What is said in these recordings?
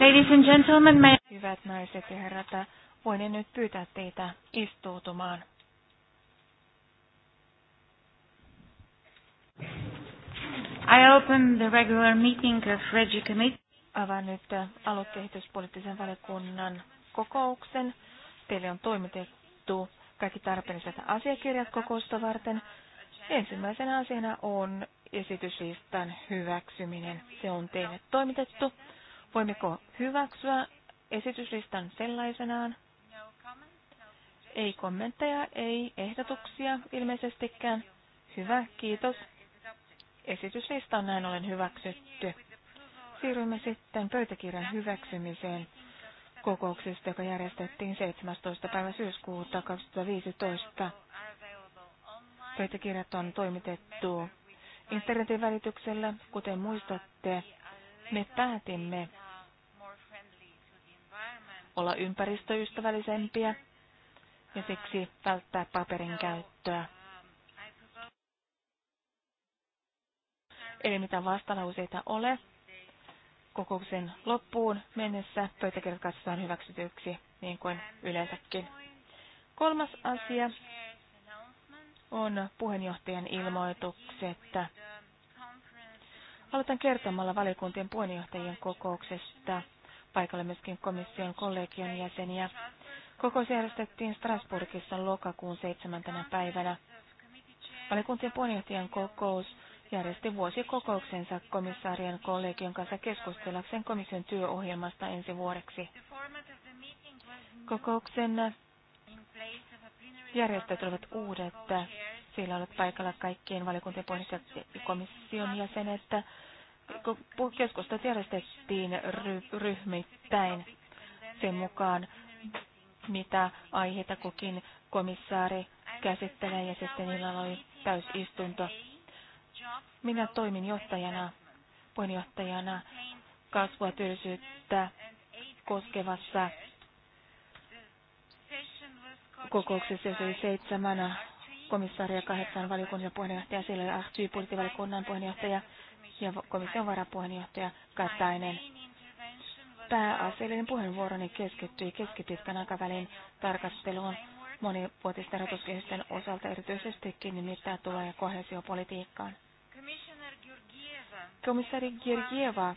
Ladies and gentlemen, may... Hyvät naiset ja herrat, voin nyt pyytää teitä istuutumaan. I open the regular meeting of Regi Committee. Avaan nyt aluekehityspoliittisen valiokunnan kokouksen. Teille on toimitettu kaikki tarpeelliset asiakirjat kokousta varten. Ensimmäisenä asiana on esityslistan hyväksyminen. Se on teille toimitettu. Voimmeko hyväksyä esityslistan sellaisenaan? Ei kommentteja, ei ehdotuksia ilmeisestikään. Hyvä, kiitos. Esityslista on näin ollen hyväksytty. Siirrymme sitten pöytäkirjan hyväksymiseen kokouksesta, joka järjestettiin 17. päivä syyskuuta 2015. Pöytäkirjat on toimitettu internetin välityksellä, kuten muistatte, me päätimme olla ympäristöystävällisempiä ja siksi välttää paperin käyttöä. Eli mitä vastalauseita ole, kokouksen loppuun mennessä pöytäkirjat katsotaan hyväksytyksi, niin kuin yleensäkin. Kolmas asia on puheenjohtajan ilmoitukset. Aloitan kertomalla valiokuntien puheenjohtajien kokouksesta. Paikalla myöskin komission kollegion jäseniä. Kokous järjestettiin Strasbourgissa lokakuun 7. päivänä. Valiokuntien puheenjohtajan kokous järjesti vuosikokouksensa komissaarien kollegion kanssa keskustellakseen komission työohjelmasta ensi vuodeksi. Kokouksen järjestöt olivat uudet. Siellä olivat paikalla kaikkien valiokuntien komission jäsenet. Keskustelut järjestettiin ryhmittäin sen mukaan, mitä aiheita kukin komissaari käsittelee ja sitten niillä oli täysistunto. Minä toimin johtajana, puheenjohtajana kasvua työllisyyttä koskevassa kokouksessa, jossa oli seitsemän komissaaria, kahdeksan valiokunnan puheenjohtaja, siellä oli Ahtyi, budjettivaliokunnan puheenjohtaja ja komission varapuheenjohtaja Katainen. Pääasiallinen puheenvuoroni keskittyi keskipitkän aikavälin tarkasteluun monivuotisten rahoituskehysten osalta erityisestikin nimittäin tulee kohesiopolitiikkaan. Komissaari Georgieva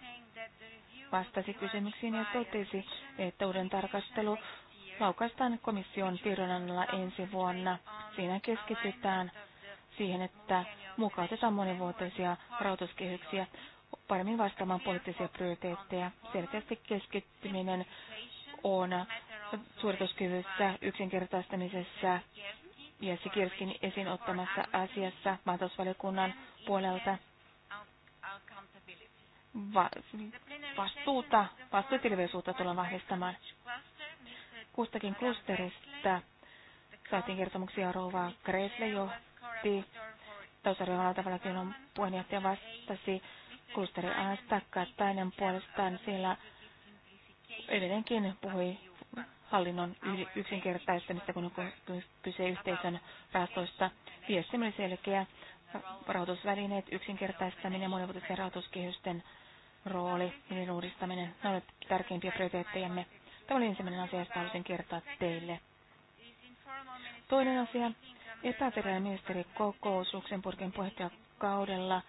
vastasi kysymyksiin ja totesi, että uuden tarkastelu laukaistaan komission tiedonannolla ensi vuonna. Siinä keskitytään siihen, että mukautetaan monivuotisia rahoituskehyksiä paremmin vastaamaan poliittisia prioriteetteja. Selkeästi keskittyminen on suorituskyvyssä, yksinkertaistamisessa ja Sikirskin esiin ottamassa asiassa maatalousvaliokunnan puolelta va- vastuuta, vastuutilveisuutta tullaan vahvistamaan. Kustakin klusterista saatiin kertomuksia Rouva Kresle johti. Talousarvioon tavallakin on puheenjohtaja vastasi klusteri Aasta Katainen puolestaan, sillä edelleenkin puhui hallinnon yksinkertaistamista, kun on kyse yhteisön päästöistä. Viesti oli selkeä rahoitusvälineet, yksinkertaistaminen ja monivuotisten rahoituskehysten rooli, niiden uudistaminen, ne ovat tärkeimpiä prioriteettejamme. Tämä oli ensimmäinen asia, josta halusin kertoa teille. Toinen asia, epävirallinen kokous Luxemburgin puheenjohtajakaudella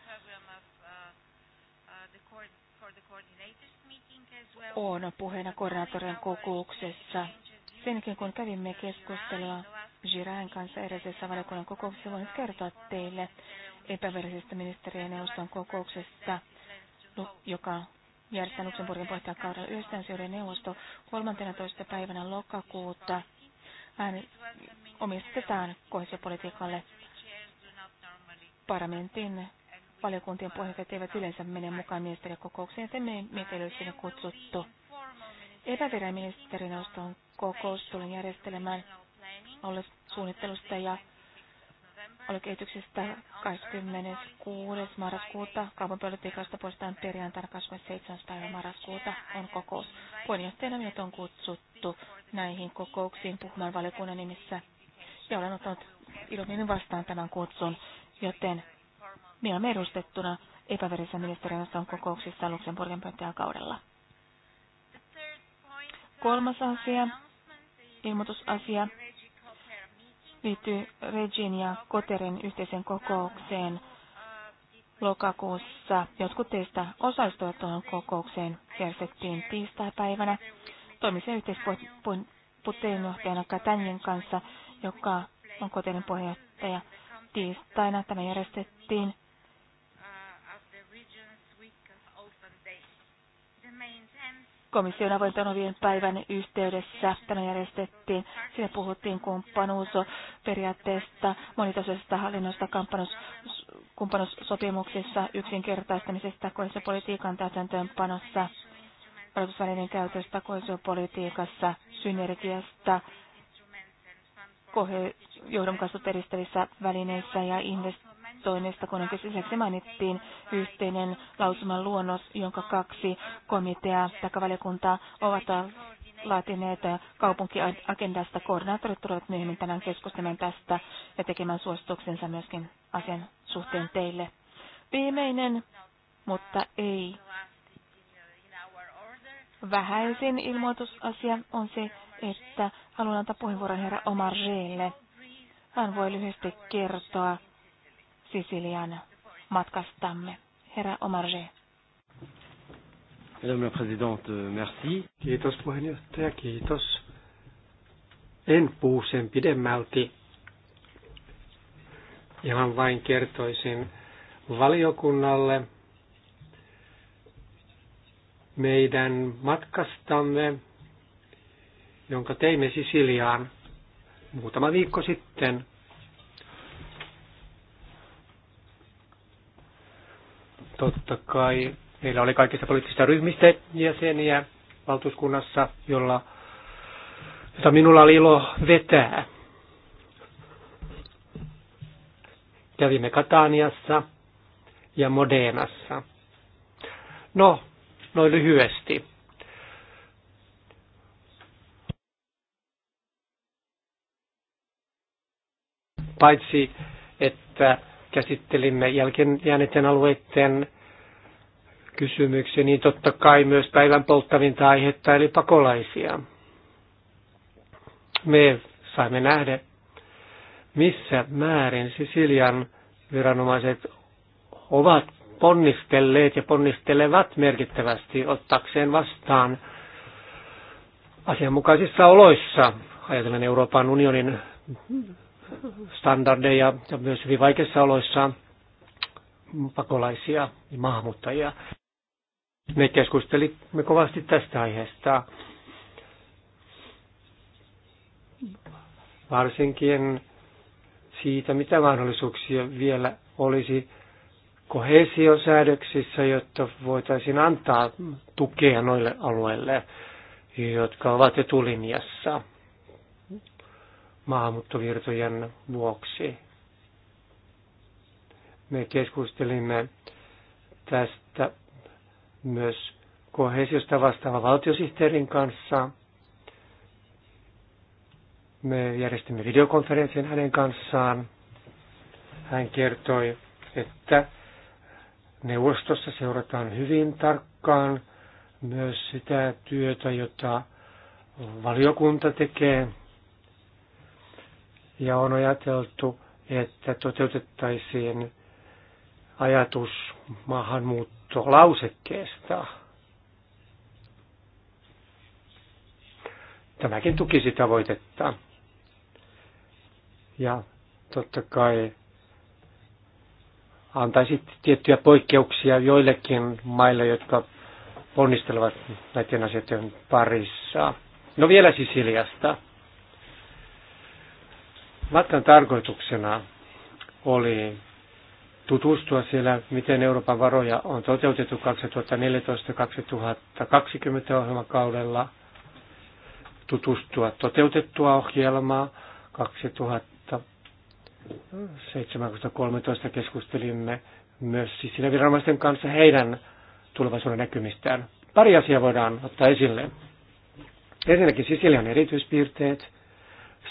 on puheena koordinaattorien kokouksessa. Senkin kun kävimme keskustelua Girain kanssa edellisessä valiokunnan kokouksessa, voin kertoa teille epävirallisesta ministerien neuvoston kokouksesta – joka järjestää Luxemburgin puheenjohtajakaudella yhdistämisyhden neuvosto 13. päivänä lokakuuta omistetaan kohesiopolitiikalle. Parlamentin valiokuntien puheenjohtajat eivät yleensä mene mukaan ministerikokoukseen, se meitä ei ole kutsuttu. Epävirän ministerineuvoston kokous tulen järjestelemään ollut suunnittelusta ja kehityksestä 26. marraskuuta. Kaupunpolitiikasta puolestaan perjantaina 27. päivä marraskuuta on kokous. Puheenjohtajana minut on kutsuttu näihin kokouksiin puhumaan valiokunnan nimissä. Ja olen ottanut ilomielin vastaan tämän kutsun, joten minä olemme edustettuna epäverissä ministeriössä on kokouksissa Luxemburgin kaudella. Kolmas asia, ilmoitusasia liittyy Regin ja Koterin yhteisen kokoukseen lokakuussa. Jotkut teistä osallistuivat tuohon kokoukseen. Järjestettiin tiistai-päivänä. Toimisen yhteispuheenjohtajana Katanjen kanssa, joka on Koterin puheenjohtaja. Tiistaina tämä järjestettiin komission avointen ovien päivän yhteydessä. Tämä järjestettiin. Siinä puhuttiin kumppanuusperiaatteesta, monitasoisesta hallinnosta, kumppanuussopimuksissa, yksinkertaistamisesta, kohdassa täytäntöönpanossa, rahoitusvälineen käytöstä, kohdassa synergiasta, johdonmukaisuutta edistävissä välineissä ja invest- investoinnista, kun lisäksi mainittiin yhteinen lausuman luonnos, jonka kaksi komitea tai valiokuntaa ovat laatineet kaupunkiagendasta. Koordinaattorit tulevat myöhemmin tänään keskustelemaan tästä ja tekemään suosituksensa myöskin asian suhteen teille. Viimeinen, mutta ei vähäisin ilmoitusasia on se, että haluan antaa puheenvuoron herra Reille. Hän voi lyhyesti kertoa Sisilian matkastamme. Herra Omarje. Madame la Présidente, euh, merci. Kiitos puheenjohtaja, kiitos. En puhu sen pidemmälti. Ihan vain kertoisin valiokunnalle meidän matkastamme, jonka teimme Sisiliaan muutama viikko sitten – Totta kai meillä oli kaikista poliittisista ryhmistä jäseniä valtuuskunnassa, jolla, jota minulla oli ilo vetää. Kävimme Kataniassa ja Modenassa. No, noin lyhyesti. Paitsi, että käsittelimme jälkeen jääneiden alueiden kysymyksiä, niin totta kai myös päivän polttavinta aihetta, eli pakolaisia. Me saimme nähdä, missä määrin Sisilian viranomaiset ovat ponnistelleet ja ponnistelevat merkittävästi ottakseen vastaan asianmukaisissa oloissa, ajatellen Euroopan unionin standardeja ja myös hyvin vaikeissa oloissa pakolaisia ja maahanmuuttajia. Me keskustelimme kovasti tästä aiheesta. Varsinkin siitä, mitä mahdollisuuksia vielä olisi kohesiosäädöksissä, jotta voitaisiin antaa tukea noille alueille, jotka ovat etulinjassa maahanmuuttovirtojen vuoksi. Me keskustelimme tästä myös kohesiosta vastaava valtiosihteerin kanssa. Me järjestimme videokonferenssin hänen kanssaan. Hän kertoi, että neuvostossa seurataan hyvin tarkkaan myös sitä työtä, jota valiokunta tekee ja on ajateltu, että toteutettaisiin ajatus maahanmuuttolausekkeesta. Tämäkin tukisi tavoitetta. Ja totta kai antaisi tiettyjä poikkeuksia joillekin maille, jotka ponnistelevat näiden asioiden parissa. No vielä Sisiliasta. Matkan tarkoituksena oli tutustua siellä, miten Euroopan varoja on toteutettu 2014-2020 ohjelmakaudella, tutustua toteutettua ohjelmaa 2017 2013 keskustelimme myös siis siinä viranomaisten kanssa heidän tulevaisuuden näkymistään. Pari asiaa voidaan ottaa esille. Ensinnäkin Sisilian erityispiirteet,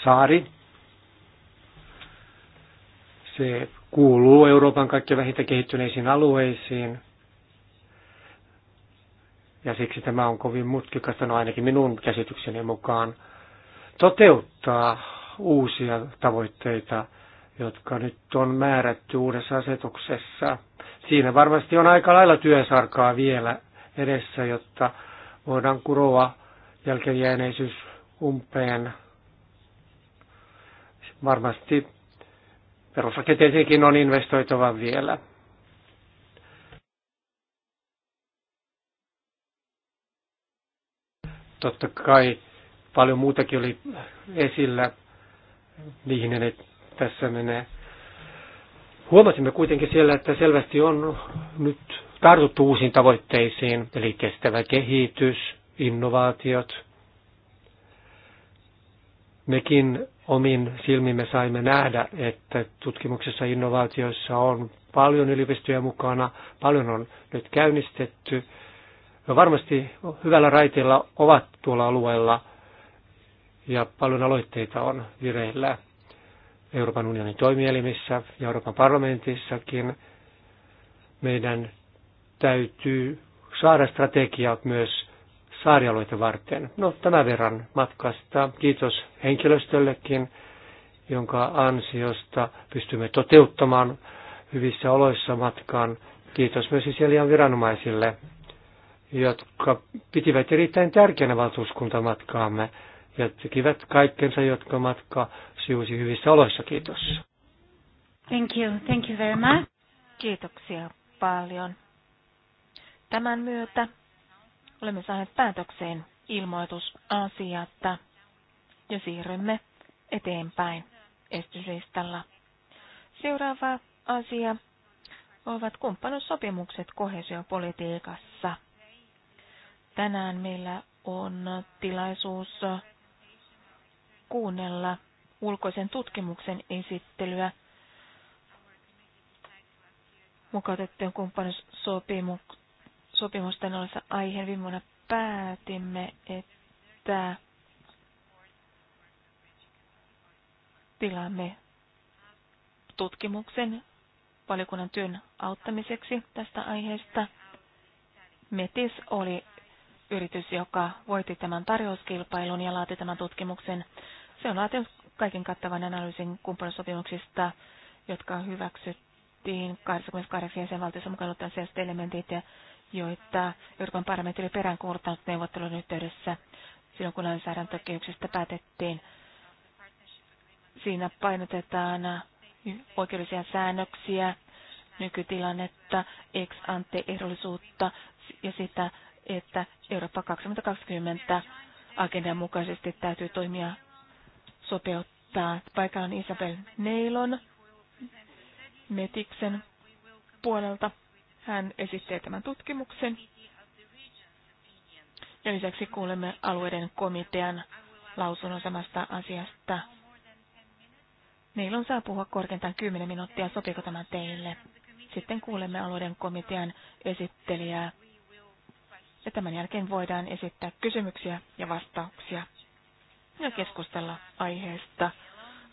saari, se kuuluu Euroopan kaikkein vähintä kehittyneisiin alueisiin. Ja siksi tämä on kovin mutkikasta, no ainakin minun käsitykseni mukaan, toteuttaa uusia tavoitteita, jotka nyt on määrätty uudessa asetuksessa. Siinä varmasti on aika lailla työsarkaa vielä edessä, jotta voidaan kuroa jälkeenjääneisyys umpeen. Varmasti Perusrakenteisiinkin on investoitava vielä. Totta kai paljon muutakin oli esillä, niihin että tässä menee. Huomasimme kuitenkin siellä, että selvästi on nyt tartuttu uusiin tavoitteisiin, eli kestävä kehitys, innovaatiot. Mekin omin silmimme saimme nähdä, että tutkimuksessa ja innovaatioissa on paljon yliopistoja mukana, paljon on nyt käynnistetty. No varmasti hyvällä raiteella ovat tuolla alueella ja paljon aloitteita on vireillä Euroopan unionin toimielimissä ja Euroopan parlamentissakin. Meidän täytyy saada strategiat myös saarialueita varten. No tämän verran matkasta. Kiitos henkilöstöllekin, jonka ansiosta pystymme toteuttamaan hyvissä oloissa matkaan. Kiitos myös Sisilian viranomaisille, jotka pitivät erittäin tärkeänä valtuuskuntamatkaamme ja tekivät kaikkensa, jotka matka siusi hyvissä oloissa. Kiitos. Thank you. Thank you very much. Kiitoksia paljon. Tämän myötä Olemme saaneet päätökseen ilmoitus asiasta, ja siirrymme eteenpäin estyslistalla. Seuraava asia ovat kumppanussopimukset kohesiopolitiikassa. Tänään meillä on tilaisuus kuunnella ulkoisen tutkimuksen esittelyä mukautettujen kumppanuussopimukseen sopimusten ollessa aiheen viime päätimme, että tilaamme tutkimuksen valiokunnan työn auttamiseksi tästä aiheesta. Metis oli yritys, joka voitti tämän tarjouskilpailun ja laati tämän tutkimuksen. Se on laatinut kaiken kattavan analyysin kumppanisopimuksista, jotka hyväksyttiin 28 jäsenvaltiossa mukaan ottaen elementit ja joita Euroopan parlamentti oli peräänkuuluttanut neuvottelun yhteydessä silloin, kun lainsäädäntökehyksestä päätettiin. Siinä painotetaan oikeudellisia säännöksiä, nykytilannetta, ex ante ehdollisuutta ja sitä, että Eurooppa 2020 agendan mukaisesti täytyy toimia sopeuttaa. Paikalla on Isabel Neilon Metiksen puolelta hän esittelee tämän tutkimuksen. Ja lisäksi kuulemme alueiden komitean lausunnon samasta asiasta. Meillä on saa puhua korkeintaan 10 minuuttia. Sopiiko tämä teille? Sitten kuulemme alueiden komitean esittelijää. Ja tämän jälkeen voidaan esittää kysymyksiä ja vastauksia ja keskustella aiheesta.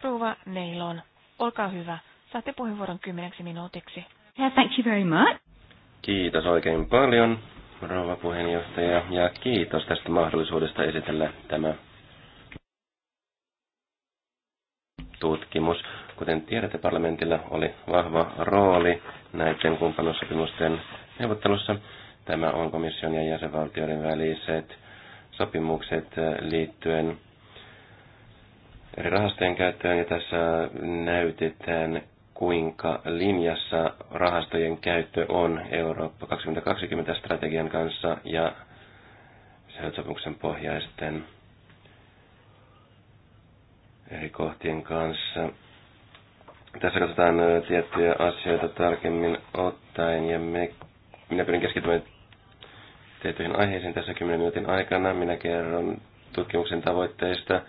Ruuva Neilon, olkaa hyvä. Saatte puheenvuoron kymmeneksi minuutiksi. Yeah, thank you very much. Kiitos oikein paljon, rouva puheenjohtaja, ja kiitos tästä mahdollisuudesta esitellä tämä tutkimus. Kuten tiedätte, parlamentilla oli vahva rooli näiden kumppanuussopimusten neuvottelussa. Tämä on komission ja jäsenvaltioiden väliset sopimukset eh, liittyen eri rahastojen käyttöön, ja tässä näytetään kuinka linjassa rahastojen käyttö on Eurooppa 2020-strategian kanssa ja sopimuksen pohjaisten eri kohtien kanssa. Tässä katsotaan tiettyjä asioita tarkemmin ottaen ja me, minä pyrin keskittymään tiettyihin aiheisiin tässä 10 minuutin aikana. Minä kerron tutkimuksen tavoitteista,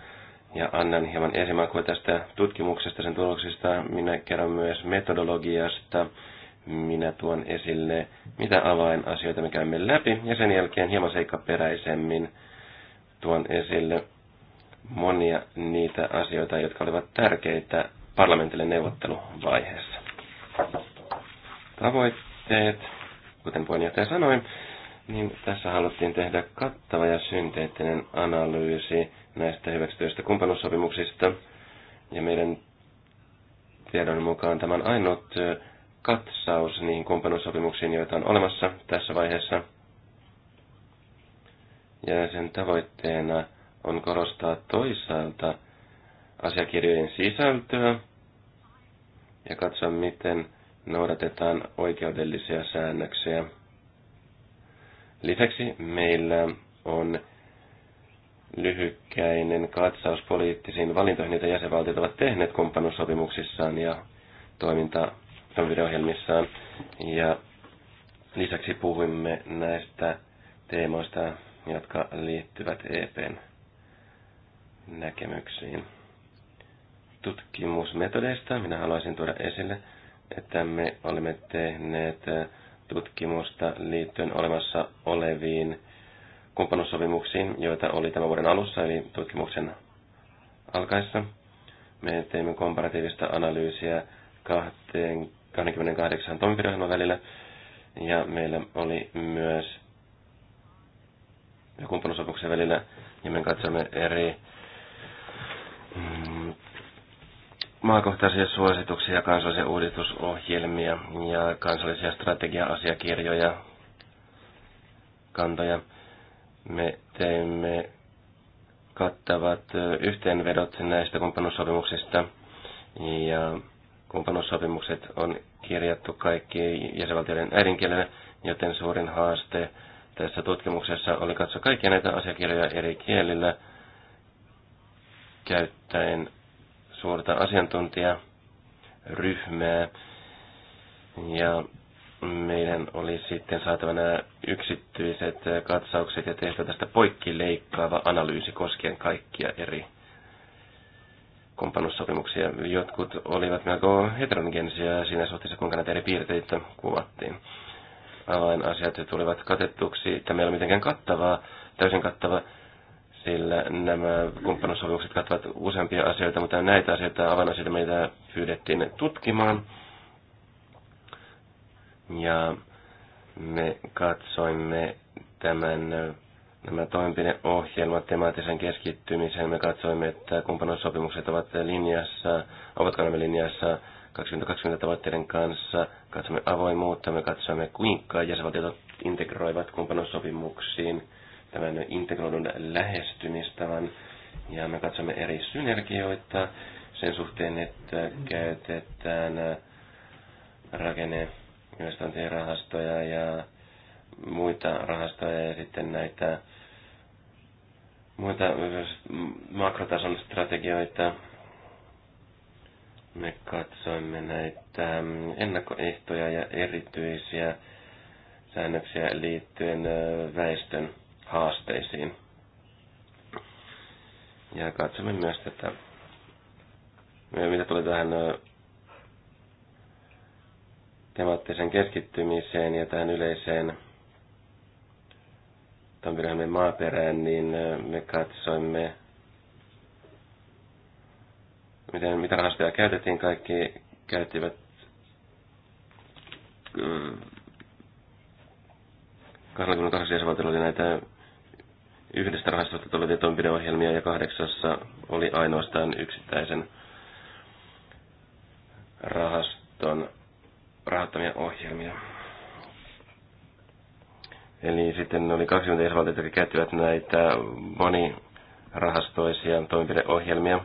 ja annan hieman esimakua tästä tutkimuksesta, sen tuloksista. Minä kerron myös metodologiasta. Minä tuon esille, mitä avainasioita me käymme läpi, ja sen jälkeen hieman seikkaperäisemmin tuon esille monia niitä asioita, jotka olivat tärkeitä parlamentille neuvotteluvaiheessa. Tavoitteet, kuten puheenjohtaja sanoi, niin tässä haluttiin tehdä kattava ja synteettinen analyysi näistä hyväksytyistä kumppanuussopimuksista. Ja meidän tiedon mukaan tämän ainut katsaus niihin kumppanuussopimuksiin, joita on olemassa tässä vaiheessa. Ja sen tavoitteena on korostaa toisaalta asiakirjojen sisältöä ja katsoa, miten noudatetaan oikeudellisia säännöksiä. Lisäksi meillä on lyhykkäinen katsaus poliittisiin valintoihin, joita jäsenvaltiot ovat tehneet kumppanuussopimuksissaan ja toiminta toimenpideohjelmissaan. Ja lisäksi puhuimme näistä teemoista, jotka liittyvät EPn näkemyksiin. Tutkimusmetodeista minä haluaisin tuoda esille, että me olemme tehneet tutkimusta liittyen olemassa oleviin kumppanuussopimuksiin, joita oli tämän vuoden alussa, eli tutkimuksen alkaessa. Me teimme komparatiivista analyysiä 28 toimenpideohjelman välillä, ja meillä oli myös kumppanuussopimuksen välillä, ja me katsomme eri mm, maakohtaisia suosituksia, kansallisia uudistusohjelmia ja kansallisia strategia-asiakirjoja, kantoja. Me teemme kattavat yhteenvedot näistä kumppanuussopimuksista ja kumppanuussopimukset on kirjattu kaikki jäsenvaltioiden äidinkielellä, joten suurin haaste tässä tutkimuksessa oli katsoa kaikkia näitä asiakirjoja eri kielillä käyttäen suurta asiantuntijaryhmää ja meidän oli sitten saatava nämä yksityiset katsaukset ja tehtävä tästä poikkileikkaava analyysi koskien kaikkia eri kompannussopimuksia. Jotkut olivat melko heterogenisia siinä suhteessa, kuinka näitä eri piirteitä kuvattiin. Avainasiat tulivat katettuksi. Tämä ei ole mitenkään kattavaa, täysin kattava, sillä nämä kumppanuussopimukset kattavat useampia asioita, mutta näitä asioita, avainasioita meitä pyydettiin tutkimaan – ja me katsoimme tämän, nämä toimenpideohjelmat temaattisen keskittymisen. Me katsoimme, että kumppanuussopimukset ovat linjassa, ovatko nämä linjassa 2020 tavoitteiden kanssa. Katsomme avoimuutta, me katsoimme kuinka jäsenvaltiot integroivat kumppanuussopimuksiin tämän integroidun lähestymistavan. Ja me katsomme eri synergioita sen suhteen, että käytetään äh, rakenne investointirahastoja ja muita rahastoja ja sitten näitä muita makrotason strategioita. Me katsoimme näitä ennakkoehtoja ja erityisiä säännöksiä liittyen väestön haasteisiin. Ja katsomme myös tätä, mitä tulee tähän temaattiseen keskittymiseen ja tähän yleiseen Tampereen maaperään, niin me katsoimme, miten, mitä rahastoja käytettiin. Kaikki käyttivät mm, 28 jäsenvaltiolla oli näitä yhdestä rahastosta tuli toimenpideohjelmia ja kahdeksassa oli ainoastaan yksittäisen rahaston rahoittamia ohjelmia. Eli sitten oli 20 Yhdysvaltiota, jotka käyttivät näitä monirahastoisia toimenpideohjelmia.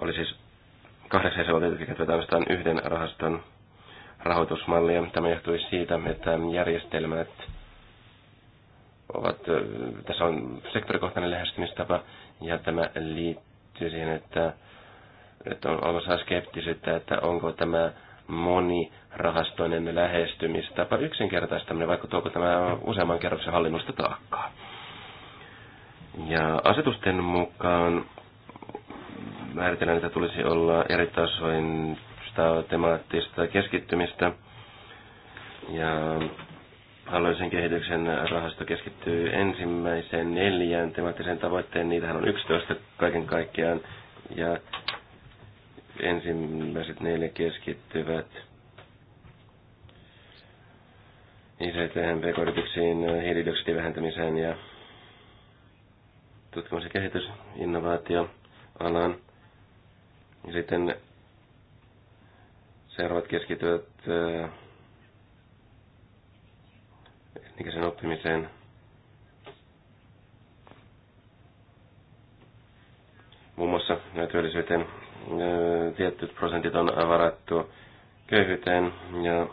Oli siis kahdeksan Yhdysvaltiota, jotka käyttivät ainoastaan yhden rahaston rahoitusmallia. Tämä johtui siitä, että järjestelmät ovat, tässä on sektorikohtainen lähestymistapa, ja tämä liittyy siihen, että, että on olemassa skeptisyyttä, että onko tämä moni rahastoinen lähestymistapa yksinkertaistaminen, vaikka tuoko tämä useamman kerroksen hallinnosta taakkaa. Ja asetusten mukaan määritellään, että tulisi olla eri sitä temaattista keskittymistä. Ja hallinnollisen kehityksen rahasto keskittyy ensimmäiseen neljään temaattiseen tavoitteen. Niitähän on 11 kaiken kaikkiaan. Ja Ensimmäiset neljä keskittyvät niin hän pk-yrityksiin, hiilidioksidin vähentämiseen ja tutkimus- ja kehitysinnovaatioalan. Ja sitten seuraavat keskittyvät elinikäisen äh, oppimiseen. Muun muassa työllisyyteen tietyt prosentit on varattu köyhyyteen ja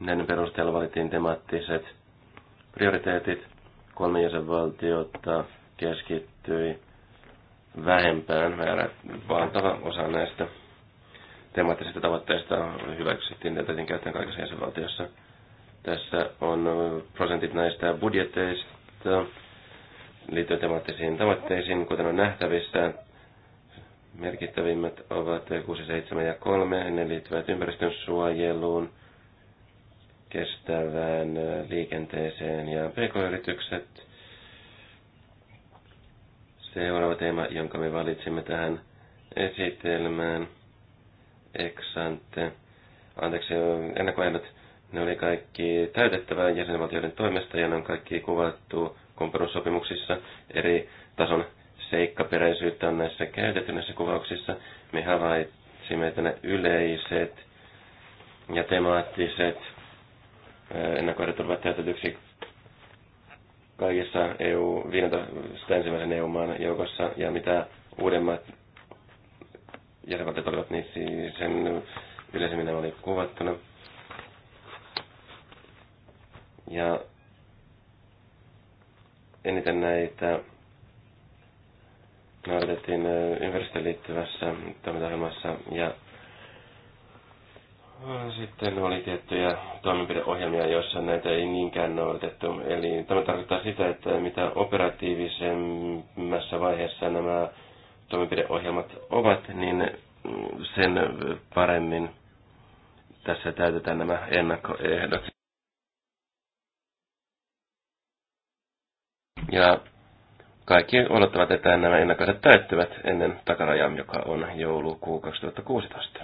näiden perusteella valittiin temaattiset prioriteetit. Kolme jäsenvaltiota keskittyi vähempään määrä, valtava osa näistä temaattisista tavoitteista hyväksyttiin ja otettiin käyttöön kaikissa jäsenvaltiossa. Tässä on prosentit näistä budjeteista liittyen temaattisiin tavoitteisiin, kuten on nähtävissä merkittävimmät ovat 6, 7 ja 3. Ne liittyvät suojeluun, kestävään liikenteeseen ja pk-yritykset. Seuraava teema, jonka me valitsimme tähän esitelmään, eksante, anteeksi, ennakkoehdot, ne oli kaikki täytettävää jäsenvaltioiden toimesta ja ne on kaikki kuvattu kumppanuussopimuksissa eri tason seikkaperäisyyttä on näissä käytetty näissä kuvauksissa. Me havaitsimme, että ne yleiset ja temaattiset ennakoidat ovat täytetyksi kaikissa EU, 15 ensimmäisen EU-maan joukossa, ja mitä uudemmat jäsenvaltiot olivat, niin siis sen yleisemmin oli kuvattuna. Ja eniten näitä noudatettiin ympäristöön liittyvässä toimintaohjelmassa ja sitten oli tiettyjä toimenpideohjelmia, joissa näitä ei niinkään noudatettu. Eli tämä tarkoittaa sitä, että mitä operatiivisemmässä vaiheessa nämä toimenpideohjelmat ovat, niin mm, sen paremmin tässä täytetään nämä ennakkoehdot. Ja kaikki odottavat, että nämä ennakkoiset täyttyvät ennen takarajaa, joka on joulukuu 2016.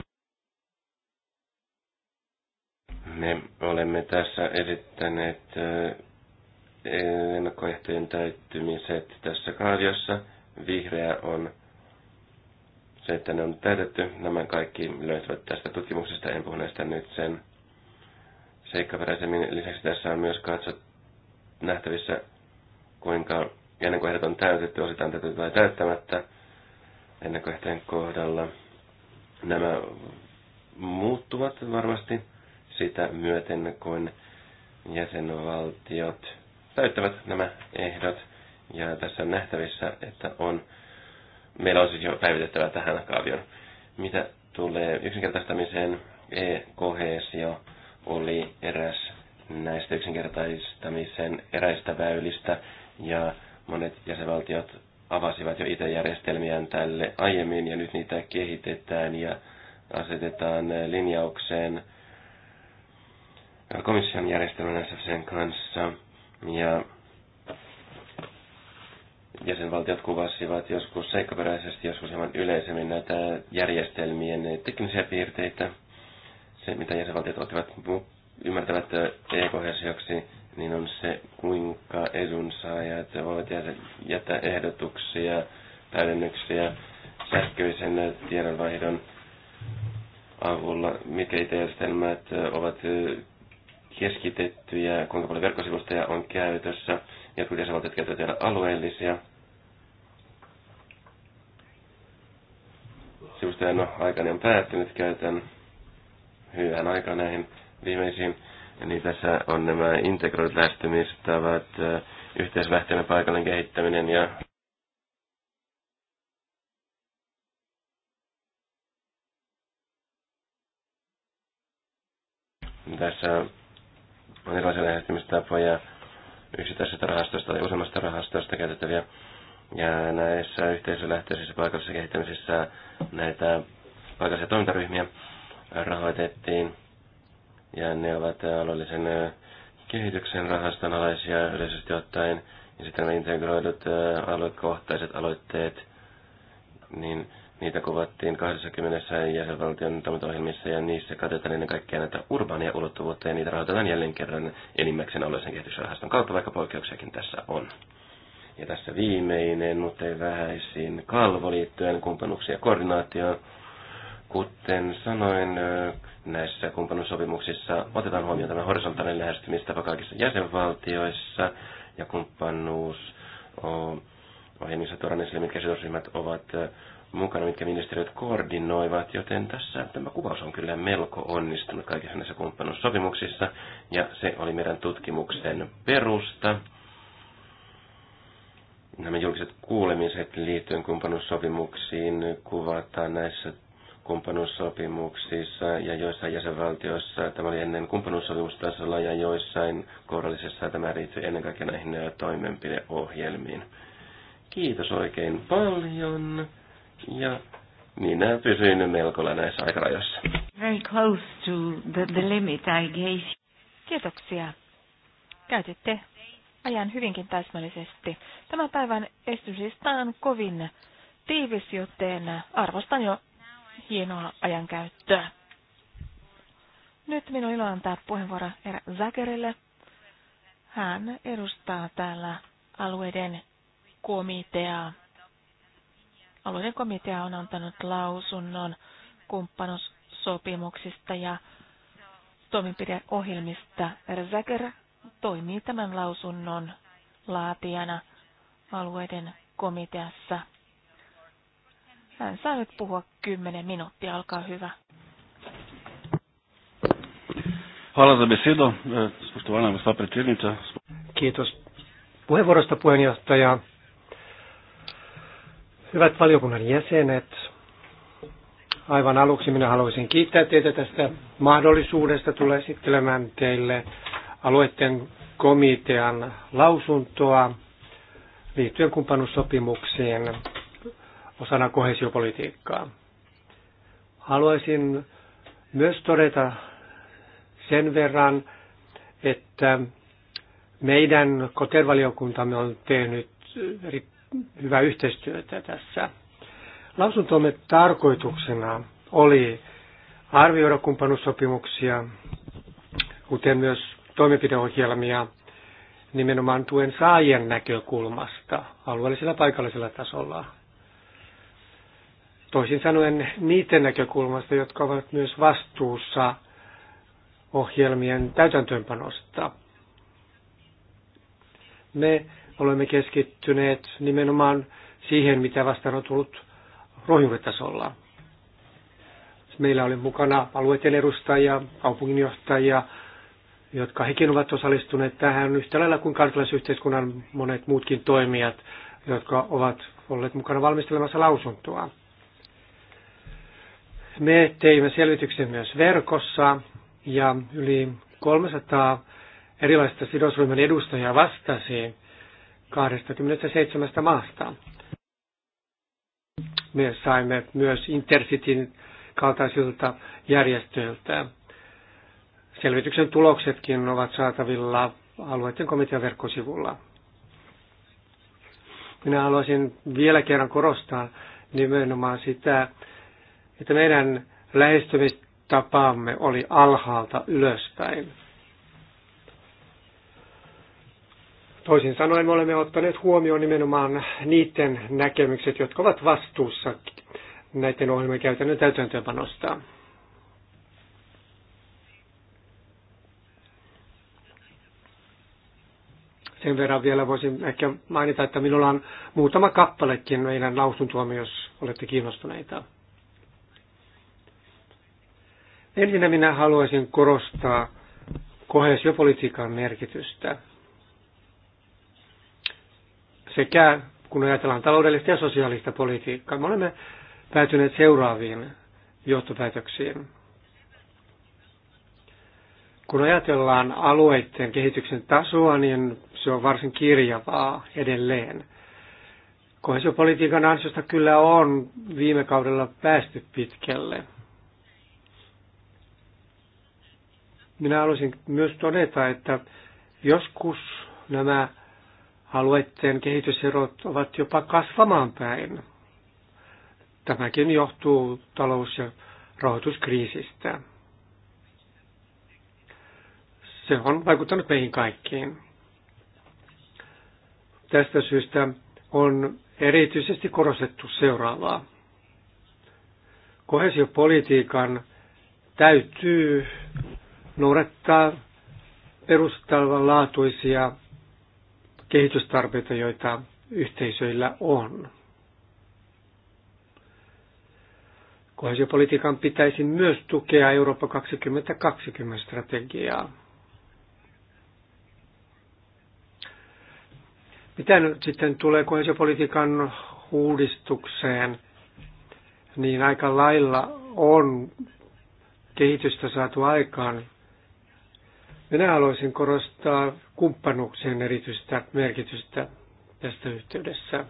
Me olemme tässä esittäneet äh, ennakkoehtojen täyttymiset tässä kaaviossa. Vihreä on se, että ne on täytetty. Nämä kaikki löytyvät tästä tutkimuksesta. En puhu näistä nyt sen seikkaperäisemmin. Lisäksi tässä on myös katsot nähtävissä, kuinka ja ennen kuin ehdot on täytetty, osittain täytetty tai täyttämättä, ennen kuin kohdalla nämä muuttuvat varmasti sitä myöten, kun jäsenvaltiot täyttävät nämä ehdot. Ja tässä on nähtävissä, että on, meillä on siis jo päivitettävä tähän kaavion. Mitä tulee yksinkertaistamiseen, e-kohesio oli eräs näistä yksinkertaistamisen eräistä väylistä, ja Monet jäsenvaltiot avasivat jo itse järjestelmiään tälle aiemmin ja nyt niitä kehitetään ja asetetaan linjaukseen komission järjestelmän SFCn kanssa. Ja jäsenvaltiot kuvasivat joskus seikkaperäisesti, joskus hieman yleisemmin näitä järjestelmien teknisiä piirteitä, se mitä jäsenvaltiot ottivat ymmärtävät ekohersioksi, niin on se, kuinka edunsaajat voivat jättää ehdotuksia, täydennyksiä sähköisen tiedonvaihdon avulla, mitkä järjestelmät ovat keskitettyjä, kuinka paljon verkkosivustoja on käytössä, jotkut jäsenvaltiot käyttävät tehdä alueellisia sivustoja, no aikani on päättynyt, käytän hyvän aikaa näihin viimeisiin, niin tässä on nämä integroidut lähestymistavat, yhteislähtöinen paikallinen kehittäminen ja tässä on erilaisia lähestymistapoja yksittäisistä rahastoista tai useammasta rahastoista käytettäviä. Ja näissä yhteisölähtöisissä paikallisissa kehittämisissä näitä paikallisia toimintaryhmiä rahoitettiin ja ne ovat äh, alueellisen äh, kehityksen rahaston alaisia yleisesti ottaen, ja sitten nämä integroidut äh, aluekohtaiset aloitteet, niin niitä kuvattiin 20 jäsenvaltion toimintaohjelmissa, ja niissä katsotaan ennen kaikkea näitä urbaania ulottuvuutta, ja niitä rahoitetaan jälleen kerran enimmäkseen alueellisen kehitysrahaston kautta, vaikka poikkeuksiakin tässä on. Ja tässä viimeinen, mutta ei vähäisin, kalvo liittyen kumppanuksia ja koordinaatioon Kuten sanoin, näissä kumppanuussopimuksissa otetaan huomioon tämä horisontaalinen lähestymistapa kaikissa jäsenvaltioissa ja kumppanuus ohjelmissa tuodaan esille, mitkä sidosryhmät ovat mukana, mitkä ministeriöt koordinoivat, joten tässä tämä kuvaus on kyllä melko onnistunut kaikissa näissä kumppanuussopimuksissa, ja se oli meidän tutkimuksen perusta. Nämä julkiset kuulemiset liittyen kumppanuussopimuksiin kuvataan näissä kumppanuussopimuksissa ja joissain jäsenvaltioissa tämä oli ennen kumppanuussopimustasolla ja joissain kohdallisessa tämä liittyy ennen kaikkea näihin toimenpideohjelmiin. Kiitos oikein paljon ja minä pysyin melko näissä aikarajoissa. Very close to the, the limit I gave. Kiitoksia. Käytitte ajan hyvinkin täsmällisesti. Tämän päivän esitysistä on kovin tiivis, joten arvostan jo hienoa ajankäyttöä. Nyt minun ilo antaa puheenvuoro Herra Zakerille. Hän edustaa täällä alueiden komiteaa. Alueiden komitea on antanut lausunnon kumppanussopimuksista ja toimenpideohjelmista. Herra Zaker toimii tämän lausunnon laatijana alueiden komiteassa. Hän nyt puhua 10 minuuttia, olkaa hyvä. Hvala za besedo, e, spoštovana gospa predsednica. Kiitos puheenvuorosta puheenjohtaja. Hyvät valiokunnan jäsenet, aivan aluksi minä haluaisin kiittää teitä tästä mahdollisuudesta tulla esittelemään teille alueiden komitean lausuntoa liittyen kumppanuussopimuksiin osana kohesiopolitiikkaa. Haluaisin myös todeta sen verran, että meidän kotervaliokuntamme on tehnyt eri hyvää yhteistyötä tässä. Lausuntomme tarkoituksena oli arvioida kumppanuussopimuksia, kuten myös toimenpideohjelmia nimenomaan tuen saajien näkökulmasta alueellisella paikallisella tasolla – toisin sanoen niiden näkökulmasta, jotka ovat myös vastuussa ohjelmien täytäntöönpanosta. Me olemme keskittyneet nimenomaan siihen, mitä vastaan on tullut ruohonjuuritasolla. Meillä oli mukana alueiden edustajia, kaupunginjohtajia, jotka hekin ovat osallistuneet tähän yhtä lailla kuin kansalaisyhteiskunnan monet muutkin toimijat, jotka ovat olleet mukana valmistelemassa lausuntoa. Me teimme selvityksen myös verkossa ja yli 300 erilaista sidosryhmän edustajaa vastasi 27 maasta. Me saimme myös Intercityn kaltaisilta järjestöiltä. Selvityksen tuloksetkin ovat saatavilla alueiden komitean verkkosivulla. Minä haluaisin vielä kerran korostaa nimenomaan sitä, että meidän lähestymistapaamme oli alhaalta ylöspäin. Toisin sanoen me olemme ottaneet huomioon nimenomaan niiden näkemykset, jotka ovat vastuussa näiden ohjelmien käytännön täytäntöönpanosta. Sen verran vielä voisin ehkä mainita, että minulla on muutama kappalekin meidän lausuntoamme, jos olette kiinnostuneita. Ensinnä minä haluaisin korostaa kohesiopolitiikan merkitystä. Sekä kun ajatellaan taloudellista ja sosiaalista politiikkaa, me olemme päätyneet seuraaviin johtopäätöksiin. Kun ajatellaan alueiden kehityksen tasoa, niin se on varsin kirjavaa edelleen. Kohesiopolitiikan ansiosta kyllä on viime kaudella päästy pitkälle – Minä haluaisin myös todeta, että joskus nämä alueiden kehityserot ovat jopa kasvamaan päin. Tämäkin johtuu talous- ja rahoituskriisistä. Se on vaikuttanut meihin kaikkiin. Tästä syystä on erityisesti korostettu seuraavaa. Kohesiopolitiikan täytyy noudattaa laatuisia kehitystarpeita, joita yhteisöillä on. Kohesiopolitiikan pitäisi myös tukea Eurooppa 2020 strategiaa. Mitä nyt sitten tulee kohesiopolitiikan uudistukseen, niin aika lailla on kehitystä saatu aikaan minä haluaisin korostaa kumppanuuksien erityistä merkitystä tästä yhteydessä.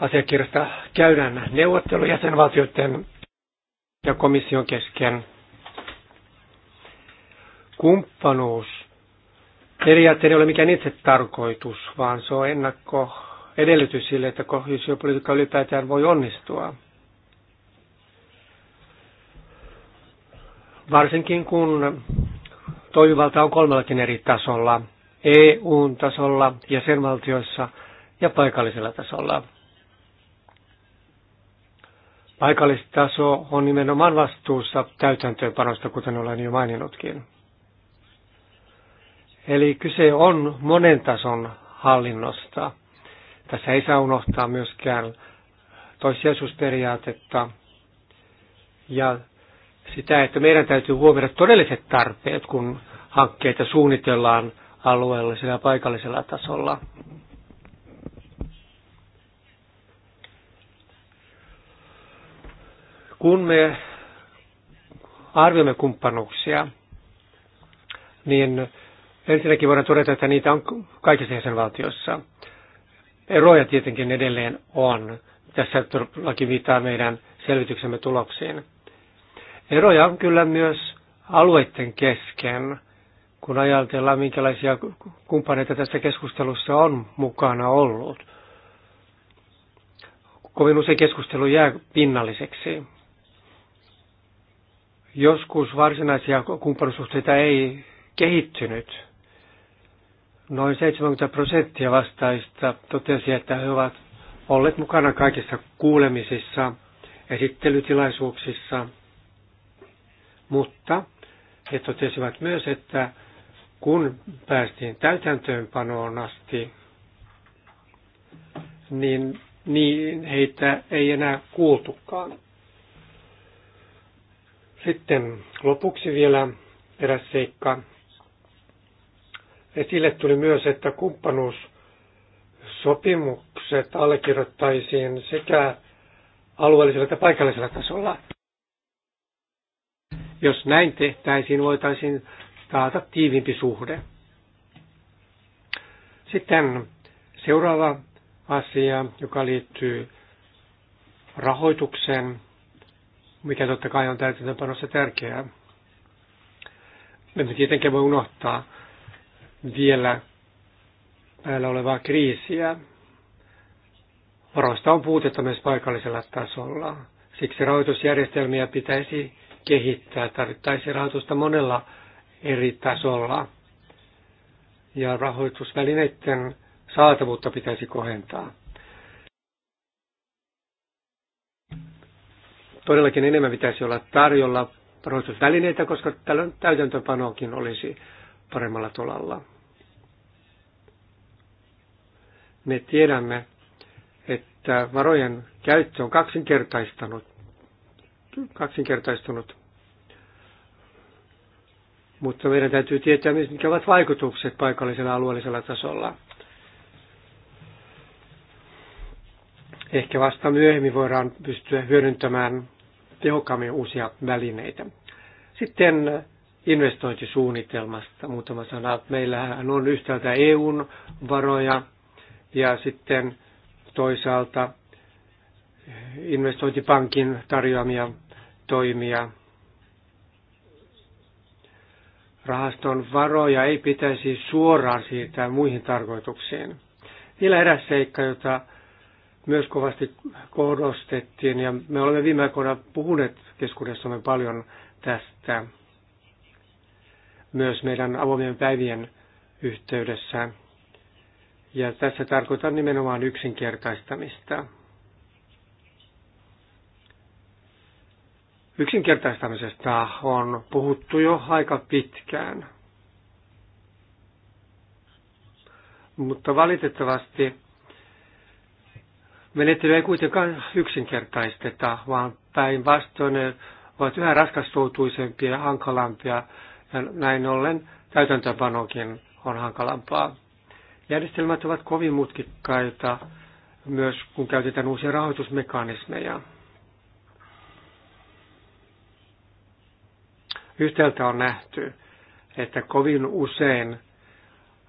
Asiakirjasta käydään neuvottelu jäsenvaltioiden ja komission kesken. Kumppanuus periaatteessa ei ole mikään itse tarkoitus, vaan se on ennakko edellytys sille, että kohesiopolitiikka ylipäätään voi onnistua. varsinkin kun toimivalta on kolmellakin eri tasolla, EU-tasolla, jäsenvaltioissa ja paikallisella tasolla. Paikallistaso on nimenomaan vastuussa täytäntöönpanosta, kuten olen jo maininnutkin. Eli kyse on monen tason hallinnosta. Tässä ei saa unohtaa myöskään toissijaisuusperiaatetta ja sitä, että meidän täytyy huomioida todelliset tarpeet, kun hankkeita suunnitellaan alueellisella ja paikallisella tasolla. Kun me arvioimme kumppanuuksia, niin ensinnäkin voidaan todeta, että niitä on kaikissa jäsenvaltioissa. Eroja tietenkin edelleen on. Tässä laki viittaa meidän selvityksemme tuloksiin. Eroja on kyllä myös alueiden kesken, kun ajatellaan, minkälaisia kumppaneita tässä keskustelussa on mukana ollut. Kovin usein keskustelu jää pinnalliseksi. Joskus varsinaisia kumppanuussuhteita ei kehittynyt. Noin 70 prosenttia vastaista totesi, että he ovat olleet mukana kaikissa kuulemisissa, esittelytilaisuuksissa – mutta he totesivat myös, että kun päästiin täytäntöönpanoon asti, niin, niin heitä ei enää kuultukaan. Sitten lopuksi vielä eräs seikka. Esille tuli myös, että kumppanuussopimukset allekirjoittaisiin sekä alueellisella että paikallisella tasolla. Jos näin tehtäisiin, voitaisiin taata tiivimpi suhde. Sitten seuraava asia, joka liittyy rahoitukseen, mikä totta kai on täytäntöönpanossa tärkeää. emme tietenkään voi unohtaa vielä päällä olevaa kriisiä. Varoista on puutetta myös paikallisella tasolla. Siksi rahoitusjärjestelmiä pitäisi kehittää. Tarvittaisiin rahoitusta monella eri tasolla. Ja rahoitusvälineiden saatavuutta pitäisi kohentaa. Todellakin enemmän pitäisi olla tarjolla rahoitusvälineitä, koska tällöin täytäntöpanokin olisi paremmalla tolalla. Me tiedämme, että varojen käyttö on kaksinkertaistunut, kaksinkertaistunut mutta meidän täytyy tietää, mitkä ovat vaikutukset paikallisella alueellisella tasolla. Ehkä vasta myöhemmin voidaan pystyä hyödyntämään tehokkaammin uusia välineitä. Sitten investointisuunnitelmasta muutama sana. Meillähän on yhtäältä EUn varoja ja sitten toisaalta investointipankin tarjoamia toimia rahaston varoja ei pitäisi suoraan siirtää muihin tarkoituksiin. Vielä eräs seikka, jota myös kovasti korostettiin, ja me olemme viime aikoina puhuneet keskuudessamme paljon tästä myös meidän avoimien päivien yhteydessä. Ja tässä tarkoitan nimenomaan yksinkertaistamista. yksinkertaistamisesta on puhuttu jo aika pitkään. Mutta valitettavasti menettelyä ei kuitenkaan yksinkertaisteta, vaan päinvastoin ne ovat yhä raskastoutuisempia ja hankalampia, ja näin ollen täytäntöpanokin on hankalampaa. Järjestelmät ovat kovin mutkikkaita, myös kun käytetään uusia rahoitusmekanismeja. Yhtäältä on nähty, että kovin usein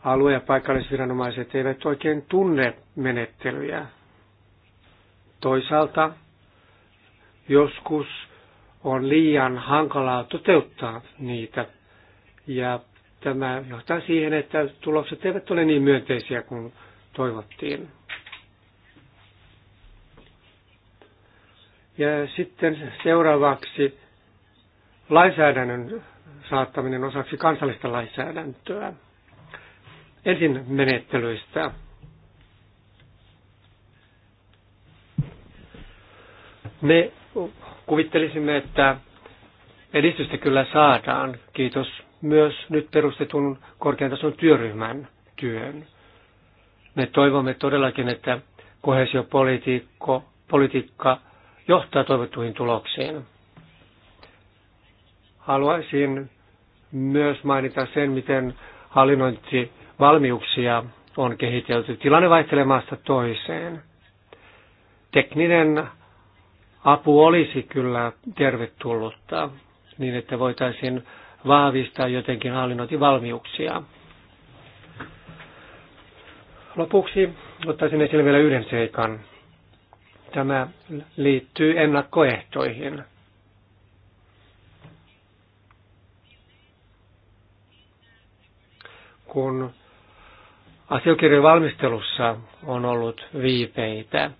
alue- ja paikallisviranomaiset eivät oikein tunne menettelyjä. Toisaalta joskus on liian hankalaa toteuttaa niitä ja tämä johtaa siihen, että tulokset eivät ole niin myönteisiä kuin toivottiin. Ja sitten seuraavaksi lainsäädännön saattaminen osaksi kansallista lainsäädäntöä. Ensin menettelyistä. Me kuvittelisimme, että edistystä kyllä saadaan, kiitos myös nyt perustetun korkean tason työryhmän työn. Me toivomme todellakin, että kohesiopolitiikka johtaa toivottuihin tuloksiin. Haluaisin myös mainita sen, miten hallinnointivalmiuksia on kehitelty. Tilanne vaihtelemasta toiseen. Tekninen apu olisi kyllä tervetullutta, niin että voitaisiin vahvistaa jotenkin hallinnointivalmiuksia. Lopuksi ottaisin esille vielä yhden seikan. Tämä liittyy ennakkoehtoihin – kun asiakirjan valmistelussa on ollut viipeitä,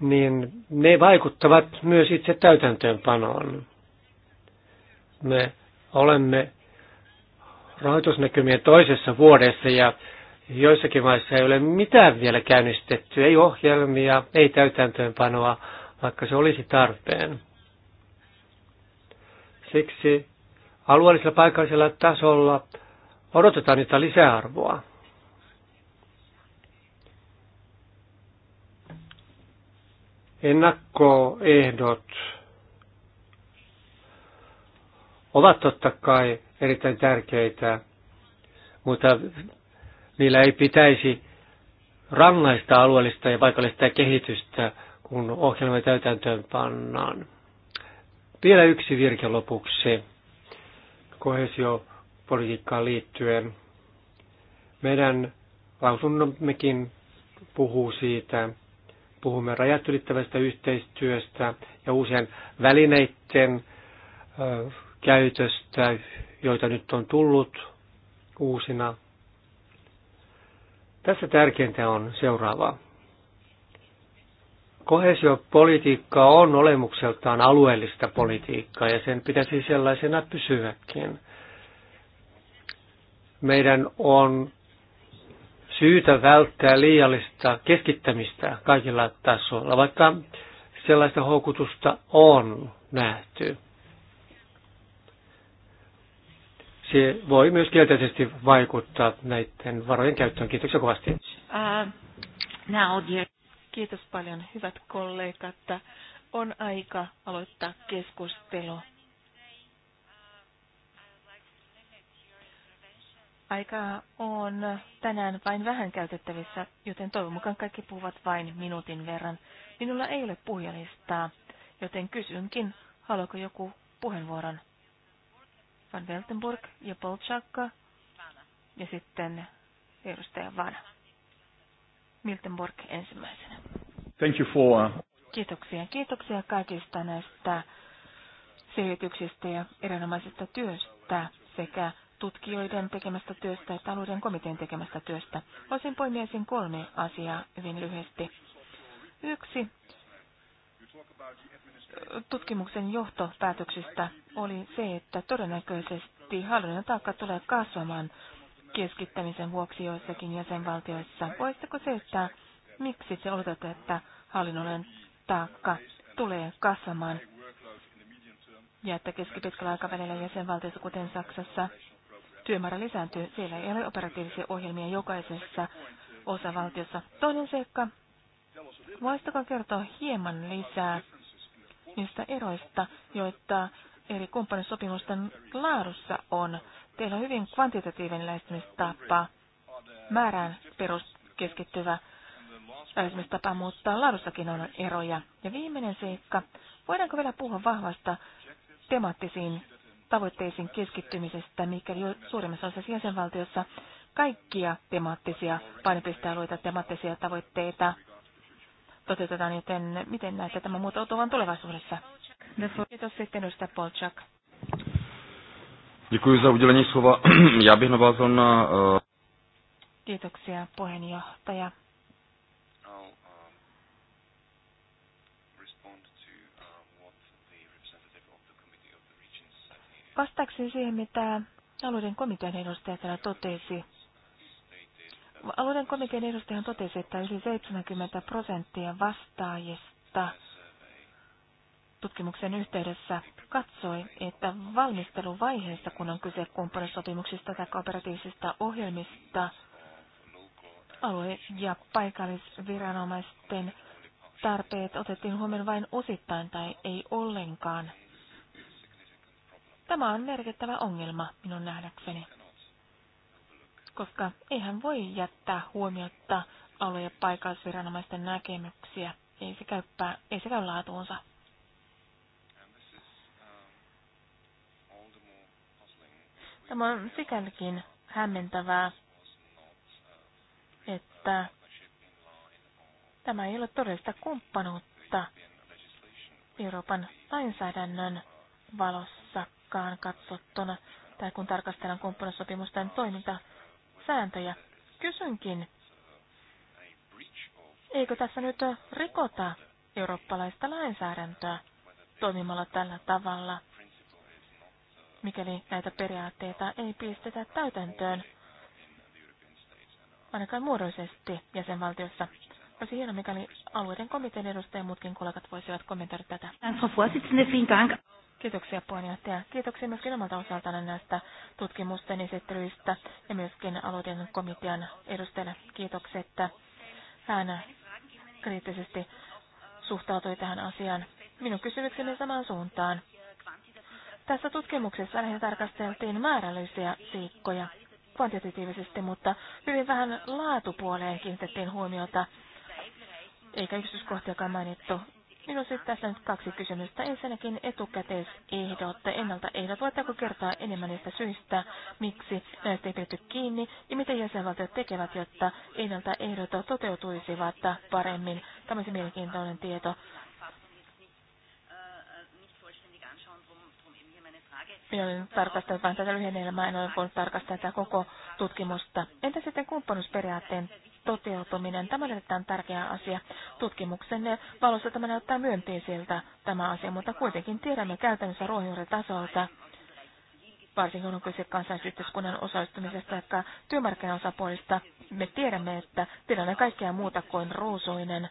niin ne vaikuttavat myös itse täytäntöönpanoon. Me olemme rahoitusnäkymien toisessa vuodessa ja joissakin maissa ei ole mitään vielä käynnistetty, ei ohjelmia, ei täytäntöönpanoa, vaikka se olisi tarpeen. Siksi alueellisella paikallisella tasolla odotetaan niitä lisäarvoa. Ennakkoehdot ovat totta kai erittäin tärkeitä, mutta niillä ei pitäisi rangaista alueellista ja paikallista kehitystä, kun ohjelma täytäntöön pannaan. Vielä yksi virke lopuksi. Kohesio politiikkaan liittyen. Meidän lausunnommekin puhuu siitä. Puhumme rajat ylittävästä yhteistyöstä ja uusien välineiden käytöstä, joita nyt on tullut uusina. Tässä tärkeintä on seuraavaa. Kohesiopolitiikka on olemukseltaan alueellista politiikkaa ja sen pitäisi sellaisena pysyäkin meidän on syytä välttää liiallista keskittämistä kaikilla tasoilla, vaikka sellaista houkutusta on nähty. Se voi myös kielteisesti vaikuttaa näiden varojen käyttöön. Kiitoksia kovasti. Uh, Kiitos paljon, hyvät kollegat. On aika aloittaa keskustelu. Aikaa on tänään vain vähän käytettävissä, joten toivon mukaan kaikki puhuvat vain minuutin verran. Minulla ei ole puhujalistaa, joten kysynkin, haluaako joku puheenvuoron? Van Weltenburg ja Polchakka ja sitten edustaja Vana. Miltenburg ensimmäisenä. Thank you for... Uh, kiitoksia. Kiitoksia kaikista näistä selityksistä ja erinomaisesta työstä sekä tutkijoiden tekemästä työstä että alueiden komitean tekemästä työstä. Voisin poimia sen kolme asiaa hyvin lyhyesti. Yksi tutkimuksen johtopäätöksistä oli se, että todennäköisesti hallinnon taakka tulee kasvamaan keskittämisen vuoksi joissakin jäsenvaltioissa. Voisitteko selittää, miksi se odotatte, että hallinnollinen taakka tulee kasvamaan ja että keskipitkällä aikavälillä jäsenvaltioissa, kuten Saksassa, työmäärä lisääntyy. Siellä ei ole operatiivisia ohjelmia jokaisessa osavaltiossa. Toinen seikka. Voisitko kertoa hieman lisää niistä eroista, joita eri kumppanisopimusten laadussa on? Teillä on hyvin kvantitatiivinen lähestymistapa, määrään peruskeskittyvä lähestymistapa, mutta laadussakin on eroja. Ja viimeinen seikka. Voidaanko vielä puhua vahvasta temaattisiin tavoitteisiin keskittymisestä, mikäli jo suurimmassa osassa jäsenvaltiossa kaikkia temaattisia painopistealueita, temaattisia tavoitteita toteutetaan, joten miten näette tämän vain tulevaisuudessa? Kiitos sitten edustaja Polchak. Děkuji za udělení slova. Já bych navázal na... Eh, Kiitoksia puheenjohtaja. Vastaakseni siihen, mitä alueiden komitean edustaja täällä totesi. Alueiden komitean edustaja totesi, että yli 70 prosenttia vastaajista tutkimuksen yhteydessä katsoi, että valmisteluvaiheessa, kun on kyse kumppanisopimuksista tai operatiivisista ohjelmista, alue- ja paikallisviranomaisten tarpeet otettiin huomioon vain osittain tai ei ollenkaan – Tämä on merkittävä ongelma minun nähdäkseni, koska eihän voi jättää huomiota alue- ja paikallisviranomaisten näkemyksiä. Ei se käy, pää, ei se käy laatuunsa. Tämä on sikälikin hämmentävää, että tämä ei ole todellista kumppanuutta Euroopan lainsäädännön valossa tarkkaan katsottuna, tai kun tarkastellaan kumppanasopimusten toimintasääntöjä. Kysynkin, eikö tässä nyt rikota eurooppalaista lainsäädäntöä toimimalla tällä tavalla, mikäli näitä periaatteita ei pistetä täytäntöön, ainakaan muodollisesti jäsenvaltiossa. Olisi hienoa, mikäli alueiden komitean edustajat muutkin kollegat voisivat kommentoida tätä. Kiitoksia puheenjohtaja. Kiitoksia myöskin omalta osaltani näistä tutkimusten esittelyistä ja myöskin aloitin komitean edustajalle kiitokset, että hän kriittisesti suhtautui tähän asiaan. Minun kysymykseni samaan suuntaan. Tässä tutkimuksessa lähinnä tarkasteltiin määrällisiä siikkoja, kvantitatiivisesti, mutta hyvin vähän laatupuoleen kiinnitettiin huomiota, eikä yksityiskohtiakaan mainittu. Minulla sitten siis tässä nyt kaksi kysymystä. Ensinnäkin etukäteisehdot, ennaltaehdot. Voitteko kertoa enemmän niistä syistä, miksi näistä ei pidetty kiinni ja mitä jäsenvaltiot tekevät, jotta ennaltaehdot toteutuisivat paremmin? Tämä olisi mielenkiintoinen tieto. Minä olen tarkastanut vain tätä lyhennelmää, en ole voinut tarkastaa tätä koko tutkimusta. Entä sitten kumppanuusperiaatteen toteutuminen. Tämä on erittäin tärkeä asia. Tutkimuksen valossa tämä näyttää myönteiseltä tämä asia, mutta kuitenkin tiedämme käytännössä ruohonjuuritasolta, varsinkin on kyse kansainvälisyhteiskunnan osallistumisesta ja työmarkkinaosapuolista. Me tiedämme, että tilanne kaikkea muuta kuin ruusuinen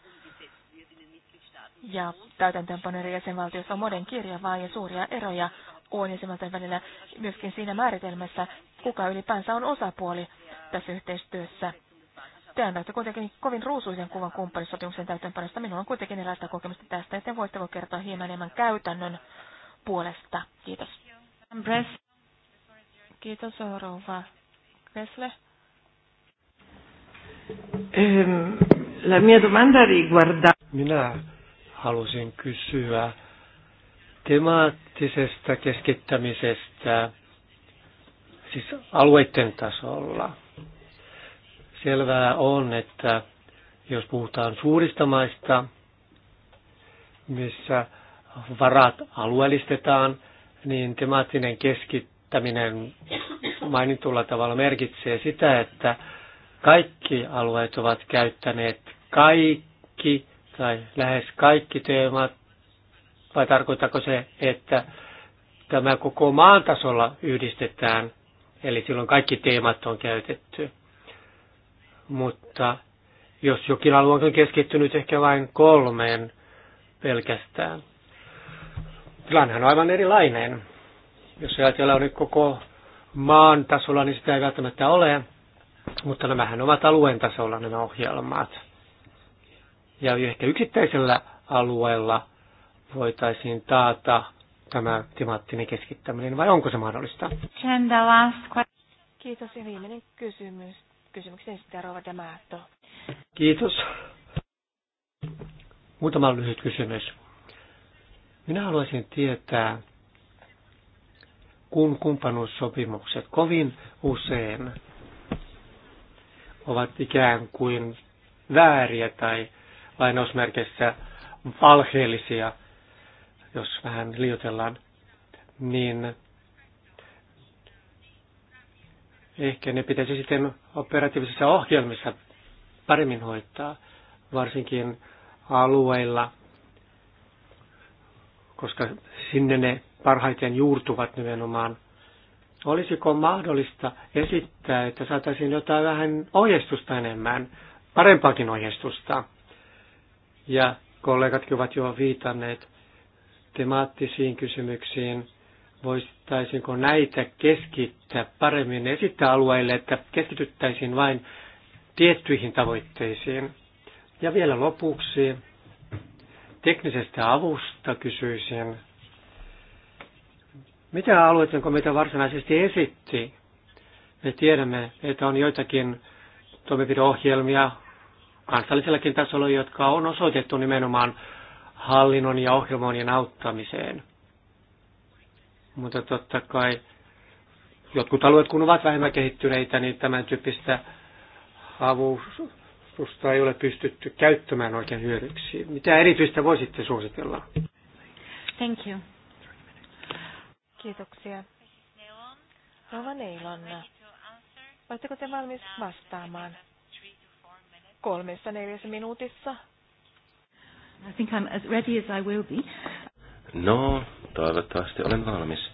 ja täytäntöönpano eri jäsenvaltioissa on monen kirjavaa ja suuria eroja on jäsenvaltion välillä myöskin siinä määritelmässä, kuka ylipäänsä on osapuoli tässä yhteistyössä. Te annatte kuitenkin kovin ruusuisen kuvan kumppanisopimuksen täytäntöönpanosta. Minulla on kuitenkin erilaista kokemusta tästä, joten voitte voi kertoa hieman enemmän käytännön puolesta. Kiitos. Kiitos, rouva Kresle. Ehm, la mia domanda riguarda... Minä halusin kysyä temaattisesta keskittämisestä, siis alueiden tasolla Selvää on, että jos puhutaan suurista maista, missä varat alueellistetaan, niin temaattinen keskittäminen mainitulla tavalla merkitsee sitä, että kaikki alueet ovat käyttäneet kaikki tai lähes kaikki teemat, vai tarkoittaako se, että tämä koko maan tasolla yhdistetään, eli silloin kaikki teemat on käytetty mutta jos jokin alue on keskittynyt ehkä vain kolmeen pelkästään. Tilannehan on aivan erilainen. Jos ajatellaan nyt koko maan tasolla, niin sitä ei välttämättä ole, mutta nämähän ovat alueen tasolla nämä ohjelmat. Ja ehkä yksittäisellä alueella voitaisiin taata tämä temaattinen keskittäminen, vai onko se mahdollista? Kiitos ja viimeinen kysymys kysymyksen sitten Rova Demato. Kiitos. Muutama lyhyt kysymys. Minä haluaisin tietää, kun kumppanuussopimukset kovin usein ovat ikään kuin vääriä tai lainausmerkeissä valheellisia, jos vähän liotellaan, niin Ehkä ne pitäisi sitten operatiivisissa ohjelmissa paremmin hoitaa, varsinkin alueilla, koska sinne ne parhaiten juurtuvat nimenomaan. Olisiko mahdollista esittää, että saataisiin jotain vähän ohjeistusta enemmän, parempaakin ohjeistusta? Ja kollegatkin ovat jo viitanneet temaattisiin kysymyksiin, Voistaisiinko näitä keskittää paremmin esittää alueille, että keskityttäisiin vain tiettyihin tavoitteisiin? Ja vielä lopuksi teknisestä avusta kysyisin. Mitä alueiden komitea varsinaisesti esitti? Me tiedämme, että on joitakin toimenpideohjelmia kansallisellakin tasolla, jotka on osoitettu nimenomaan hallinnon ja ohjelmoinnin auttamiseen. Mutta totta kai jotkut alueet, kun ovat vähemmän kehittyneitä, niin tämän tyyppistä avustusta ei ole pystytty käyttämään oikein hyödyksi. Mitä erityistä voisitte suositella? Thank you. Kiitoksia. Rova Neilonna, oletteko te valmis vastaamaan kolmessa neljässä minuutissa? I think I'm as ready as I will be. No, toivottavasti olen valmis.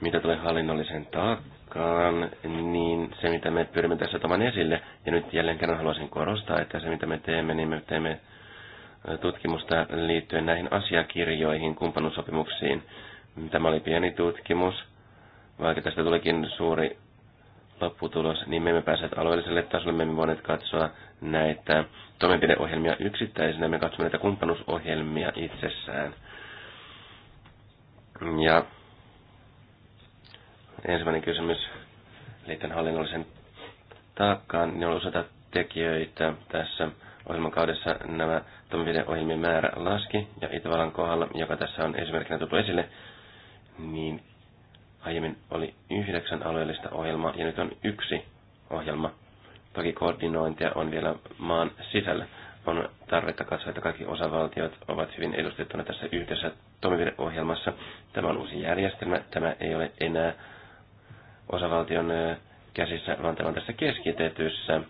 Mitä tulee hallinnollisen taakkaan, niin se mitä me pyrimme tässä ottamaan esille, ja nyt jälleen kerran haluaisin korostaa, että se mitä me teemme, niin me teemme tutkimusta liittyen näihin asiakirjoihin, kumppanuussopimuksiin. Tämä oli pieni tutkimus, vaikka tästä tulikin suuri lopputulos, niin me emme päässeet alueelliselle tasolle, me emme voineet katsoa näitä toimenpideohjelmia yksittäisenä, me katsomme näitä kumppanuusohjelmia itsessään. Ja ensimmäinen kysymys liittyen hallinnollisen taakkaan, niin on useita tekijöitä tässä ohjelmakaudessa nämä toimenpideohjelmien määrä laski, ja Itävallan kohdalla, joka tässä on esimerkkinä tullut esille, niin aiemmin oli yhdeksän alueellista ohjelmaa, ja nyt on yksi ohjelma. Toki koordinointia on vielä maan sisällä on tarvetta katsoa, että kaikki osavaltiot ovat hyvin edustettuna tässä yhdessä toimenpideohjelmassa. Tämä on uusi järjestelmä. Tämä ei ole enää osavaltion käsissä, vaan tämä on tässä keskitetyssä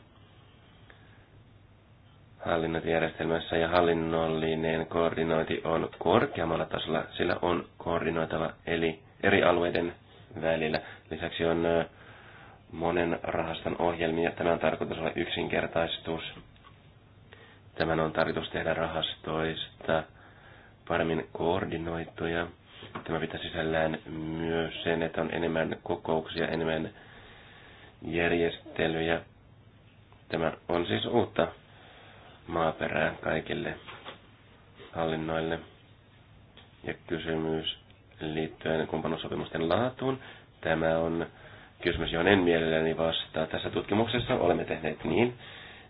hallinnointijärjestelmässä ja hallinnollinen koordinointi on korkeammalla tasolla. Sillä on koordinoitava eli eri alueiden välillä. Lisäksi on monen rahaston ohjelmia. Tämä on tarkoitus olla yksinkertaistus Tämän on tarkoitus tehdä rahastoista paremmin koordinoituja. Tämä pitää sisällään myös sen, että on enemmän kokouksia, enemmän järjestelyjä. Tämä on siis uutta maaperää kaikille hallinnoille. Ja kysymys liittyen kumppanuussopimusten laatuun. Tämä on kysymys, johon en mielelläni vastaa. Tässä tutkimuksessa olemme tehneet niin,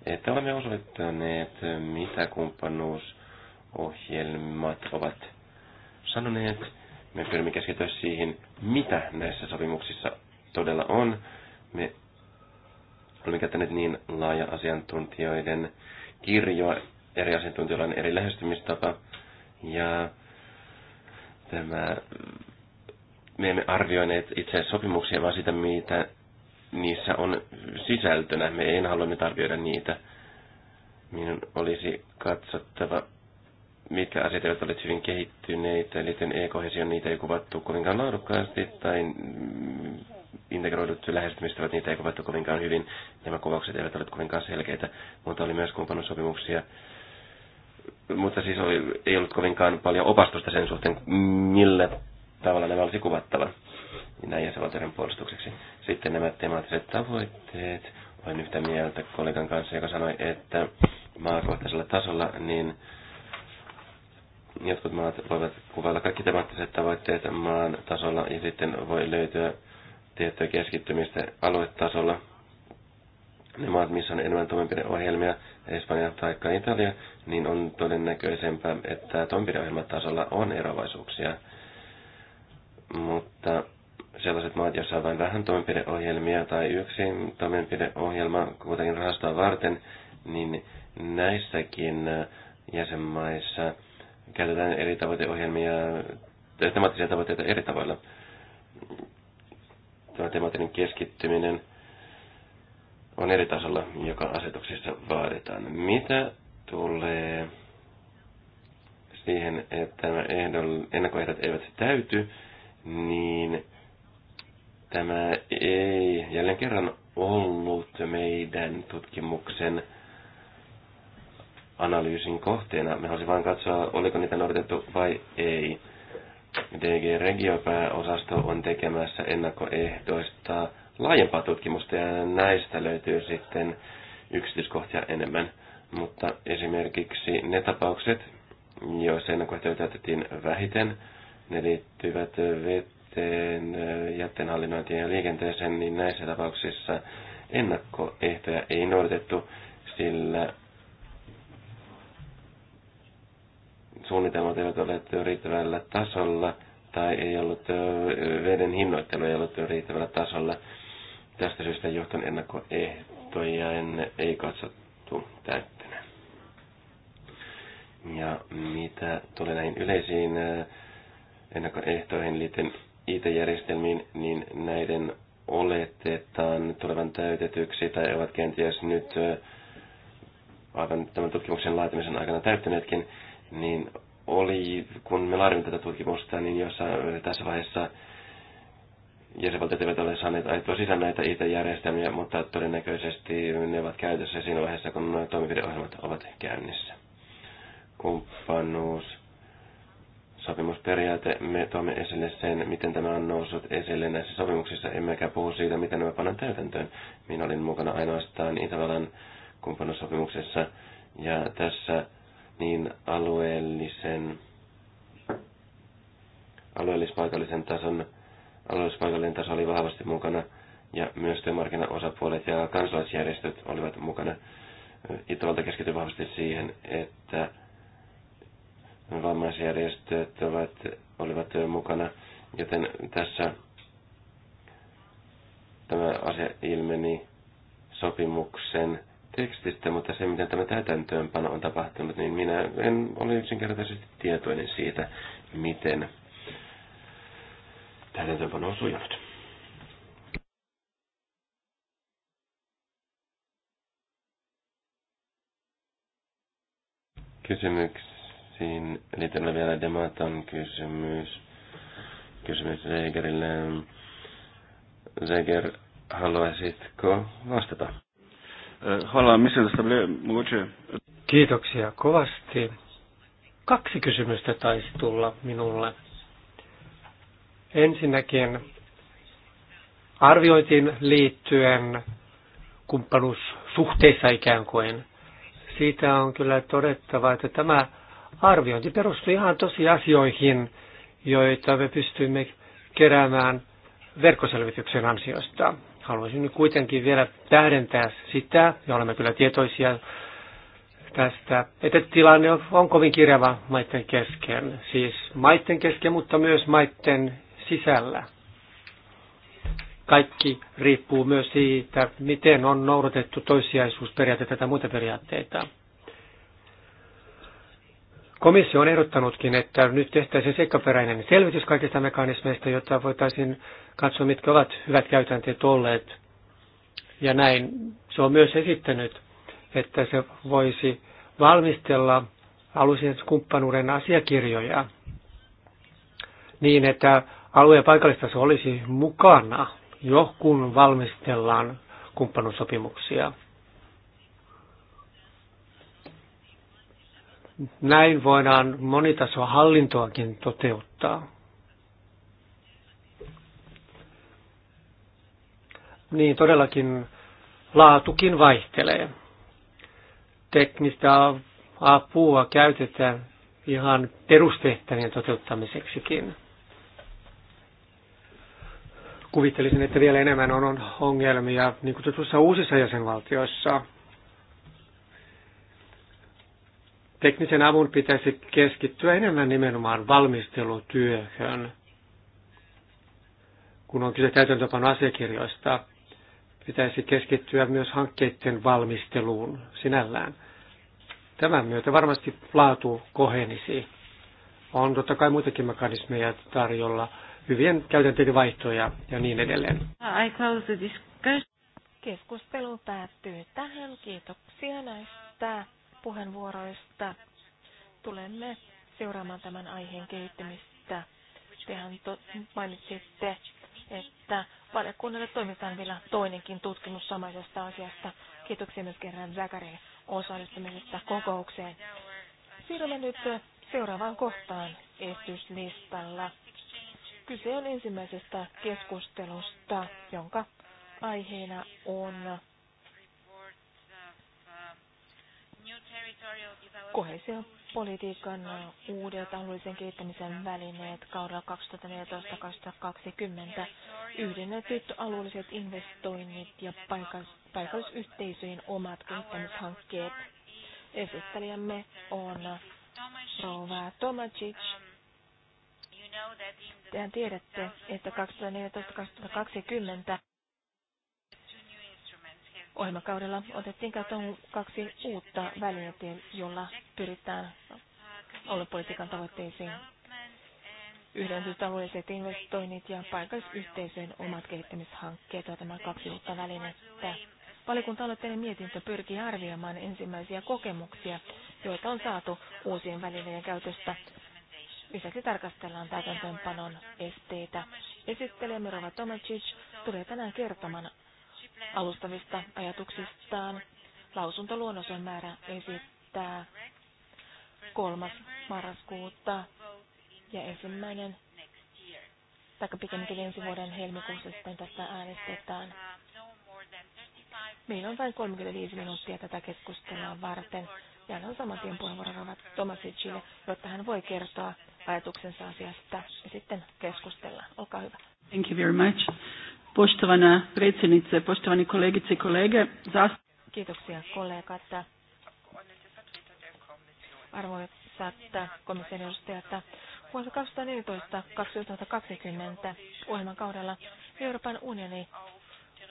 että olemme osoittaneet, mitä kumppanuusohjelmat ovat sanoneet. Me pyrimme keskittyä siihen, mitä näissä sopimuksissa todella on. Me olemme käyttäneet niin laaja asiantuntijoiden kirjoa, eri asiantuntijoilla eri lähestymistapa, ja tämä, me emme arvioineet itse sopimuksia, vaan sitä, mitä niissä on sisältönä. Me en halunnut arvioida niitä. Minun olisi katsottava, mitkä asiat eivät ole hyvin kehittyneitä, eli sen ekohesion niitä ei kuvattu kovinkaan laadukkaasti, tai integroidut lähestymistavat, niitä ei kuvattu kovinkaan hyvin. Nämä kuvaukset eivät ole kovinkaan selkeitä, mutta oli myös kumppanusopimuksia. Mutta siis oli, ei ollut kovinkaan paljon opastusta sen suhteen, millä tavalla nämä olisi kuvattava niin näin jäsenvaltioiden puolustukseksi. Sitten nämä temaattiset tavoitteet. Olen yhtä mieltä kollegan kanssa, joka sanoi, että maakohtaisella tasolla niin jotkut maat voivat kuvailla kaikki temaattiset tavoitteet maan tasolla ja sitten voi löytyä tiettyä keskittymistä aluetasolla. Ne maat, missä on enemmän toimenpideohjelmia, Espanja tai Italia, niin on todennäköisempää, että toimenpideohjelmatasolla on eroavaisuuksia. Mutta sellaiset maat, joissa on vain vähän toimenpideohjelmia tai yksi toimenpideohjelma kuitenkin rahastoa varten, niin näissäkin äh, jäsenmaissa käytetään eri tavoiteohjelmia, äh, temaattisia tavoitteita eri tavoilla. Tämä temaattinen keskittyminen on eri tasolla, joka asetuksissa vaaditaan. Mitä tulee siihen, että nämä ehdoll- ennakkoehdot eivät täyty, niin Tämä ei jälleen kerran ollut meidän tutkimuksen analyysin kohteena. Me halusimme vain katsoa, oliko niitä noudatettu vai ei. DG Regio-pääosasto on tekemässä ennakkoehdoista laajempaa tutkimusta ja näistä löytyy sitten yksityiskohtia enemmän. Mutta esimerkiksi ne tapaukset, joissa ennakkoehtoja täytettiin vähiten, ne liittyvät vettä jätteen, äh, jätteenhallinnointiin ja liikenteeseen, niin näissä tapauksissa ennakkoehtoja ei noudatettu, sillä suunnitelmat eivät ole riittävällä tasolla tai ei ollut, äh, veden hinnoittelu ei ollut riittävällä tasolla. Tästä syystä johtan ennakkoehtoja en, ei katsottu täyttäneen. Ja mitä tulee näihin yleisiin äh, ennakkoehtoihin liittyen IT-järjestelmiin, niin näiden oletetaan tulevan täytetyksi tai ovat kenties nyt aivan tämän tutkimuksen laatimisen aikana täyttäneetkin, niin oli, kun me laadimme tätä tutkimusta, niin jossa tässä vaiheessa jäsenvaltiot eivät ole saaneet ajettua sisään näitä IT-järjestelmiä, mutta todennäköisesti ne ovat käytössä siinä vaiheessa, kun nuo toimenpideohjelmat ovat käynnissä. Kumppanuus sopimusperiaate, me tuomme esille sen, miten tämä on noussut esille näissä sopimuksissa, emmekä puhu siitä, miten nämä pannaan täytäntöön. Minä olin mukana ainoastaan Itävallan kumppanuussopimuksessa, ja tässä niin alueellisen, alueellispaikallisen tason, alueellispaikallinen taso oli vahvasti mukana, ja myös työmarkkinaosapuolet ja kansalaisjärjestöt olivat mukana. Itävalta keskittyi vahvasti siihen, että vammaisjärjestöt ovat, olivat mukana, joten tässä tämä asia ilmeni sopimuksen tekstistä, mutta se, miten tämä täytäntöönpano on tapahtunut, niin minä en ole yksinkertaisesti tietoinen siitä, miten täytäntöönpano on sujunut. Kysymyksiä teillä on vielä Dematan kysymys. Kysymys Zegerille. Zeger, haluaisitko vastata? Haluan, eh, missä tästä bile Kiitoksia kovasti. Kaksi kysymystä taisi tulla minulle. Ensinnäkin arviointiin liittyen kumppanuussuhteissa ikään kuin. Siitä on kyllä todettava, että tämä arviointi perustui ihan tosiasioihin, joita me pystymme keräämään verkkoselvityksen ansiosta. Haluaisin nyt kuitenkin vielä tähdentää sitä, ja olemme kyllä tietoisia tästä, että tilanne on kovin kirjava maiden kesken, siis maiden kesken, mutta myös maiden sisällä. Kaikki riippuu myös siitä, miten on noudatettu toissijaisuusperiaatteita tai muita periaatteita. Komissio on ehdottanutkin, että nyt tehtäisiin seikkaperäinen selvitys kaikista mekanismeista, jotta voitaisiin katsoa, mitkä ovat hyvät käytänteet olleet. Ja näin se on myös esittänyt, että se voisi valmistella alueen kumppanuuden asiakirjoja niin, että alue- ja paikallistaso olisi mukana jo kun valmistellaan kumppanuussopimuksia. Näin voidaan monitasoa hallintoakin toteuttaa. Niin todellakin laatukin vaihtelee. Teknistä apua käytetään ihan perustehtävien toteuttamiseksikin. Kuvittelisin, että vielä enemmän on ongelmia niin tuossa uusissa jäsenvaltioissa – Teknisen avun pitäisi keskittyä enemmän nimenomaan valmistelutyöhön, kun on kyse täytäntöpano asiakirjoista. Pitäisi keskittyä myös hankkeiden valmisteluun sinällään. Tämän myötä varmasti laatu kohenisi. On totta kai muitakin mekanismeja tarjolla, hyvien käytänteiden vaihtoja ja niin edelleen. I close the Keskustelu päättyy tähän. Kiitoksia näistä puheenvuoroista. Tulemme seuraamaan tämän aiheen kehittymistä. Tehän to- mainitsitte, että valiokunnalle toimitaan vielä toinenkin tutkimus samaisesta asiasta. Kiitoksia myös kerran Zakarin osallistumisesta kokoukseen. Siirrymme nyt seuraavaan kohtaan esityslistalla. Kyse on ensimmäisestä keskustelusta, jonka aiheena on kohesiopolitiikan uudet alueellisen kehittämisen välineet kaudella 2014-2020, yhdennetyt alueelliset investoinnit ja paikallisyhteisöjen omat kehittämishankkeet. Esittelijämme on Rova Tomacic. Tehän tiedätte, että 2014-2020 Ohjelmakaudella otettiin käyttöön kaksi uutta välinettä, jolla pyritään olla politiikan tavoitteisiin. Yhdentyt investoinnit ja paikallisyhteisöjen omat kehittämishankkeet ovat nämä kaksi uutta välinettä. Valikunta aloitteiden mietintö pyrkii arvioimaan ensimmäisiä kokemuksia, joita on saatu uusien välineiden käytöstä. Lisäksi tarkastellaan täytäntöönpanon esteitä. Esittelemme Rova Tomacic tulee tänään kertomaan alustavista ajatuksistaan. Lausuntoluonnos on määrä esittää 3. marraskuuta ja ensimmäinen, tai pikemminkin ensi vuoden helmikuussa sitten tästä äänestetään. Meillä on vain 35 minuuttia tätä keskustelua varten. Ja on saman tien puheenvuoron ovat Tomasicille, jotta hän voi kertoa ajatuksensa asiasta ja sitten keskustella. Olkaa hyvä. Thank you very much. Poštovana predsjednice, poštovani kolegice i kolege. Kiitoksia kollegat. Arvoisat komission edustajat. vuonna 2014-2020 ohjelman kaudella Euroopan unioni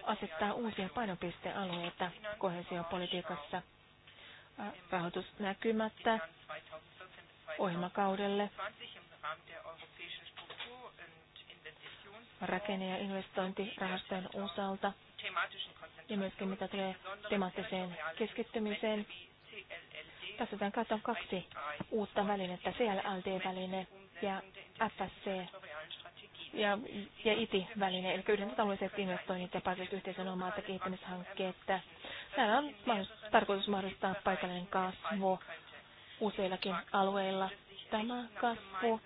asettaa uusia painopistealueita kohesiopolitiikassa. Rahoitusnäkymättä ohjelmakaudelle rakenne- ja investointirahastojen osalta ja myöskin mitä tulee temaattiseen keskittymiseen. Tässä tämän on kaksi uutta välinettä, CLLD-väline ja FSC ja, ja ITI-väline, eli yhdennet alueelliset investoinnit ja paikalliset yhteisön omalta kehittämishankkeet. Täällä on tarkoitus mahdollistaa paikallinen kasvu useillakin alueilla. Tämä kasvu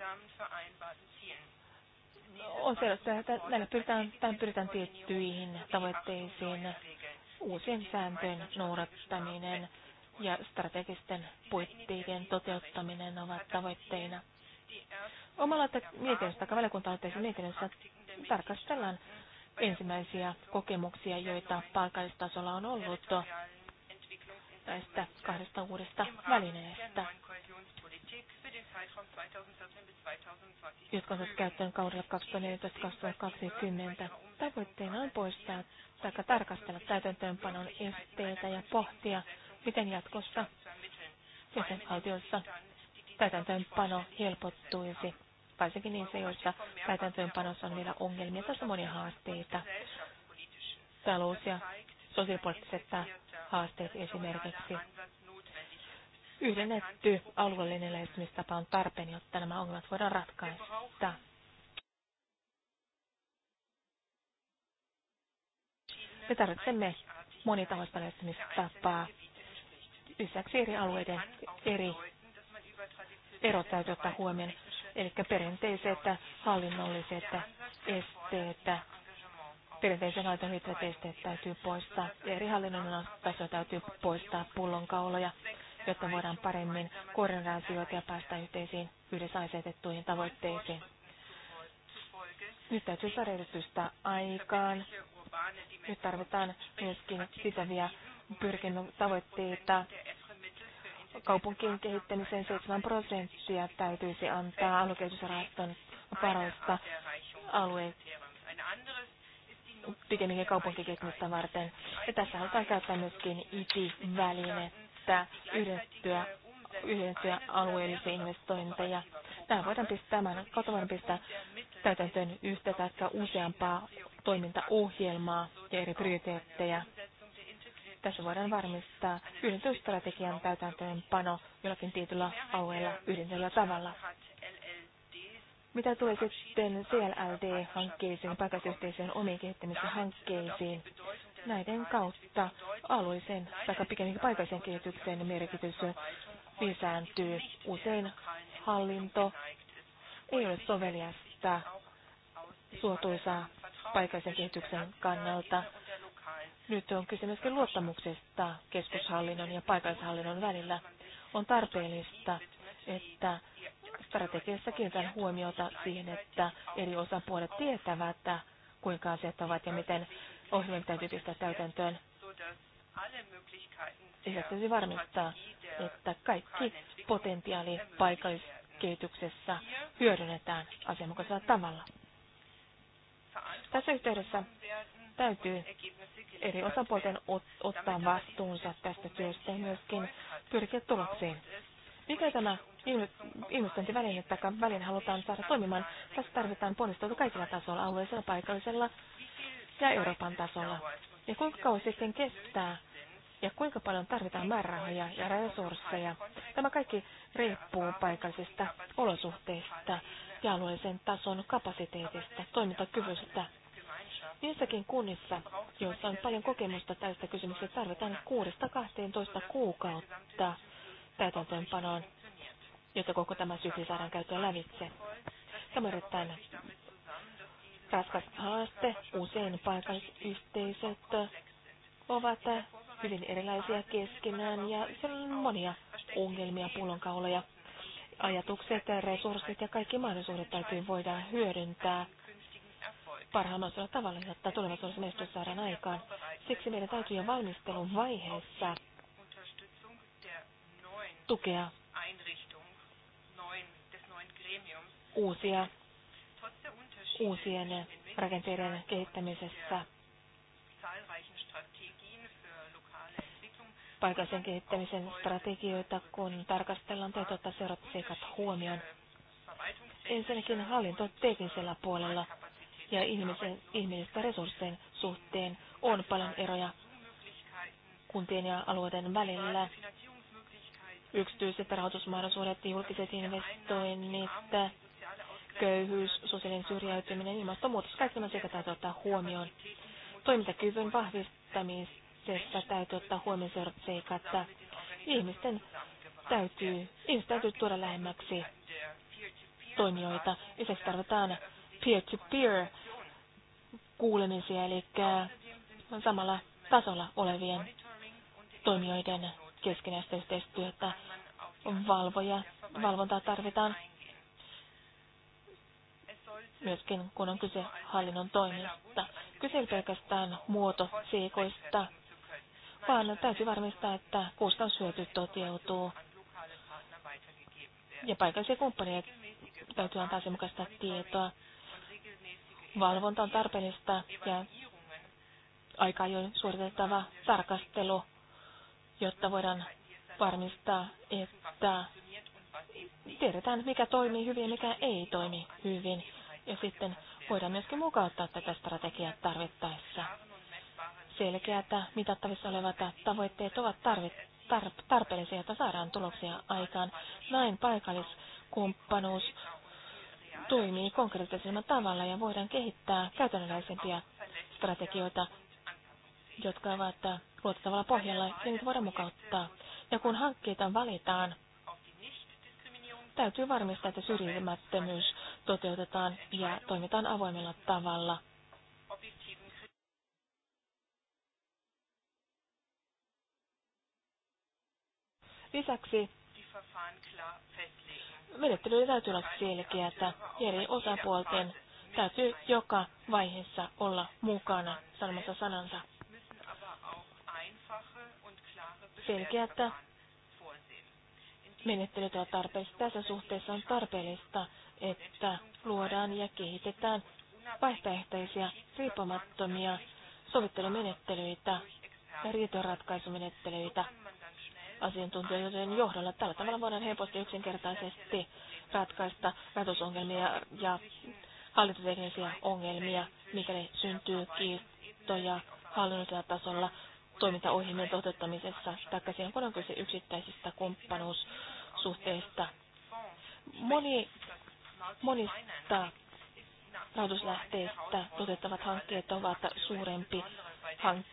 on sellaista, että näillä pyritään, tämän pyritään tiettyihin tavoitteisiin, uusien sääntöjen noudattaminen ja strategisten puitteiden toteuttaminen ovat tavoitteina. Omalla mietinnössä tai valiokunta mietinnössä tarkastellaan ensimmäisiä kokemuksia, joita paikallistasolla on ollut näistä kahdesta uudesta välineestä jotka ovat käyttöön kaudella 2014-2020. Tavoitteena on poistaa tai tarkastella täytäntöönpanon esteitä ja pohtia, miten jatkossa jäsenvaltioissa täytäntöönpano helpottuisi, varsinkin niissä, joissa täytäntöönpanossa on vielä ongelmia. Tässä on monia haasteita. Talous- ja sosiaalipoliittiset haasteet esimerkiksi. Yhdennetty alueellinen lähestymistapa on tarpeen, jotta nämä ongelmat voidaan ratkaista. Me tarvitsemme monitahoista lähestymistapaa. Lisäksi eri alueiden eri erot täytyy ottaa huomioon, eli perinteiset hallinnolliset esteet, perinteisen hallinnon liittyvät esteet täytyy poistaa, eri hallinnon tasoja täytyy poistaa pullonkauloja jotta voidaan paremmin koordinaatioita ja päästä yhteisiin yhdessä asetettuihin tavoitteisiin. Nyt täytyy saada edistystä aikaan. Nyt tarvitaan myöskin sisäviä tavoitteita. Kaupunkien kehittämiseen 7 prosenttia täytyisi antaa aluekehitysrahaston parasta alueet pikemminkin kaupunkikehitystä varten. Ja tässä halutaan käyttää myöskin it välinettä pistää yhdettyä, yhdettyä alueellisia investointeja. Tämä voidaan pistää, tämän kautta voidaan pistää täytäntöön yhtä tai useampaa toimintaohjelmaa ja eri prioriteetteja. Tässä voidaan varmistaa yhdentysstrategian täytäntöönpano jollakin tietyllä alueella yhdentyllä tavalla. Mitä tulee sitten CLLD-hankkeisiin, paikallisyhteisöjen omiin hankkeisiin? näiden kautta alueeseen tai pikemminkin paikallisen kehityksen merkitys lisääntyy. Usein hallinto ei ole soveliasta suotuisaa paikallisen kehityksen kannalta. Nyt on kyse myöskin luottamuksesta keskushallinnon ja paikallishallinnon välillä. On tarpeellista, että strategiassa kiinnitän huomiota siihen, että eri osapuolet tietävät, kuinka asiat ovat ja miten ohjelmien täytyy pistää täytäntöön. Lisäksi täytyy varmistaa, että kaikki potentiaali paikalliskehityksessä hyödynnetään asianmukaisella tavalla. Tässä yhteydessä täytyy eri osapuolten ottaa vastuunsa tästä työstä ja myöskin pyrkiä tuloksiin. Mikä tämä investointiväline että väline halutaan saada toimimaan? Tässä tarvitaan ponnistelua kaikilla tasoilla, alueellisella, paikallisella, ja Euroopan tasolla. Ja kuinka kauan sitten kestää ja kuinka paljon tarvitaan määrärahoja ja resursseja. Tämä kaikki riippuu paikallisista olosuhteista ja alueellisen tason kapasiteetista, toimintakyvystä. Niissäkin kunnissa, joissa on paljon kokemusta tästä kysymyksestä, tarvitaan 6-12 kuukautta täytäntöönpanoon, jotta koko tämä syksy saadaan käyttöön lävitse. Tämä on erittäin raskas haaste. Usein paikallisyhteisöt ovat hyvin erilaisia keskenään ja siellä on monia ongelmia, pullonkauloja. Ajatukset, resurssit ja kaikki mahdollisuudet täytyy voida hyödyntää parhaimmalla tavalla, jotta tulevaisuudessa menestys saadaan aikaan. Siksi meidän täytyy jo valmistelun vaiheessa tukea uusia uusien rakenteiden kehittämisessä, paikallisen kehittämisen strategioita, kun tarkastellaan ottaa seuraavat seikat huomioon. Ensinnäkin hallinto teknisellä puolella ja ihmisen, ihmisten resurssien suhteen on paljon eroja kuntien ja alueiden välillä. Yksityiset rahoitusmahdollisuudet, julkiset investoinnit, köyhyys, sosiaalinen syrjäytyminen, ilmastonmuutos, kaikki nämä sekä täytyy ottaa huomioon. Toimintakyvyn vahvistamisessa täytyy ottaa huomioon seuraavat seikat. Ihmisten täytyy, ihmisten täytyy tuoda lähemmäksi toimijoita. Lisäksi tarvitaan peer-to-peer -peer kuulemisia, eli samalla tasolla olevien toimijoiden keskinäistä yhteistyötä. Valvoja, valvontaa tarvitaan myöskin kun on kyse hallinnon toimista. Kyse ei pelkästään muotoseikoista, vaan täytyy varmistaa, että kustannushyöty toteutuu. Ja paikallisia kumppaneja täytyy antaa sen mukaista tietoa. Valvonta on tarpeellista ja aika ajoin suoritettava tarkastelu, jotta voidaan varmistaa, että tiedetään mikä toimii hyvin ja mikä ei toimi hyvin ja sitten voidaan myöskin mukauttaa tätä strategiaa tarvittaessa. Selkeätä mitattavissa olevat tavoitteet ovat tarpeellisia, että saadaan tuloksia aikaan. Näin paikalliskumppanuus toimii konkreettisella tavalla ja voidaan kehittää käytännönläisempiä strategioita, jotka ovat luotettavalla pohjalla ja niitä voidaan mukauttaa. Ja kun hankkeita valitaan, täytyy varmistaa, että syrjimättömyys toteutetaan ja toimitaan avoimella tavalla. Lisäksi menettelyiden täytyy olla selkeätä ja eri osapuolten täytyy joka vaiheessa olla mukana sanomassa sanansa. Selkeätä menettelyt ovat tarpeellista. Tässä suhteessa on tarpeellista että luodaan ja kehitetään vaihtoehtoisia riippumattomia sovittelumenettelyitä ja riitoratkaisumenettelyitä asiantuntijoiden johdolla. Tällä tavalla voidaan helposti yksinkertaisesti ratkaista rajoitusongelmia ja hallintoteknisiä ongelmia, mikäli syntyy kiistoja hallinnollisella tasolla toimintaohjelmien toteuttamisessa taikka siihen kun on kyse yksittäisistä kumppanuussuhteista. Moni monista rahoituslähteistä toteuttavat hankkeet ovat suurempi hank-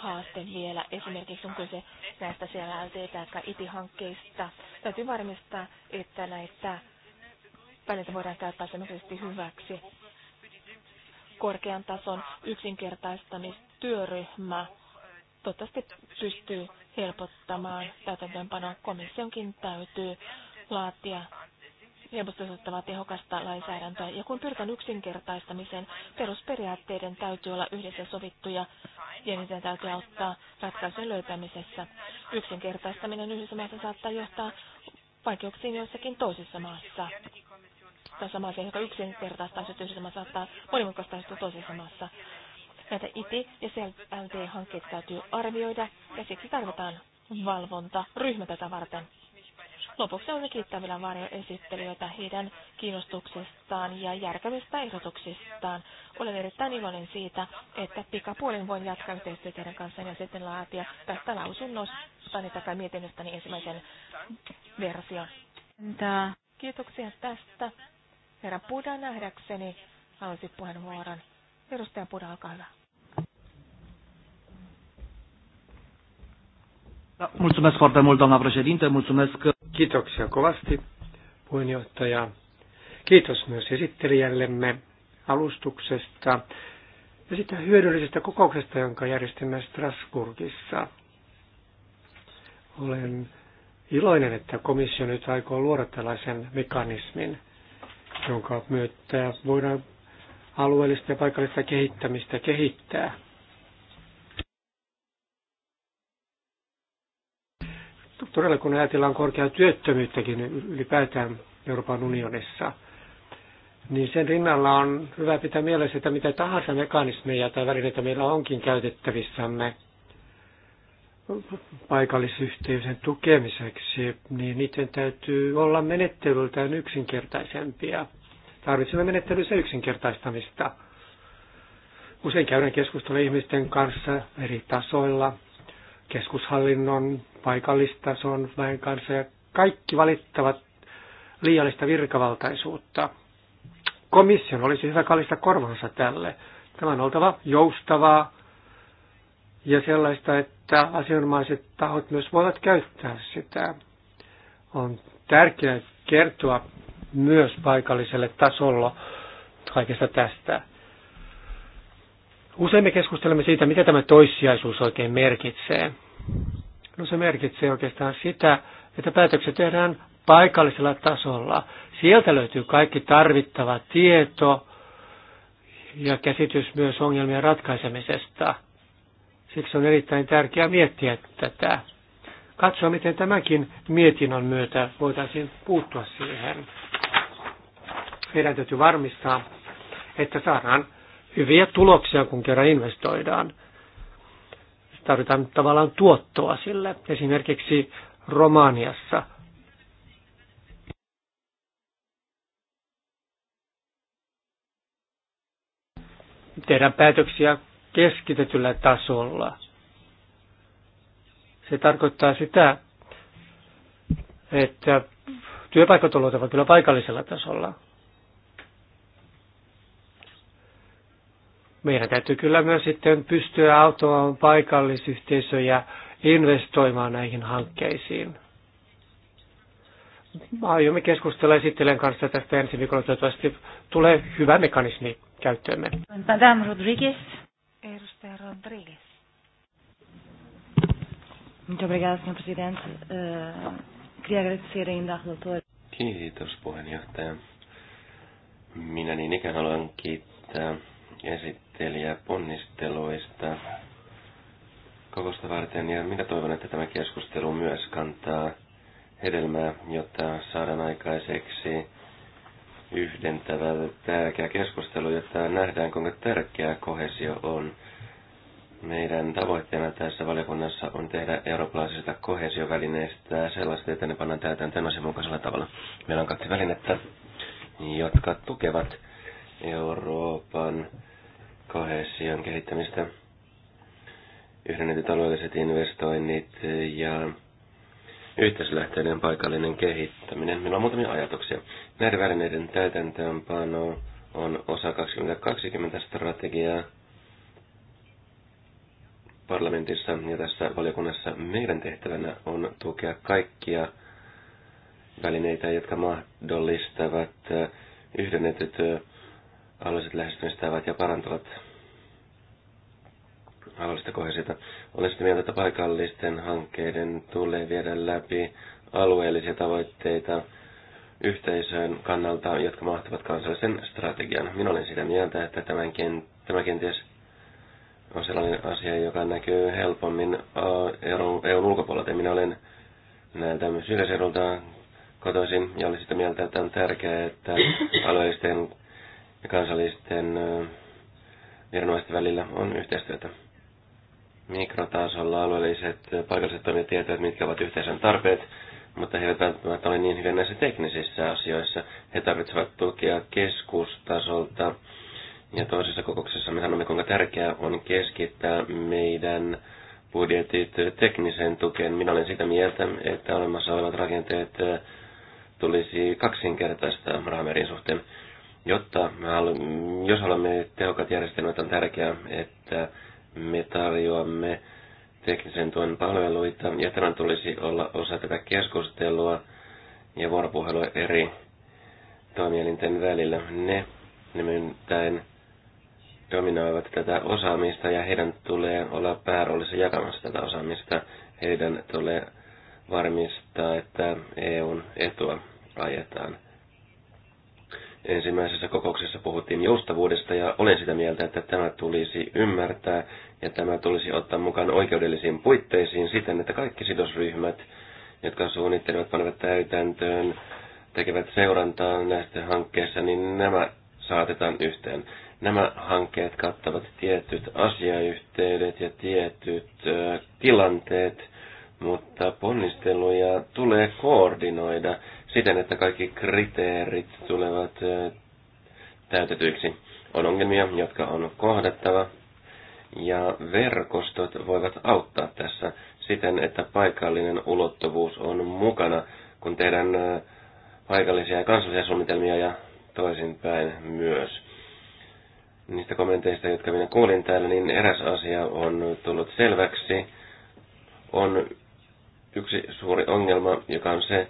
haaste vielä. Esimerkiksi on kyse näistä CLT- tai ITI-hankkeista. Täytyy varmistaa, että näitä välineitä voidaan käyttää semmoisesti hyväksi. Korkean tason yksinkertaistamistyöryhmä toivottavasti pystyy helpottamaan täytäntöönpanoa. Komissionkin täytyy laatia neuvostot ottavat tehokasta lainsäädäntöä. Ja kun pyritään yksinkertaistamiseen, perusperiaatteiden täytyy olla yhdessä sovittuja ja niitä täytyy auttaa ratkaisun löytämisessä. Yksinkertaistaminen yhdessä maassa saattaa johtaa vaikeuksiin joissakin toisessa maassa. sama maassa, joka yksinkertaistaa asiat yhdessä maassa, saattaa monimutkaistaa toisessa maassa. Näitä IT- ja CLT-hankkeita täytyy arvioida ja siksi tarvitaan valvonta ryhmä tätä varten. Lopuksi olemme kiittävillä vielä esittelijöitä heidän kiinnostuksestaan ja järkevistä ehdotuksistaan. Olen erittäin iloinen siitä, että pikapuolin voin jatkaa yhteistyötä teidän kanssa ja sitten laatia tästä lausunnostani niin tai mietinnöstäni ensimmäisen version. Kiitoksia tästä. Herra Puda nähdäkseni halusi puheenvuoron. Edustaja Puda, olkaa hyvä. Da, mulțumesc foarte mult, doamna președinte, mulțumesc. Kiitoksia kovasti, puheenjohtaja. Kiitos myös esittelijällemme alustuksesta ja sitä hyödyllisestä kokouksesta, jonka järjestimme Strasburgissa. Olen iloinen, että komissio nyt aikoo luoda tällaisen mekanismin, jonka myötä voidaan alueellista ja paikallista kehittämistä kehittää todella kun ajatellaan korkeaa työttömyyttäkin ylipäätään Euroopan unionissa, niin sen rinnalla on hyvä pitää mielessä, että mitä tahansa mekanismeja tai välineitä meillä onkin käytettävissämme paikallisyhteisön tukemiseksi, niin niiden täytyy olla menettelyltään yksinkertaisempia. Tarvitsemme menettelyssä yksinkertaistamista. Usein käydään keskustelua ihmisten kanssa eri tasoilla, keskushallinnon, paikallistason väen kanssa ja kaikki valittavat liiallista virkavaltaisuutta. Komission olisi hyvä kallista korvansa tälle. Tämä on oltava joustavaa ja sellaista, että asianomaiset tahot myös voivat käyttää sitä. On tärkeää kertoa myös paikalliselle tasolla kaikesta tästä. Usein me keskustelemme siitä, mitä tämä toissijaisuus oikein merkitsee. No se merkitsee oikeastaan sitä, että päätökset tehdään paikallisella tasolla. Sieltä löytyy kaikki tarvittava tieto ja käsitys myös ongelmien ratkaisemisesta. Siksi on erittäin tärkeää miettiä tätä. Katsoa, miten tämänkin mietinnön myötä voitaisiin puuttua siihen. Meidän täytyy varmistaa, että saadaan hyviä tuloksia, kun kerran investoidaan. Tarvitaan tavallaan tuottoa sille. Esimerkiksi Romaniassa tehdään päätöksiä keskitetyllä tasolla. Se tarkoittaa sitä, että työpaikat ovat kyllä paikallisella tasolla. meidän täytyy kyllä myös sitten pystyä auttamaan paikallisyhteisöjä investoimaan näihin hankkeisiin. Aiomme keskustella esittelen kanssa tästä ensi viikolla. Toivottavasti tulee hyvä mekanismi käyttöömme. Madame Rodriguez. Edustaja Rodriguez. Muito obrigada, Sr. Presidente. Uh, agradecer Kiitos, puheenjohtaja. Minä niin ikään haluan kiittää esittelijää esittelijä ponnisteluista kokosta varten ja minä toivon, että tämä keskustelu myös kantaa hedelmää, jotta saadaan aikaiseksi yhdentävä tärkeä keskustelu, jotta nähdään, kuinka tärkeä kohesio on. Meidän tavoitteena tässä valiokunnassa on tehdä eurooppalaisista kohesiovälineistä sellaista, että ne pannaan täytäntöön asianmukaisella tavalla. Meillä on kaksi välinettä, jotka tukevat Euroopan kohesion kehittämistä, yhdennetyt alueelliset investoinnit ja yhteislähtöinen paikallinen kehittäminen. Meillä on muutamia ajatuksia. Näiden välineiden täytäntöönpano on osa 2020 strategiaa parlamentissa ja tässä valiokunnassa meidän tehtävänä on tukea kaikkia välineitä, jotka mahdollistavat yhdennetyt alueelliset lähestymistavat ja parantavat alueellista kohesiota. Olen sitä mieltä, että paikallisten hankkeiden tulee viedä läpi alueellisia tavoitteita yhteisön kannalta, jotka mahtavat kansallisen strategian. Minä olen sitä mieltä, että tämän kent- tämä kenties on sellainen asia, joka näkyy helpommin EUn ulkopuolelta. Minä olen näiltä syrjäseudulta kotoisin ja olen sitä mieltä, että on tärkeää, että alueellisten ja kansallisten viranomaisten välillä on yhteistyötä. Mikrotasolla alueelliset paikalliset toimijat tietävät, mitkä ovat yhteisön tarpeet, mutta he eivät välttämättä ole niin hyviä näissä teknisissä asioissa. He tarvitsevat tukea keskustasolta. Ja toisessa kokouksessa me sanomme, kuinka tärkeää on keskittää meidän budjetit tekniseen tukeen. Minä olen sitä mieltä, että olemassa olevat rakenteet tulisi kaksinkertaista rahamerin suhteen. Jotta, jos haluamme tehokkaat järjestelmät, on tärkeää, että me tarjoamme teknisen tuen palveluita, ja tämän tulisi olla osa tätä keskustelua ja vuoropuhelua eri toimielinten välillä. Ne nimittäin dominoivat tätä osaamista ja heidän tulee olla pääroolissa jakamassa tätä osaamista. Heidän tulee varmistaa, että EUn etua ajetaan ensimmäisessä kokouksessa puhuttiin joustavuudesta ja olen sitä mieltä, että tämä tulisi ymmärtää ja tämä tulisi ottaa mukaan oikeudellisiin puitteisiin siten, että kaikki sidosryhmät, jotka suunnittelevat, panevat täytäntöön, tekevät seurantaa näistä hankkeissa, niin nämä saatetaan yhteen. Nämä hankkeet kattavat tietyt asiayhteydet ja tietyt tilanteet, mutta ponnisteluja tulee koordinoida siten, että kaikki kriteerit tulevat täytetyiksi. On ongelmia, jotka on kohdattava, ja verkostot voivat auttaa tässä siten, että paikallinen ulottuvuus on mukana, kun tehdään paikallisia ja kansallisia suunnitelmia ja toisinpäin myös. Niistä kommenteista, jotka minä kuulin täällä, niin eräs asia on tullut selväksi. On yksi suuri ongelma, joka on se,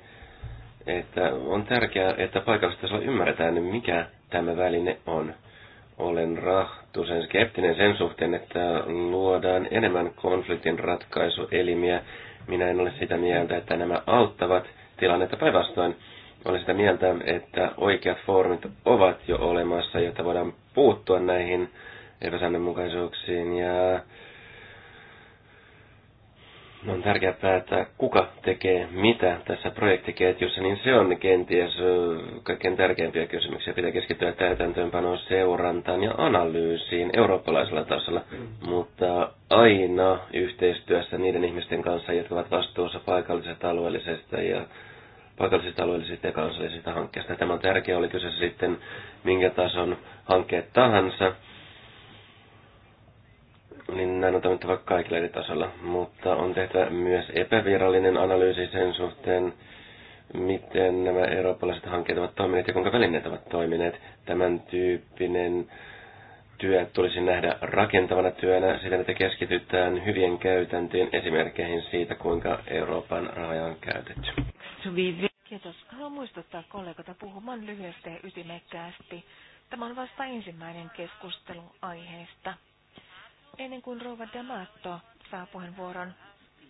että on tärkeää, että paikallistasolla ymmärretään, mikä tämä väline on. Olen rahtuisen skeptinen sen suhteen, että luodaan enemmän konfliktin ratkaisuelimiä. Minä en ole sitä mieltä, että nämä auttavat tilannetta päinvastoin. Olen sitä mieltä, että oikeat foorumit ovat jo olemassa, jotta voidaan puuttua näihin epäsäännönmukaisuuksiin ja on tärkeää päättää, kuka tekee mitä tässä projektiketjussa, niin se on kenties kaikkein tärkeimpiä kysymyksiä. Pitää keskittyä täytäntöönpanoon, seurantaan ja analyysiin eurooppalaisella tasolla, mm. mutta aina yhteistyössä niiden ihmisten kanssa, jotka ovat vastuussa paikallisesta, alueellisesta ja paikallisista, alueellisista ja kansallisista hankkeista. Tämä on tärkeää, oli kyseessä sitten minkä tason hankkeet tahansa niin näin on toimittava kaikilla eri tasolla, mutta on tehtävä myös epävirallinen analyysi sen suhteen, miten nämä eurooppalaiset hankkeet ovat toimineet ja kuinka välineet ovat toimineet. Tämän tyyppinen työ tulisi nähdä rakentavana työnä siten, että keskitytään hyvien käytäntöjen esimerkkeihin siitä, kuinka Euroopan rahoja on käytetty. Kiitos. Haluan muistuttaa kollegoita puhumaan lyhyesti ja ytimekkäästi. Tämä on vasta ensimmäinen keskustelu aiheesta. Ennen kuin Rouva Damato saa puheenvuoron,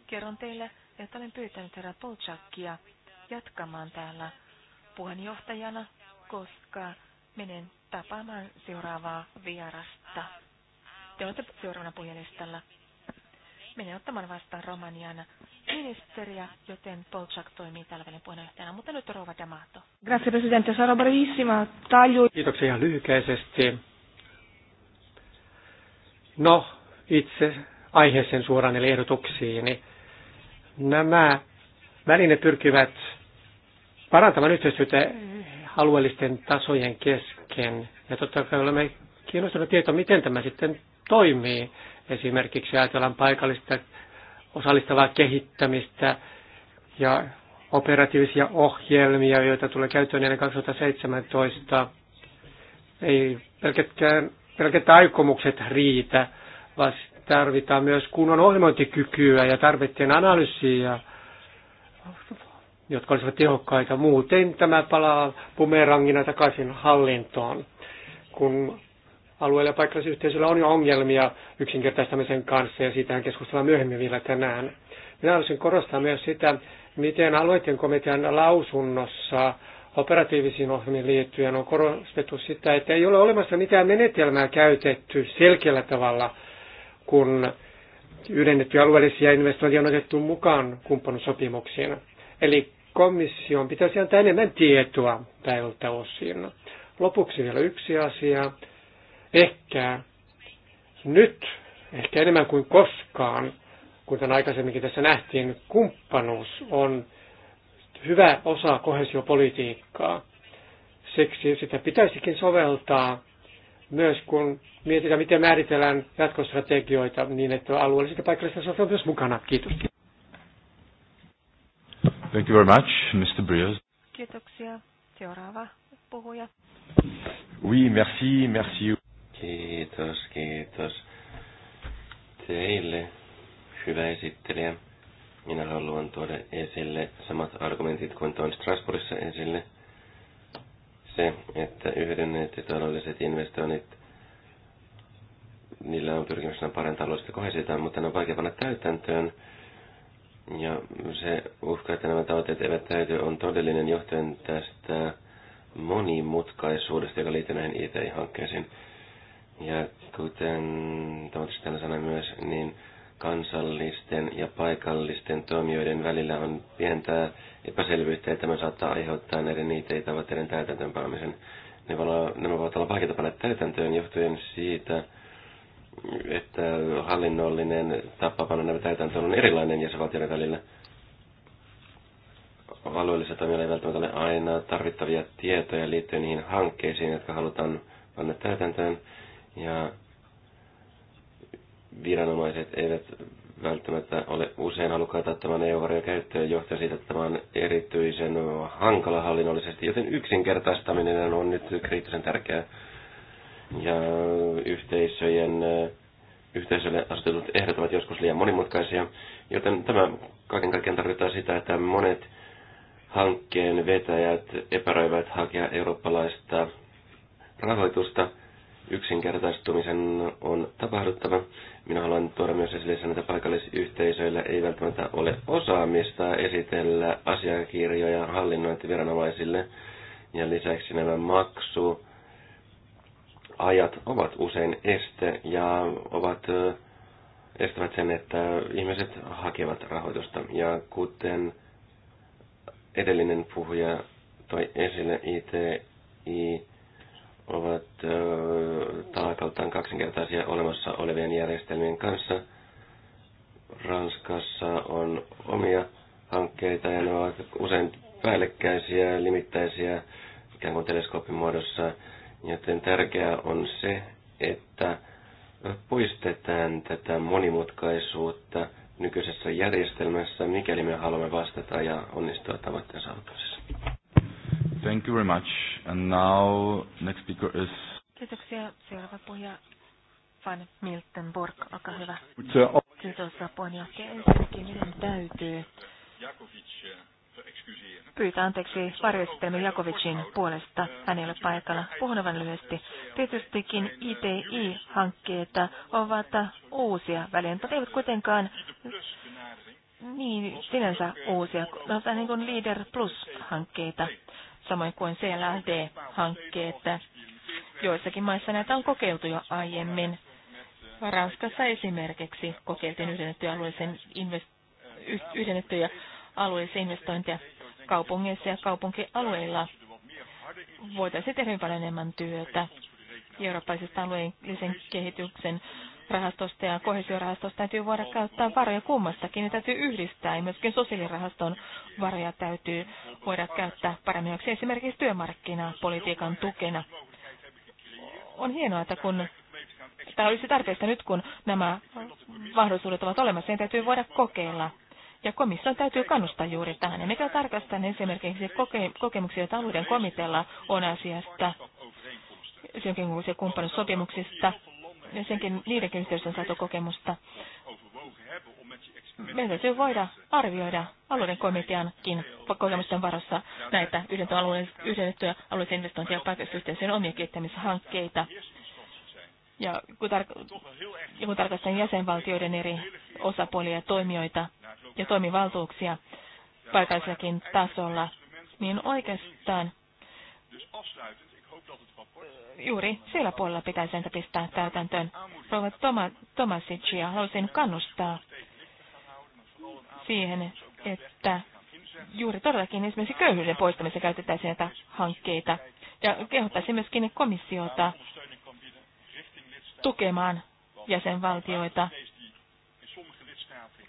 kerron teille, että olen pyytänyt herra Polchakia jatkamaan täällä puheenjohtajana, koska menen tapaamaan seuraavaa vierasta. Te olette seuraavana puhelistalla. Menen ottamaan vastaan Romanian ministeriä, joten Polchak toimii tällä välin puheenjohtajana, mutta nyt Rova Damato. Grazie Presidente, sarò brevissima. Taglio... Kiitoksia ihan lyhykäisesti. No, itse aiheeseen suoraan eli ehdotuksiin, niin nämä välineet pyrkivät parantamaan yhteistyötä alueellisten tasojen kesken. Ja totta kai olemme kiinnostuneet tietoa, miten tämä sitten toimii. Esimerkiksi ajatellaan paikallista osallistavaa kehittämistä ja operatiivisia ohjelmia, joita tulee käyttöön ennen 2017. Ei pelkätkään, pelkät aikomukset riitä, tarvitaan myös kunnon ohjelmointikykyä ja tarvittien analyysiä, jotka olisivat tehokkaita. Muuten tämä palaa bumerangina takaisin hallintoon, kun alueella ja paikallisyhteisöllä on jo ongelmia yksinkertaistamisen kanssa ja siitähän keskustellaan myöhemmin vielä tänään. Minä haluaisin korostaa myös sitä, miten alueiden komitean lausunnossa operatiivisiin ohjelmiin liittyen on korostettu sitä, että ei ole olemassa mitään menetelmää käytetty selkeällä tavalla – kun yhdennetty alueellisia investointeja on otettu mukaan kumppanuussopimuksiin. Eli komission pitäisi antaa enemmän tietoa tältä osin. Lopuksi vielä yksi asia. Ehkä nyt, ehkä enemmän kuin koskaan, kuten aikaisemminkin tässä nähtiin, kumppanuus on hyvä osa kohesiopolitiikkaa. Siksi sitä pitäisikin soveltaa myös kun mietitään, miten määritellään jatkostrategioita niin, että alueelliset ja paikalliset osat on myös mukana. Kiitos. Thank you very much, Mr. Brios. Kiitoksia. Seuraava puhuja. Oui, merci, merci. Kiitos, kiitos teille, hyvä esittelijä. Minä haluan tuoda esille samat argumentit kuin toin Strasbourgissa esille – se, että yhdenneet ja taloudelliset investoinnit, niillä on pyrkimyksenä paremmin taloudellista kohesiota, mutta ne on vaikea panna täytäntöön. Ja se uhka, että nämä tavoitteet eivät täyty, on todellinen johtuen tästä monimutkaisuudesta, joka liittyy näihin IT-hankkeisiin. Ja kuten tavoitteessa täällä sanoi myös, niin kansallisten ja paikallisten toimijoiden välillä on pientä epäselvyyttä ja tämä saattaa aiheuttaa näiden niitä ei tavoitteiden palaamisen. Ne voivat, nämä voivat olla vaikeita panna täytäntöön johtuen siitä, että hallinnollinen tapa panna nämä täytäntöön on erilainen jäsenvaltioiden välillä. Alueellisilla toimijoilla ei välttämättä ole aina tarvittavia tietoja liittyen niihin hankkeisiin, jotka halutaan panna täytäntöön. Ja viranomaiset eivät välttämättä ole usein halukkaita ottamaan EU-varoja käyttöön johtuen siitä, että tämä on erityisen hankala hallinnollisesti, joten yksinkertaistaminen on nyt kriittisen tärkeää. Ja yhteisöjen, yhteisölle asetetut ehdot ovat joskus liian monimutkaisia, joten tämä kaiken kaikkiaan tarkoittaa sitä, että monet hankkeen vetäjät epäröivät hakea eurooppalaista rahoitusta. Yksinkertaistumisen on tapahduttava minä haluan tuoda myös esille sen, että paikallisyhteisöillä ei välttämättä ole osaamista esitellä asiakirjoja hallinnointiviranomaisille. Ja lisäksi nämä maksu ajat ovat usein este ja ovat, estävät sen, että ihmiset hakevat rahoitusta. Ja kuten edellinen puhuja toi esille, ITI ovat taakaltaan kaksinkertaisia olemassa olevien järjestelmien kanssa. Ranskassa on omia hankkeita ja ne ovat usein päällekkäisiä, limittäisiä, ikään kuin teleskoopin muodossa. Joten tärkeää on se, että poistetaan tätä monimutkaisuutta nykyisessä järjestelmässä, mikäli me haluamme vastata ja onnistua tavoitteen saavuttamisessa. Thank you very much. And now next speaker is... Kiitoksia. Seuraava puhuja Van Miltenburg, olkaa hyvä. Oh. Kiitos puheenjohtaja. Ensinnäkin minun täytyy pyytää anteeksi varjoesittelijämme Jakovicin puolesta. Hän ei ole paikalla. Puhun vain lyhyesti. Tietystikin iti hankkeita ovat uusia väliä, mutta eivät kuitenkaan niin sinänsä uusia. Ne ovat niin kuin Leader Plus-hankkeita samoin kuin CLD-hankkeet. Joissakin maissa näitä on kokeiltu jo aiemmin. Ranskassa esimerkiksi kokeiltiin yhdennettyjä alueellisen invest- yhdennettyjä investointeja kaupungeissa ja kaupunkialueilla. Voitaisiin tehdä hyvin paljon enemmän työtä eurooppalaisesta alueellisen kehityksen rahastosta ja kohesiorahastosta täytyy voida käyttää varoja kummastakin. Ne täytyy yhdistää ja myöskin sosiaalirahaston varoja täytyy voida käyttää paremmin esimerkiksi työmarkkinapolitiikan tukena. On hienoa, että kun tämä olisi tarpeesta nyt, kun nämä mahdollisuudet ovat olemassa, niin täytyy voida kokeilla. Ja komission täytyy kannustaa juuri tähän. Ja mikä tarkastan esimerkiksi koke- kokemuksia, joita alueiden komitealla on asiasta, synkimuus- ja kumppanuussopimuksista, ja senkin niidenkin yhteydessä on saatu kokemusta. Meidän täytyy voida arvioida alueiden komiteankin kokemusten varassa näitä yhdennettyjä alueiden investointia ja paikallisyhteisöjen omia kehittämishankkeita. Ja kun, tar- ja kun tarkastan jäsenvaltioiden eri osapuolia ja toimijoita ja toimivaltuuksia paikallisellakin tasolla, niin oikeastaan Juuri siellä puolella pitäisi ensin pistää täytäntöön. Rouva Toma, Tomasicia haluaisin kannustaa siihen, että juuri todellakin esimerkiksi köyhyyden poistamisessa käytetään näitä hankkeita. Ja kehottaisin myöskin komissiota tukemaan jäsenvaltioita,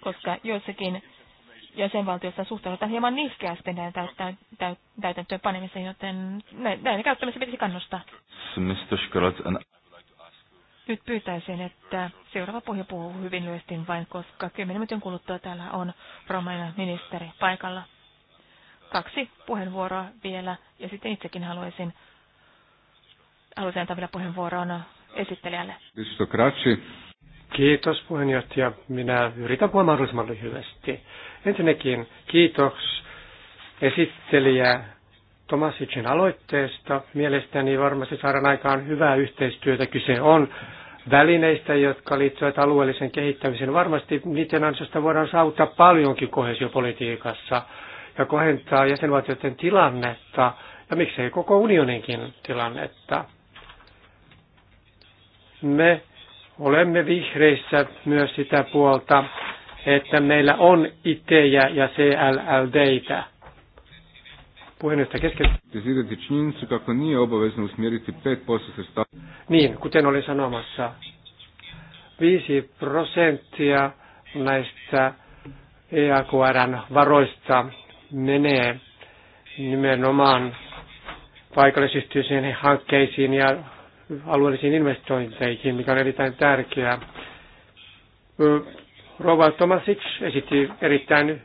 koska joissakin jäsenvaltiossa suhtaudutaan hieman nihkeästi näiden täytäntöön panemiseen, joten näiden käyttämiseen pitäisi kannustaa. Nyt pyytäisin, että seuraava pohja puhuu hyvin lyhyesti vain, koska 10 minuutin kuluttua täällä on Romanian ministeri paikalla. Kaksi puheenvuoroa vielä, ja sitten itsekin haluaisin, haluaisin antaa vielä puheenvuoron esittelijälle. Kiitos puheenjohtaja. Minä yritän puhua mahdollisimman lyhyesti. Ensinnäkin kiitos esittelijä Tomasicin aloitteesta. Mielestäni varmasti saadaan aikaan hyvää yhteistyötä. Kyse on välineistä, jotka liittyvät alueellisen kehittämiseen. Varmasti niiden ansiosta voidaan saavuttaa paljonkin kohesiopolitiikassa ja kohentaa jäsenvaltioiden tilannetta ja miksei koko unioninkin tilannetta. Me olemme vihreissä myös sitä puolta, että meillä on ITejä ja CLLDitä. Puheenjohtaja keskeyttää. Um niin, kuten olin sanomassa, 5 prosenttia näistä EAKRn varoista menee nimenomaan paikallisyhteisöjen hankkeisiin ja alueellisiin investointeihin, mikä on erittäin tärkeää. Rova Tomasic esitti erittäin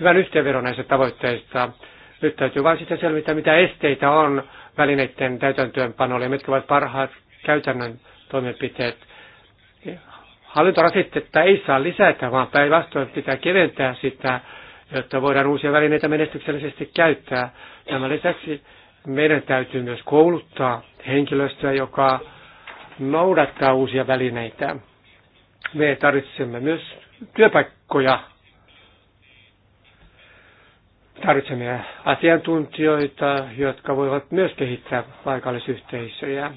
hyvän yhteenvedon näistä tavoitteista. Nyt täytyy vain sitten selvittää, mitä esteitä on välineiden täytäntöönpanolle ja mitkä ovat parhaat käytännön toimenpiteet. Hallintorasitetta ei saa lisätä, vaan päinvastoin pitää keventää sitä, jotta voidaan uusia välineitä menestyksellisesti käyttää. Tämän lisäksi meidän täytyy myös kouluttaa henkilöstöä, joka noudattaa uusia välineitä. Me tarvitsemme myös työpaikkoja. Tarvitsemme asiantuntijoita, jotka voivat myös kehittää paikallisyhteisöjä.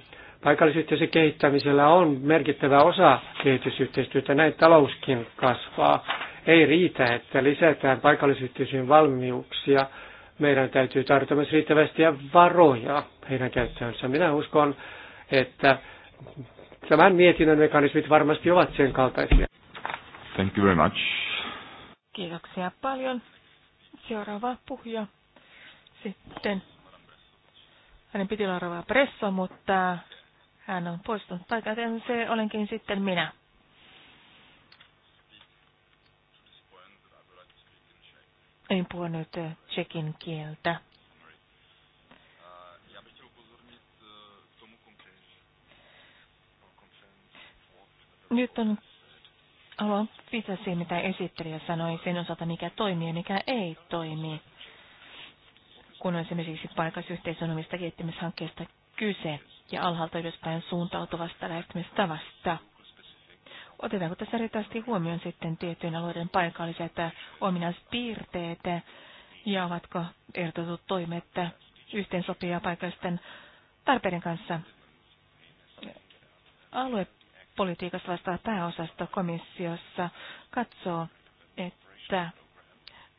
Paikallisyhteisön kehittämisellä on merkittävä osa kehitysyhteistyötä, näin talouskin kasvaa. Ei riitä, että lisätään paikallisyhteisöjen valmiuksia. Meidän täytyy tarjota myös riittävästi varoja heidän käyttöönsä. Minä uskon, että tämän mietinnön mekanismit varmasti ovat sen kaltaisia. Thank you very much. Kiitoksia paljon. Seuraava puhuja sitten. Hänen piti olla Rova Presso, mutta hän on poistunut paikalta, joten se olenkin sitten minä. En puhu nyt eh, tsekin kieltä. Nyt on Haluan pitää siihen, mitä esittelijä sanoi sen osalta, mikä toimii ja mikä ei toimi, kun on esimerkiksi paikallisyhteisön omista kehittämishankkeista kyse ja alhaalta ylöspäin suuntautuvasta lähestymistavasta. Otetaanko tässä riittävästi huomioon sitten tiettyjen alueiden paikalliset ominaispiirteet ja ovatko ehdotetut toimet yhteensopivia paikallisten tarpeiden kanssa? Alue politiikasta vastaava pääosasto komissiossa katsoo, että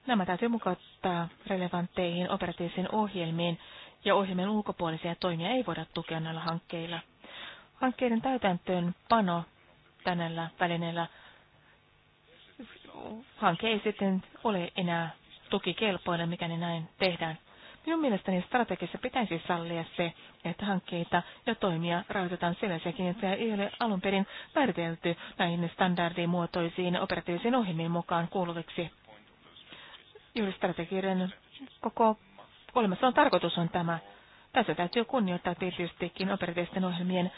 nämä täytyy mukauttaa relevantteihin operatiivisiin ohjelmiin ja ohjelmien ulkopuolisia toimia ei voida tukea näillä hankkeilla. Hankkeiden täytäntöön pano tänällä välineellä hanke ei sitten ole enää tukikelpoinen, mikäli näin tehdään. Minun mielestäni strategiassa pitäisi sallia se, että hankkeita ja toimia rahoitetaan sellaisiakin, että ei ole alun perin määritelty näihin standardimuotoisiin operatiivisiin ohjelmiin mukaan kuuluviksi. Juuri strategioiden koko olemassaolon tarkoitus on tämä. Tässä täytyy kunnioittaa tietystikin operatiivisten ohjelmien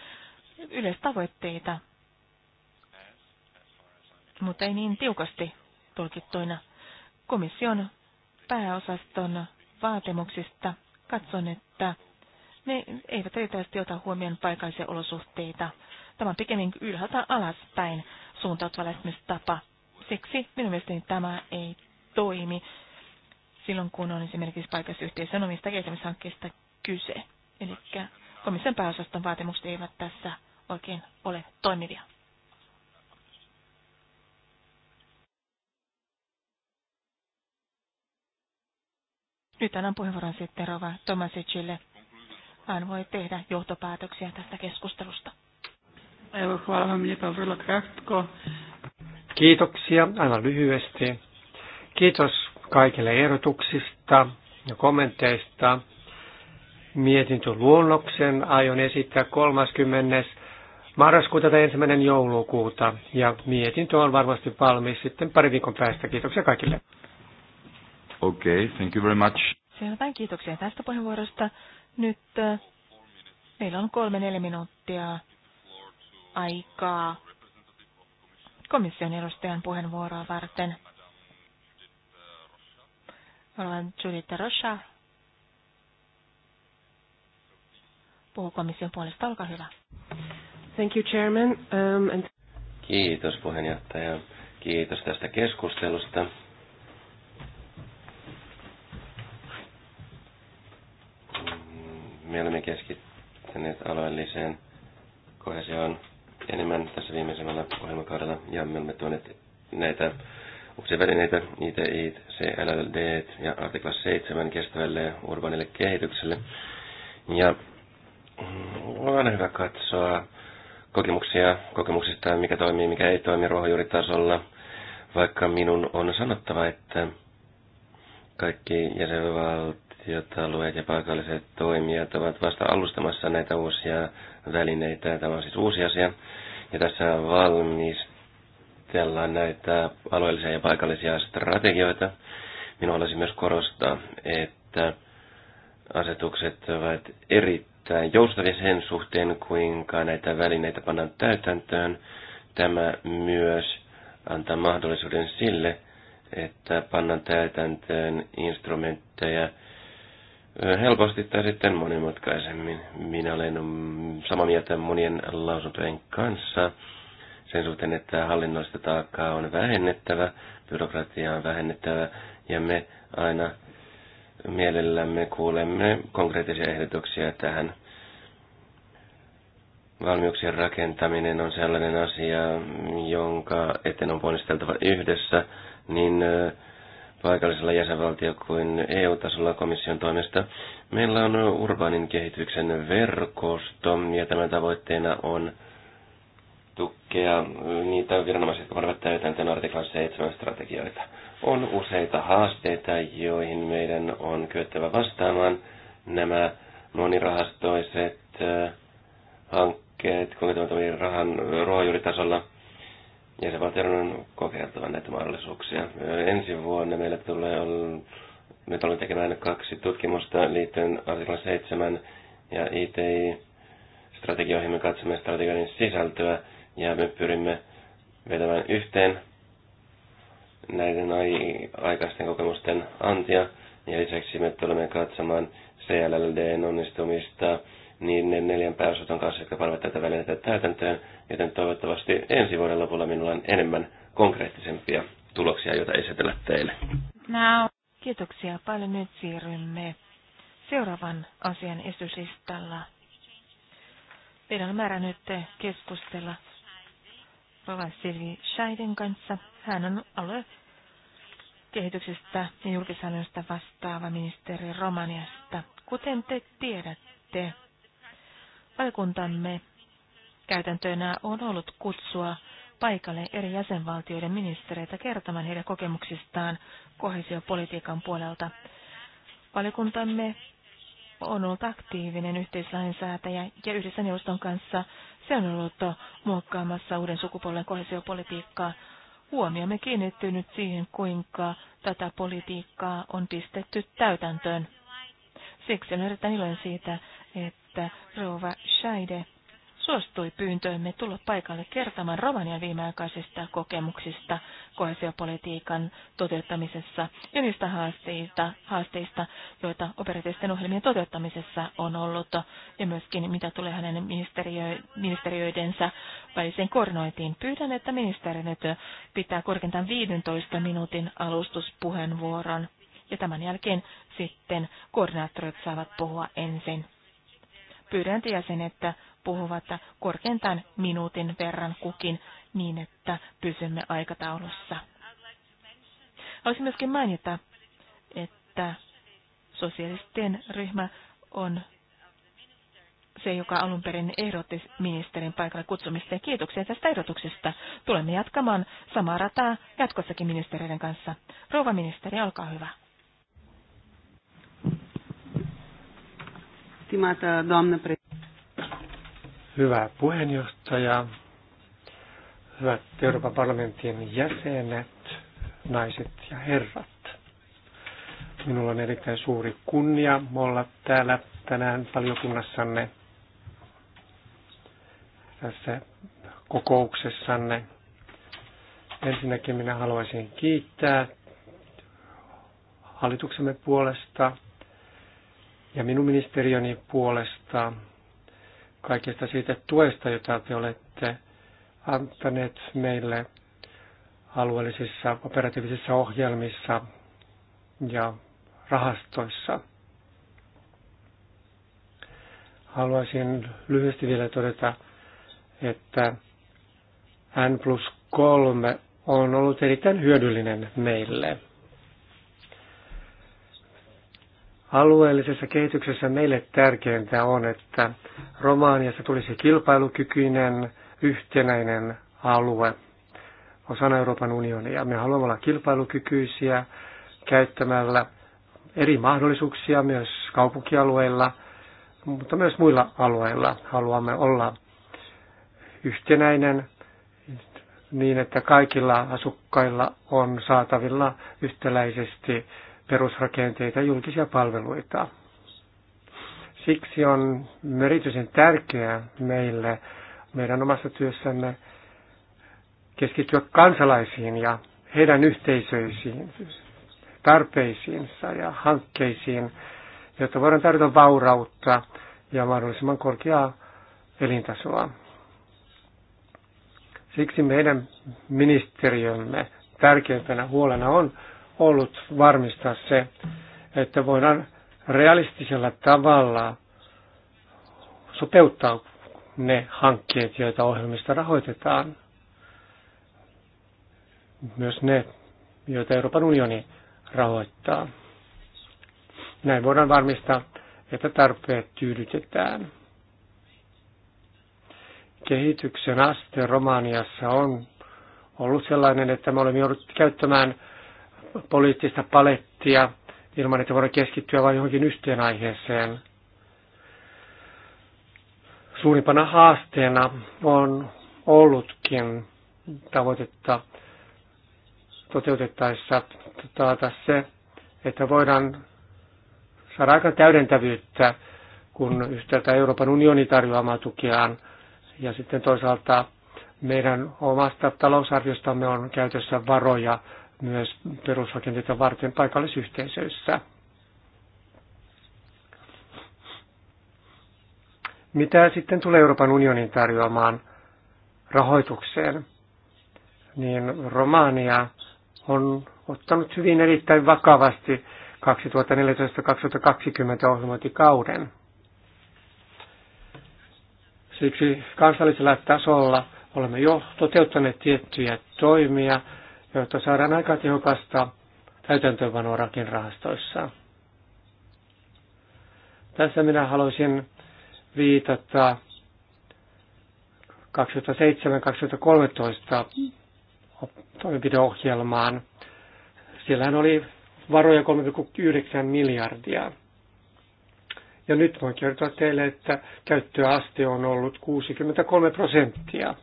yleistavoitteita, mutta ei niin tiukasti tulkittuina. Komission pääosaston vaatimuksista, katson, että ne eivät riittävästi ota huomioon paikallisia olosuhteita. Tämä on pikemmin ylhäältä alaspäin suuntautuva lähestymistapa. Siksi minun mielestäni tämä ei toimi silloin, kun on esimerkiksi paikallisyhteisön omista kehittämishankkeista kyse. Eli komission pääosaston vaatimukset eivät tässä oikein ole toimivia. Nyt annan puheenvuoron sitten Rova Tomasicille. Hän voi tehdä johtopäätöksiä tästä keskustelusta. Kiitoksia, aivan lyhyesti. Kiitos kaikille ehdotuksista ja kommenteista. luonnoksen aion esittää 30. marraskuuta tai ensimmäinen joulukuuta. Ja mietintö on varmasti valmis sitten pari viikon päästä. Kiitoksia kaikille. Okei, okay, thank you very much. Selvä, kiitoksia tästä puheenvuorosta. Nyt äh, meillä on kolme neljä minuuttia aikaa komission edustajan puheenvuoroa varten. Olen Juliette Rocha. Puhuu komission puolesta, olkaa hyvä. Thank you, Chairman. Um, and... Kiitos puheenjohtaja. Kiitos tästä keskustelusta. ja olemme keskittyneet alueelliseen kohesioon enemmän tässä viimeisellä ohjelmakaudella ja me olemme tuoneet näitä uusia välineitä ITI, CLLD ja artikla 7 kestävälle urbanille kehitykselle. Ja mm, on hyvä katsoa kokemuksia, kokemuksista, mikä toimii, mikä ei toimi ruohonjuuritasolla, vaikka minun on sanottava, että kaikki jäsenvaltiot yhteistyötalueet ja paikalliset toimijat ovat vasta alustamassa näitä uusia välineitä. Tämä on siis uusi asia. Ja tässä valmistellaan näitä alueellisia ja paikallisia strategioita. Minun olisi myös korostaa, että asetukset ovat erittäin joustavia sen suhteen, kuinka näitä välineitä pannaan täytäntöön. Tämä myös antaa mahdollisuuden sille, että pannaan täytäntöön instrumentteja, helposti tai sitten monimutkaisemmin. Minä olen mm, samaa mieltä monien lausuntojen kanssa sen suhteen, että hallinnollista taakkaa on vähennettävä, byrokratiaa on vähennettävä ja me aina mielellämme kuulemme konkreettisia ehdotuksia tähän. Valmiuksien rakentaminen on sellainen asia, jonka eteen on ponnisteltava yhdessä, niin paikallisella jäsenvaltio- kuin EU-tasolla komission toimesta. Meillä on urbaanin kehityksen verkosto ja tämän tavoitteena on tukea niitä viranomaisia, jotka täytää tämän artiklan 7 strategioita. On useita haasteita, joihin meidän on kyettävä vastaamaan. Nämä monirahastoiset äh, hankkeet, kuinka tämä rahan ruohonjuuritasolla – jäsenvaltioiden on kokeiltava näitä mahdollisuuksia. Ensi vuonna meillä tulee olla, me tulemme tekemään kaksi tutkimusta liittyen artikla 7 ja it strategioihin Me katsomme strategioiden sisältöä ja me pyrimme vetämään yhteen näiden aikaisten kokemusten antia. Ja lisäksi me tulemme katsomaan CLLDn onnistumista niin ne neljän pääosaton kanssa, jotka panevat tätä välineitä täytäntöön, joten toivottavasti ensi vuoden lopulla minulla on enemmän konkreettisempia tuloksia, joita esitellä teille. No. Kiitoksia paljon. Nyt siirrymme seuraavan asian esityslistalla. Meidän on määrä nyt keskustella Rovan Silvi Scheiden kanssa. Hän on alue kehityksestä ja julkishallinnosta vastaava ministeri Romaniasta. Kuten te tiedätte, Valkuntamme käytäntöönä on ollut kutsua paikalle eri jäsenvaltioiden ministereitä kertomaan heidän kokemuksistaan kohesiopolitiikan puolelta. Valikuntamme on ollut aktiivinen yhteislainsäätäjä ja yhdessä neuvoston kanssa se on ollut muokkaamassa uuden sukupolven kohesiopolitiikkaa. Huomiomme kiinnittynyt siihen, kuinka tätä politiikkaa on pistetty täytäntöön. Siksi on erittäin iloinen siitä, että että Rova Scheide suostui pyyntöömme tulla paikalle kertomaan Romanian viimeaikaisista kokemuksista kohesiopolitiikan toteuttamisessa ja niistä haasteista, haasteista, joita operatiivisten ohjelmien toteuttamisessa on ollut, ja myöskin mitä tulee hänen ministeriö, ministeriöidensä väliseen koordinointiin. Pyydän, että ministeri nyt pitää korkeintaan 15 minuutin alustuspuheenvuoron, ja tämän jälkeen sitten koordinaattorit saavat puhua ensin. Pyydän, että puhuvat korkeintaan minuutin verran kukin niin, että pysymme aikataulussa. Haluaisin myöskin mainita, että sosiaalisten ryhmä on se, joka alun perin ehdotti ministerin paikalle kutsumista. Ja kiitoksia tästä ehdotuksesta. Tulemme jatkamaan samaa rataa jatkossakin ministeriöiden kanssa. Rouva ministeri, olkaa hyvä. stimată doamnă președinte. Hyvä puheenjohtaja, hyvät Euroopan parlamentin jäsenet, naiset ja herrat. Minulla on erittäin suuri kunnia olla täällä tänään valiokunnassanne tässä kokouksessanne. Ensinnäkin minä haluaisin kiittää hallituksemme puolesta ja minun ministeriöni puolesta kaikesta siitä tuesta, jota te olette antaneet meille alueellisissa operatiivisissa ohjelmissa ja rahastoissa. Haluaisin lyhyesti vielä todeta, että N plus 3 on ollut erittäin hyödyllinen meille. Alueellisessa kehityksessä meille tärkeintä on, että Romaaniassa tulisi kilpailukykyinen, yhtenäinen alue osana Euroopan unionia. Me haluamme olla kilpailukykyisiä käyttämällä eri mahdollisuuksia myös kaupunkialueilla, mutta myös muilla alueilla haluamme olla yhtenäinen niin, että kaikilla asukkailla on saatavilla yhtäläisesti perusrakenteita julkisia palveluita. Siksi on erityisen tärkeää meille meidän omassa työssämme keskittyä kansalaisiin ja heidän yhteisöisiin, tarpeisiinsa ja hankkeisiin, jotta voidaan tarjota vaurautta ja mahdollisimman korkeaa elintasoa. Siksi meidän ministeriömme tärkeimpänä huolena on ollut varmistaa se, että voidaan realistisella tavalla sopeuttaa ne hankkeet, joita ohjelmista rahoitetaan. Myös ne, joita Euroopan unioni rahoittaa. Näin voidaan varmistaa, että tarpeet tyydytetään. Kehityksen aste Romaniassa on ollut sellainen, että me olemme joudut käyttämään poliittista palettia ilman, että voidaan keskittyä vain johonkin yhteen aiheeseen. Suurimpana haasteena on ollutkin tavoitetta toteutettaessa taata se, että voidaan saada aika täydentävyyttä, kun yhtäältä Euroopan unioni tarjoamaa tukeaan ja sitten toisaalta meidän omasta talousarviostamme on käytössä varoja myös perusrakenteita varten paikallisyhteisöissä. Mitä sitten tulee Euroopan unionin tarjoamaan rahoitukseen, niin Romania on ottanut hyvin erittäin vakavasti 2014-2020 ohjelmointikauden. Siksi kansallisella tasolla olemme jo toteuttaneet tiettyjä toimia, jotta saadaan aika tehokasta täytäntöönpanoa rakenrahastoissa. Tässä minä haluaisin viitata 2007-2013 toimenpideohjelmaan. Siellähän oli varoja 3,9 miljardia. Ja nyt voin kertoa teille, että käyttöaste on ollut 63 prosenttia.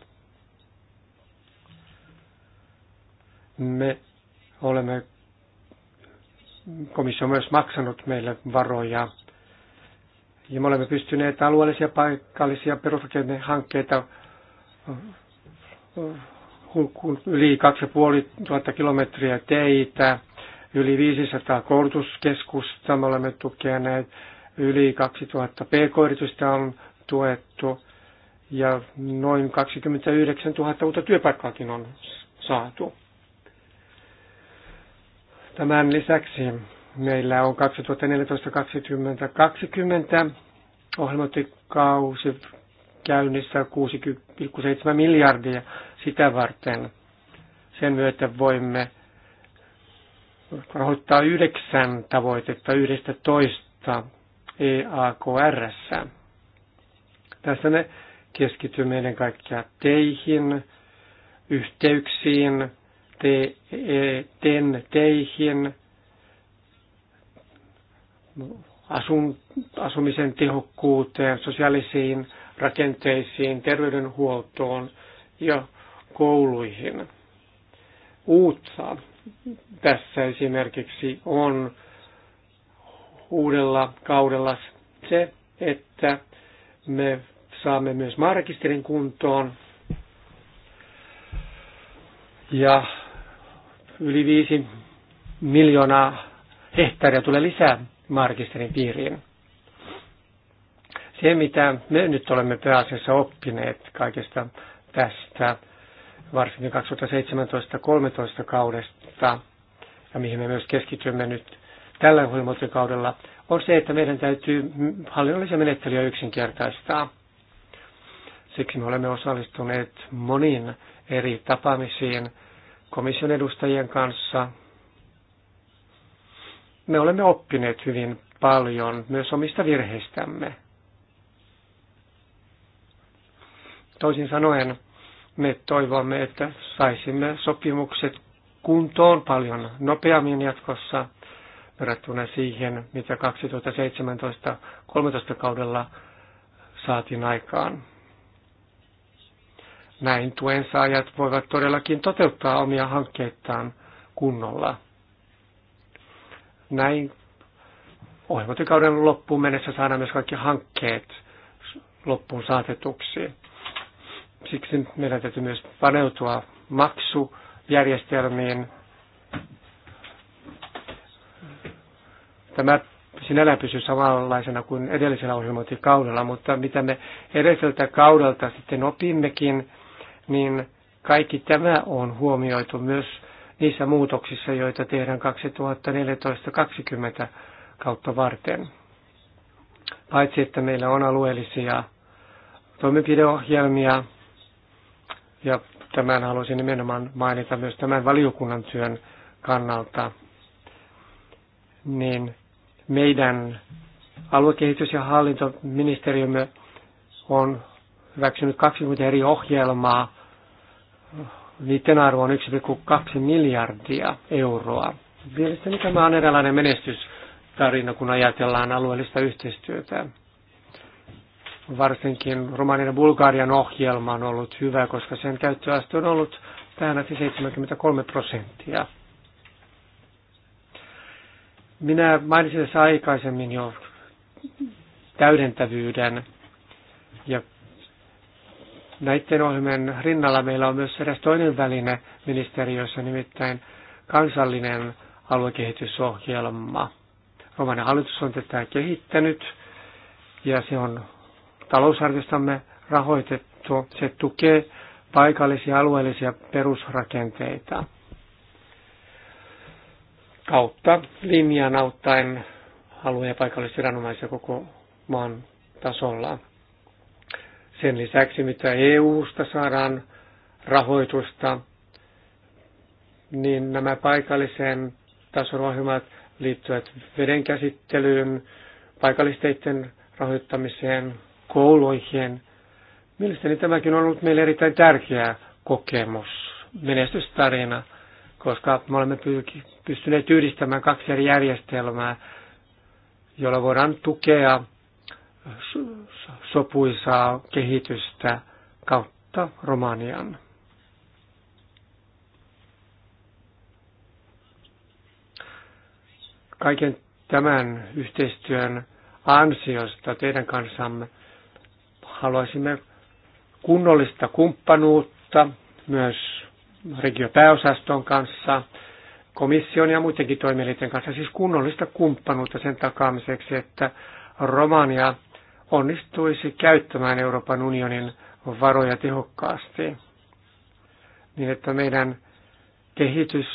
Me olemme, komissio on myös maksanut meille varoja ja me olemme pystyneet alueellisia paikallisia perusrakennehankkeita yli 2500 kilometriä teitä, yli 500 koulutuskeskusta me olemme tukeneet, yli 2000 pk-yritystä on tuettu ja noin 29 000 uutta työpaikkaakin on saatu. Tämän lisäksi meillä on 2014-2020 ohjelmointikausi käynnissä 6,7 miljardia sitä varten. Sen myötä voimme rahoittaa yhdeksän tavoitetta yhdestä toista EAKR. Tässä me keskitymme ennen kaikkea teihin, yhteyksiin, TEN e, teihin, asun, asumisen tehokkuuteen, sosiaalisiin rakenteisiin, terveydenhuoltoon ja kouluihin. Uutta tässä esimerkiksi on uudella kaudella se, että me saamme myös maarekisterin kuntoon ja yli viisi miljoonaa hehtaaria tulee lisää maarekisterin piiriin. Se, mitä me nyt olemme pääasiassa oppineet kaikesta tästä, varsinkin 2017-2013 kaudesta, ja mihin me myös keskitymme nyt tällä kaudella. on se, että meidän täytyy hallinnollisia menettelyjä yksinkertaistaa. Siksi me olemme osallistuneet moniin eri tapaamisiin – komission edustajien kanssa. Me olemme oppineet hyvin paljon myös omista virheistämme. Toisin sanoen, me toivomme, että saisimme sopimukset kuntoon paljon nopeammin jatkossa verrattuna siihen, mitä 2017-2013 kaudella saatiin aikaan. Näin tuen saajat voivat todellakin toteuttaa omia hankkeitaan kunnolla. Näin ohjelmatikauden loppuun mennessä saadaan myös kaikki hankkeet loppuun saatetuksi. Siksi meidän täytyy myös paneutua maksujärjestelmiin. Tämä sinällään pysyy samanlaisena kuin edellisellä ohjelmointikaudella, mutta mitä me edelliseltä kaudelta sitten opimmekin, niin kaikki tämä on huomioitu myös niissä muutoksissa, joita tehdään 2014-2020 kautta varten. Paitsi, että meillä on alueellisia toimenpideohjelmia, ja tämän haluaisin nimenomaan mainita myös tämän valiokunnan työn kannalta, niin meidän aluekehitys- ja hallintoministeriömme on hyväksynyt 20 eri ohjelmaa niiden arvo on 1,2 miljardia euroa. Mielestäni tämä on eräänlainen menestystarina, kun ajatellaan alueellista yhteistyötä. Varsinkin Romanian ja Bulgarian ohjelma on ollut hyvä, koska sen käyttöaste on ollut tähän asti 73 prosenttia. Minä mainitsin tässä aikaisemmin jo täydentävyyden ja Näiden ohjelmien rinnalla meillä on myös eräs toinen väline ministeriössä, nimittäin kansallinen aluekehitysohjelma. Romainen hallitus on tätä kehittänyt ja se on talousarviostamme rahoitettu. Se tukee paikallisia alueellisia perusrakenteita kautta linjan auttaen alue- ja paikallisviranomaisia koko maan tasolla. Sen lisäksi, mitä EU-sta saadaan rahoitusta, niin nämä paikallisen tason ohjelmat liittyvät vedenkäsittelyyn, paikallisteiden rahoittamiseen, kouluihin. Mielestäni tämäkin on ollut meille erittäin tärkeä kokemus, menestystarina, koska me olemme pystyneet yhdistämään kaksi eri järjestelmää, jolla voidaan tukea sopuisaa kehitystä kautta Romanian. Kaiken tämän yhteistyön ansiosta teidän kanssamme haluaisimme kunnollista kumppanuutta myös regiopääosaston kanssa, komission ja muidenkin toimielinten kanssa, siis kunnollista kumppanuutta sen takaamiseksi, että Romania – onnistuisi käyttämään Euroopan unionin varoja tehokkaasti, niin että meidän kehitys,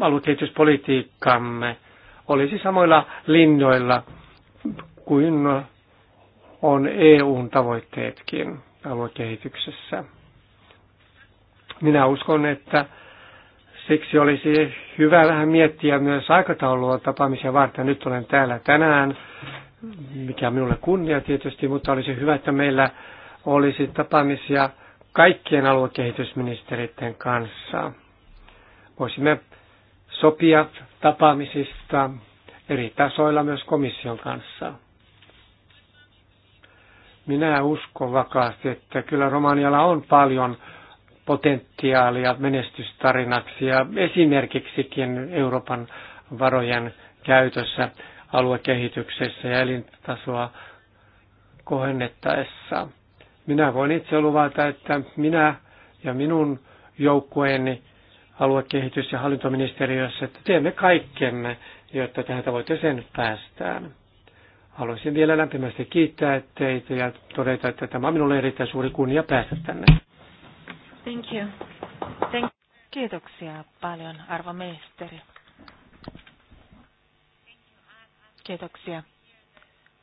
aluekehityspolitiikkamme olisi samoilla linjoilla kuin on EUn tavoitteetkin aluekehityksessä. Minä uskon, että siksi olisi hyvä vähän miettiä myös aikataulua tapaamisia varten. Nyt olen täällä tänään mikä on minulle kunnia tietysti, mutta olisi hyvä, että meillä olisi tapaamisia kaikkien aluekehitysministeriöiden kanssa. Voisimme sopia tapaamisista eri tasoilla myös komission kanssa. Minä uskon vakaasti, että kyllä Romanialla on paljon potentiaalia menestystarinaksi ja esimerkiksikin Euroopan varojen käytössä aluekehityksessä ja elintasoa kohennettaessa. Minä voin itse luvata, että minä ja minun joukkueeni aluekehitys- ja hallintoministeriössä, että teemme kaikkemme, jotta tähän tavoitteeseen päästään. Haluaisin vielä lämpimästi kiittää teitä ja todeta, että tämä on minulle erittäin suuri kunnia päästä tänne. Thank you. Thank you. Kiitoksia paljon, arvo ministeri. Kiitoksia.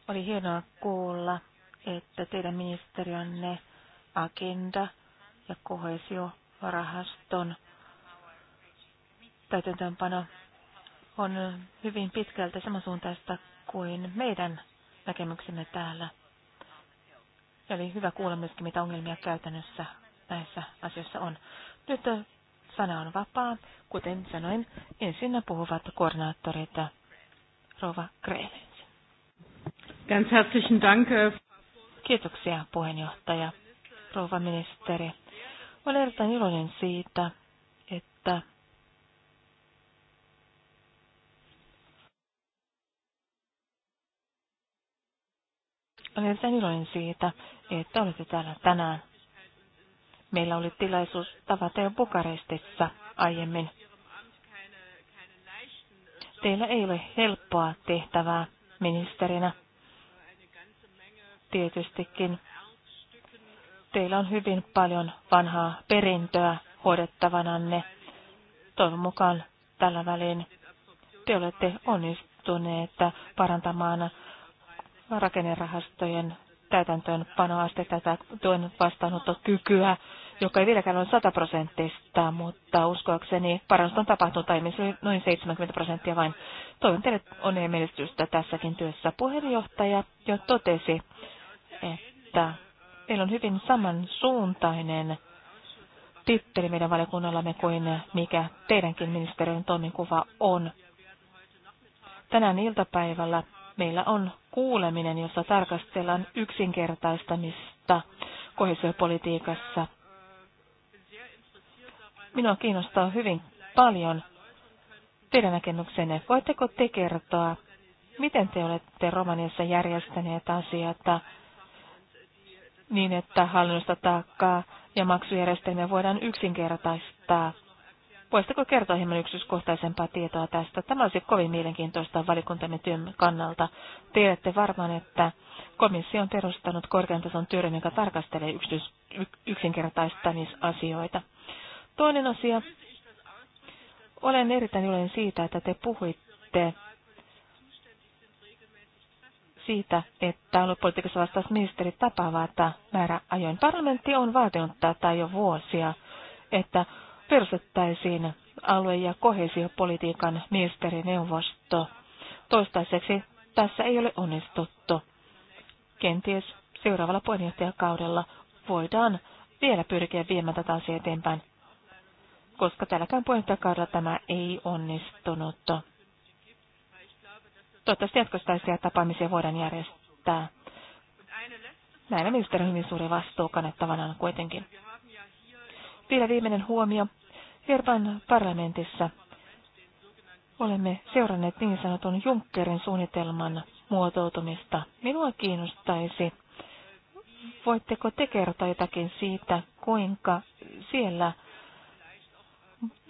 Oli hienoa kuulla, että teidän ministeriönne agenda ja kohesiorahaston täytäntöönpano on hyvin pitkälti samansuuntaista kuin meidän näkemyksemme täällä. Eli hyvä kuulla myöskin, mitä ongelmia käytännössä näissä asioissa on. Nyt sana on vapaa. Kuten sanoin, ensin puhuvat koordinaattorit Rova Greve. Ganz herzlichen Dank. Äh, Kiitoksia puheenjohtaja, rouva ministeri. Olen erittäin iloinen siitä, että Olen erittäin iloinen siitä, että olette täällä tänään. Meillä oli tilaisuus tavata jo Bukarestissa aiemmin. Teillä ei ole helppoa tehtävää ministerinä. Tietystikin teillä on hyvin paljon vanhaa perintöä hoidettavananne. Toivon mukaan tällä välin te olette onnistuneet parantamaan rakennerahastojen täytäntöönpanoastetta tai tuen vastaanottokykyä, joka ei vieläkään ole 100 prosenttista, mutta uskoakseni parannus on tapahtunut, tai noin 70 prosenttia vain. Toivon teille onnea menestystä tässäkin työssä. Puheenjohtaja jo totesi, että meillä on hyvin samansuuntainen titteli meidän valiokunnallamme kuin mikä teidänkin ministeriön toimenkuva on. Tänään iltapäivällä meillä on kuuleminen, jossa tarkastellaan yksinkertaistamista kohesiopolitiikassa. Minua kiinnostaa hyvin paljon teidän näkemyksenne. Voitteko te kertoa, miten te olette Romaniassa järjestäneet asiat niin, että hallinnosta taakkaa ja maksujärjestelmiä voidaan yksinkertaistaa? Voisitteko kertoa hieman yksityiskohtaisempaa tietoa tästä? Tämä olisi kovin mielenkiintoista valikuntamme työn kannalta. Tiedätte varmaan, että komissio on perustanut korkean tason työryhmän, joka tarkastelee yksityis- yksinkertaistamisasioita. Toinen asia. Olen erittäin iloinen siitä, että te puhuitte siitä, että aluepolitiikassa vastaus ministeri tapaavat määrä ajoin. Parlamentti on vaatinut tätä jo vuosia, että perustettaisiin alue- ja kohesiopolitiikan ministerineuvosto. Toistaiseksi tässä ei ole onnistuttu. Kenties seuraavalla puheenjohtajakaudella voidaan vielä pyrkiä viemään tätä asiaa eteenpäin, koska tälläkään puheenjohtajakaudella tämä ei onnistunut. Toivottavasti jatkostaisia tapaamisia voidaan järjestää. Näillä ministeri on hyvin suuri vastuu kannettavana kuitenkin. Vielä viimeinen huomio. Euroopan parlamentissa olemme seuranneet niin sanotun Junckerin suunnitelman muotoutumista. Minua kiinnostaisi, voitteko te kertoa jotakin siitä, kuinka siellä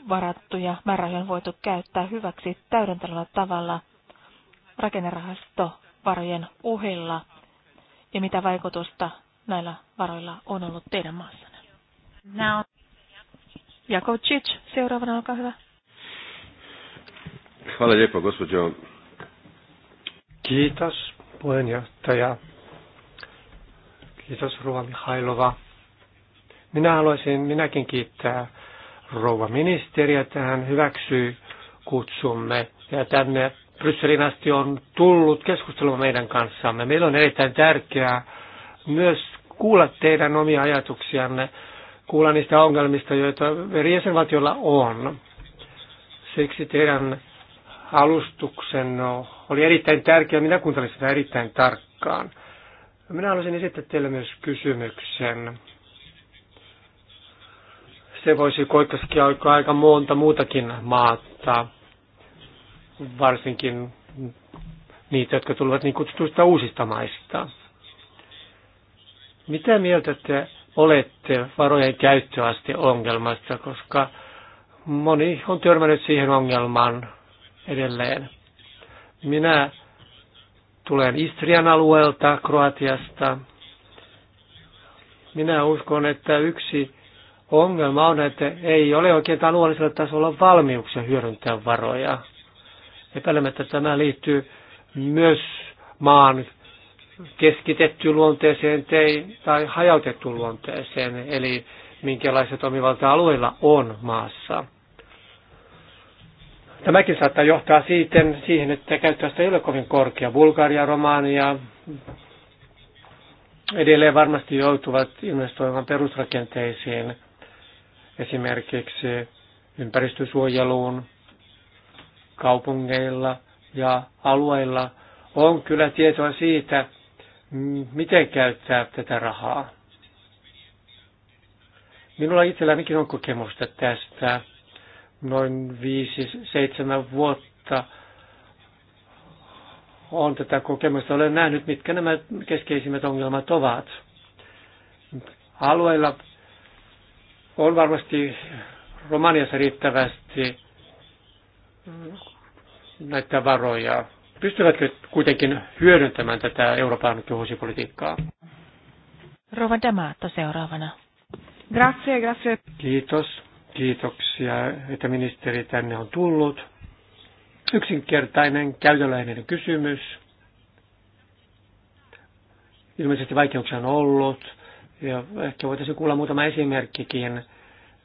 varattuja määrärahoja on voitu käyttää hyväksi täydentävällä tavalla rakennerahastovarojen uhilla ja mitä vaikutusta näillä varoilla on ollut teidän maassanne? Now. Jakovčić, seuraavana, olkaa hyvä. Hvala lijepo, gospođo. Kiitos, puheenjohtaja. Kiitos, Ruva Mihailova. Minä haluaisin minäkin kiittää rouva ministeriä, että hän hyväksyy kutsumme. Ja tänne Brysselin asti on tullut keskustelua meidän kanssamme. Meillä on erittäin tärkeää myös kuulla teidän omia ajatuksianne kuulla niistä ongelmista, joita eri on. Siksi teidän alustuksen oli erittäin tärkeä. Minä kuuntelin sitä erittäin tarkkaan. Minä haluaisin esittää teille myös kysymyksen. Se voisi koittaisikin aika, aika monta muutakin maata, varsinkin niitä, jotka tulevat niin kutsutuista uusista maista. Mitä mieltä te olette varojen käyttöaste ongelmassa, koska moni on törmännyt siihen ongelmaan edelleen. Minä tulen Istrian alueelta, Kroatiasta. Minä uskon, että yksi ongelma on, että ei ole oikein alueellisella tasolla valmiuksia hyödyntää varoja. Epäilemättä tämä liittyy myös maan keskitetty luonteeseen tai hajautettu luonteeseen, eli minkälaiset toimivalta alueilla on maassa. Tämäkin saattaa johtaa siihen, siihen että käyttöaste ei ole kovin korkea. Bulgaria, Romania edelleen varmasti joutuvat investoimaan perusrakenteisiin, esimerkiksi ympäristösuojeluun kaupungeilla ja alueilla on kyllä tietoa siitä, miten käyttää tätä rahaa. Minulla itsellänikin on kokemusta tästä noin viisi, seitsemän vuotta on tätä kokemusta. Olen nähnyt, mitkä nämä keskeisimmät ongelmat ovat. Alueilla on varmasti Romaniassa riittävästi näitä varoja pystyvätkö kuitenkin hyödyntämään tätä Euroopan kehosipolitiikkaa? Rova Damato seuraavana. Grazie, grazie. Kiitos. Kiitoksia, että ministeri tänne on tullut. Yksinkertainen, käytöläinen kysymys. Ilmeisesti vaikeuksia on ollut. Ja ehkä voitaisiin kuulla muutama esimerkkikin,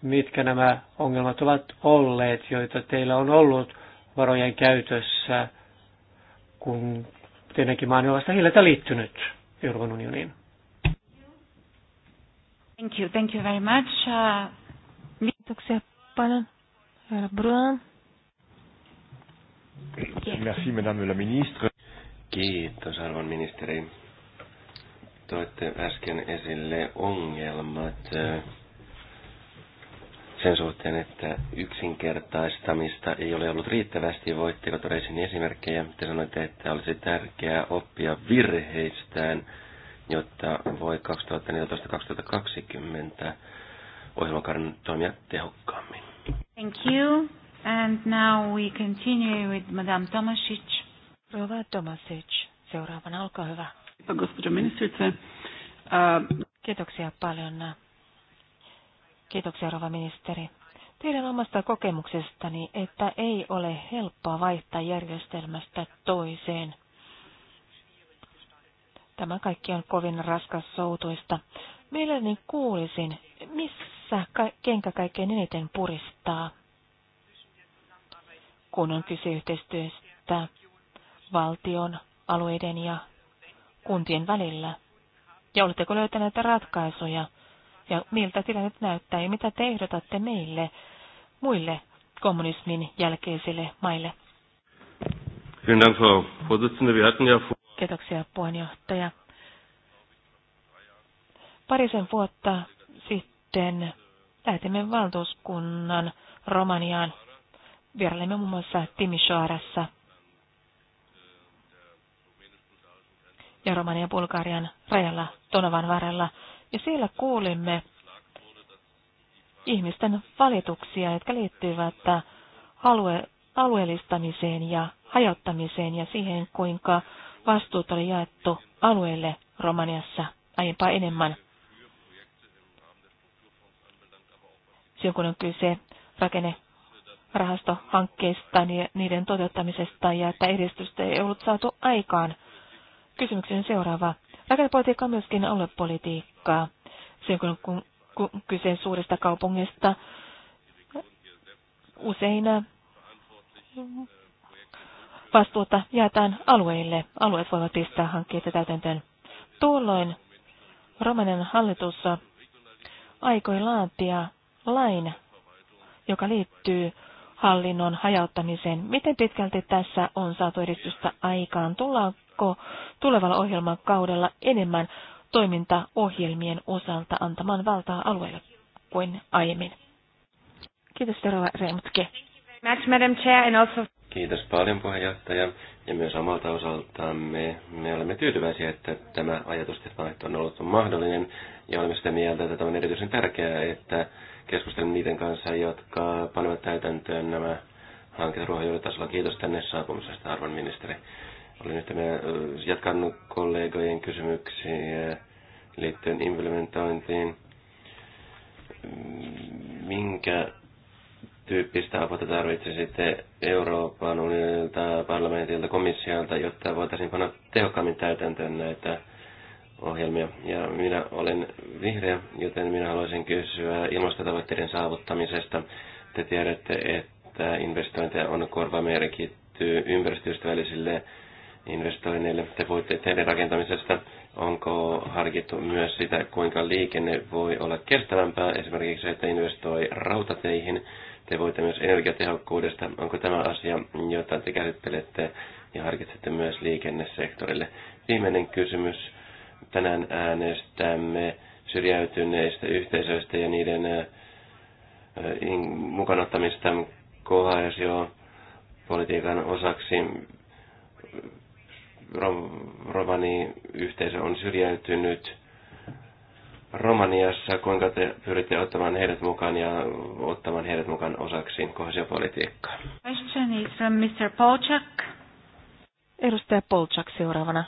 mitkä nämä ongelmat ovat olleet, joita teillä on ollut varojen käytössä – kun tietenkin maan on vasta hiljata liittynyt Euroopan unioniin. Thank you, thank you very much. Uh, Kiitoksia paljon, herra Bruan. Merci, madame la ministre. Kiitos, arvon ministeri. Toitte äsken esille ongelmat. Mm sen suhteen, että yksinkertaistamista ei ole ollut riittävästi. Voitteko tuoda esimerkkejä? Te sanoitte, että olisi tärkeää oppia virheistään, jotta voi 2014-2020 ohjelmakaaren toimia tehokkaammin. Thank you. And now we continue with Madame Tomasic. Rova Tomasic. Seuraavana, olkaa hyvä. Kiitoksia paljon Kiitoksia, rouva ministeri. Tiedän omasta kokemuksestani, että ei ole helppoa vaihtaa järjestelmästä toiseen. Tämä kaikki on kovin raskas soutuista. Mielelläni kuulisin, missä kenkä kaikkein eniten puristaa, kun on kyse yhteistyöstä valtion, alueiden ja kuntien välillä. Ja oletteko löytäneet ratkaisuja? ja miltä tilanne näyttää ja mitä te ehdotatte meille, muille kommunismin jälkeisille maille. Kiitoksia puheenjohtaja. Parisen vuotta sitten lähetimme valtuuskunnan Romaniaan. Vierailemme muun muassa Timisoarassa ja Romanian Bulgarian rajalla Tonovan varrella. Ja siellä kuulimme ihmisten valituksia, jotka liittyvät alue, alueellistamiseen ja hajottamiseen ja siihen, kuinka vastuut oli jaettu alueelle Romaniassa aiempaa enemmän. Silloin kun on kyse rakenne rahastohankkeista ja niin niiden toteuttamisesta ja että edistystä ei ollut saatu aikaan. Kysymyksen seuraava. Rakennepolitiikka on myöskin aluepolitiikkaa tiukkaa silloin, kun, kun kyse suurista kaupungista. Usein äh, vastuuta jäätään alueille. Alueet voivat pistää hankkeita täytäntöön. Tuolloin Romanen hallitus aikoi laatia lain, joka liittyy hallinnon hajauttamiseen. Miten pitkälti tässä on saatu edistystä aikaan? Tullaanko tulevalla ohjelmakaudella enemmän toimintaohjelmien osalta antamaan valtaa alueelle kuin aiemmin. Kiitos Terva Reimutke. Kiitos paljon puheenjohtaja ja myös omalta osaltamme me olemme tyytyväisiä, että tämä ajatus on ollut mahdollinen ja olemme sitä mieltä, että tämä on erityisen tärkeää, että keskustelemme niiden kanssa, jotka panevat täytäntöön nämä hanket ruohonjuuritasolla. Kiitos tänne saapumisesta, arvon ministeri. Olen yhtä minä jatkanut kollegojen kysymyksiä liittyen implementointiin. Mm, minkä tyyppistä apua tarvitsisitte Euroopan unionilta, parlamentilta, komissiolta, jotta voitaisiin panna tehokkaammin täytäntöön näitä ohjelmia. Ja minä olen vihreä, joten minä haluaisin kysyä ilmastotavoitteiden saavuttamisesta. Te tiedätte, että investointeja on korvamerkitty ympäristöystävällisille investoinneille te voitte teidän rakentamisesta. Onko harkittu myös sitä, kuinka liikenne voi olla kestävämpää, esimerkiksi se, että investoi rautateihin. Te voitte myös energiatehokkuudesta. Onko tämä asia, jota te käsittelette ja harkitsette myös liikennesektorille? Viimeinen kysymys. Tänään äänestämme syrjäytyneistä yhteisöistä ja niiden mukanottamista kohaisio politiikan osaksi romani-yhteisö on syrjäytynyt Romaniassa, kuinka te pyritte ottamaan heidät mukaan ja ottamaan heidät mukaan osaksi kohesiopolitiikkaa? Question is from Mr. Polchak. Edustaja Polchak seuraavana.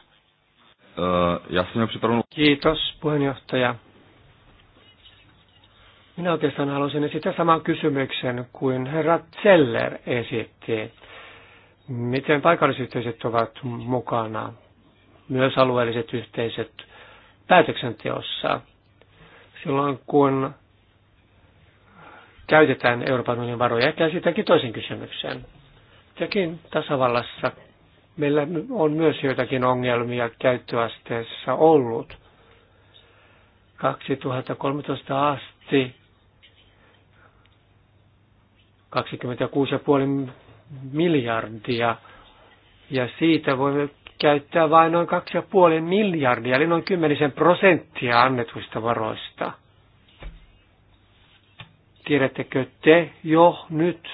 Kiitos puheenjohtaja. Minä oikeastaan haluaisin esittää saman kysymyksen kuin herra Zeller esitti miten paikallisyhteisöt ovat mukana, myös alueelliset yhteisöt päätöksenteossa. Silloin kun käytetään Euroopan unionin varoja, sitäkin toisen kysymyksen. Tekin tasavallassa meillä on myös joitakin ongelmia käyttöasteessa ollut. 2013 asti 26,5 miljardia ja siitä voimme käyttää vain noin 2,5 miljardia, eli noin kymmenisen prosenttia annetuista varoista. Tiedättekö te jo nyt,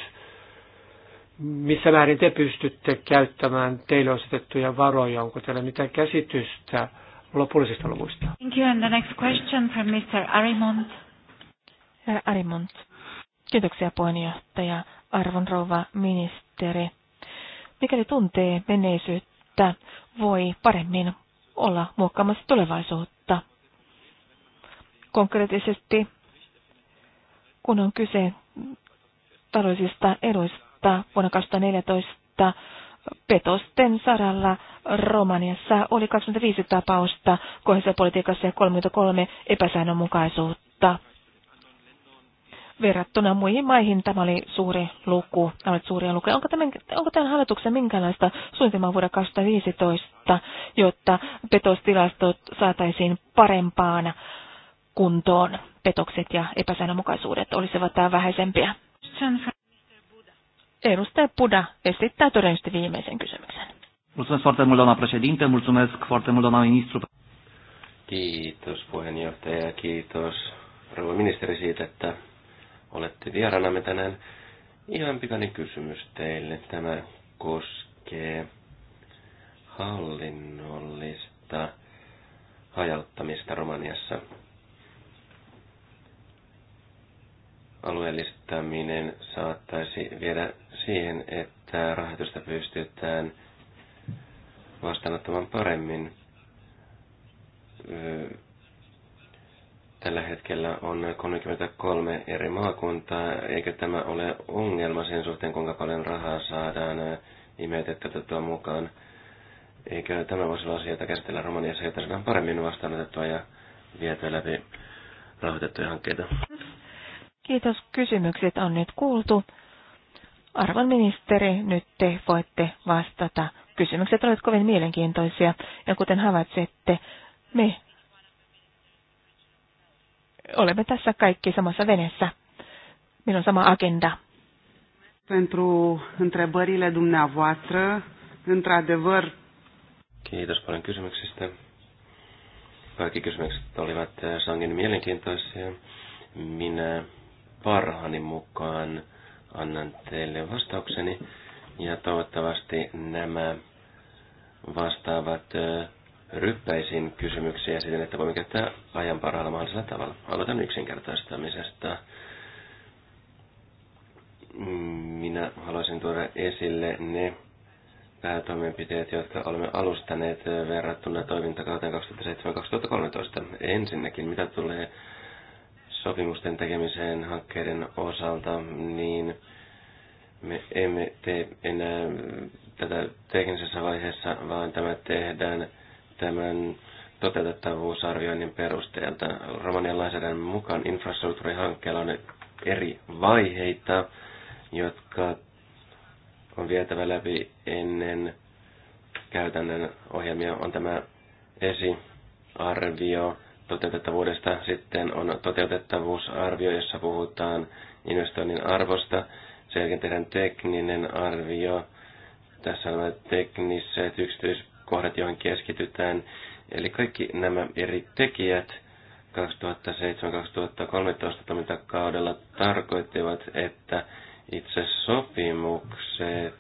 missä määrin te pystytte käyttämään teille osoitettuja varoja? Onko teillä mitään käsitystä lopullisista luvuista? Thank you. And the next question from Mr. Arimont. Arimont. Kiitoksia puheenjohtaja arvon rouva ministeri. Mikäli tuntee menneisyyttä, voi paremmin olla muokkaamassa tulevaisuutta. Konkreettisesti, kun on kyse taloudellisista eduista vuonna 2014, petosten saralla Romaniassa oli 25 tapausta kohdassa politiikassa ja 33 epäsäännönmukaisuutta verrattuna muihin maihin tämä oli suuri luku, Tämä oli suuri luku. Onko tämän, onko tämän hallituksen minkälaista suunnitelmaa vuoden 2015, jotta petostilastot saataisiin parempaan kuntoon? Petokset ja epäsäännönmukaisuudet olisivat vähäisempiä. Edustaja Puda esittää todennäköisesti viimeisen kysymyksen. Kiitos puheenjohtaja, kiitos rouva ministeri siitä, että olette me tänään. Ihan pikainen kysymys teille. Tämä koskee hallinnollista hajauttamista Romaniassa. Alueellistaminen saattaisi viedä siihen, että rahoitusta pystytään vastaanottamaan paremmin Tällä hetkellä on 33 eri maakuntaa, eikä tämä ole ongelma sen suhteen, kuinka paljon rahaa saadaan imetettyä mukaan. Eikö tämä voisi olla asia, jota käsitellään Romaniassa, jotta saadaan paremmin vastaanotettua ja vietyä läpi rahoitettuja hankkeita? Kiitos. Kysymykset on nyt kuultu. Arvon ministeri, nyt te voitte vastata. Kysymykset olivat kovin mielenkiintoisia ja kuten havaitsette, me olemme tässä kaikki samassa veneessä. Meillä on sama agenda. Pentru întrebările dumneavoastră, într-adevăr... Kiitos paljon kysymyksistä. Kaikki kysymykset olivat eh, sangen mielenkiintoisia. Minä parhaani mukaan annan teille vastaukseni ja toivottavasti nämä vastaavat eh, ryppäisiin kysymyksiä siten, että voimme käyttää ajan parhaalla mahdollisella tavalla. Aloitan yksinkertaistamisesta. Minä haluaisin tuoda esille ne päätoimenpiteet, jotka olemme alustaneet verrattuna toimintakauteen 2007-2013. Ensinnäkin, mitä tulee sopimusten tekemiseen hankkeiden osalta, niin me emme tee enää tätä teknisessä vaiheessa, vaan tämä tehdään – tämän toteutettavuusarvioinnin perusteelta. Romanian lainsäädännön mukaan infrastruktuurihankkeella on eri vaiheita, jotka on vietävä läpi ennen käytännön ohjelmia. On tämä esiarvio toteutettavuudesta, sitten on toteutettavuusarvio, jossa puhutaan investoinnin arvosta, sen jälkeen tehdään tekninen arvio, tässä on tekniset yksityiset kohdat, joihin keskitytään. Eli kaikki nämä eri tekijät 2007-2013 toimintakaudella tarkoittivat, että itse sopimukset,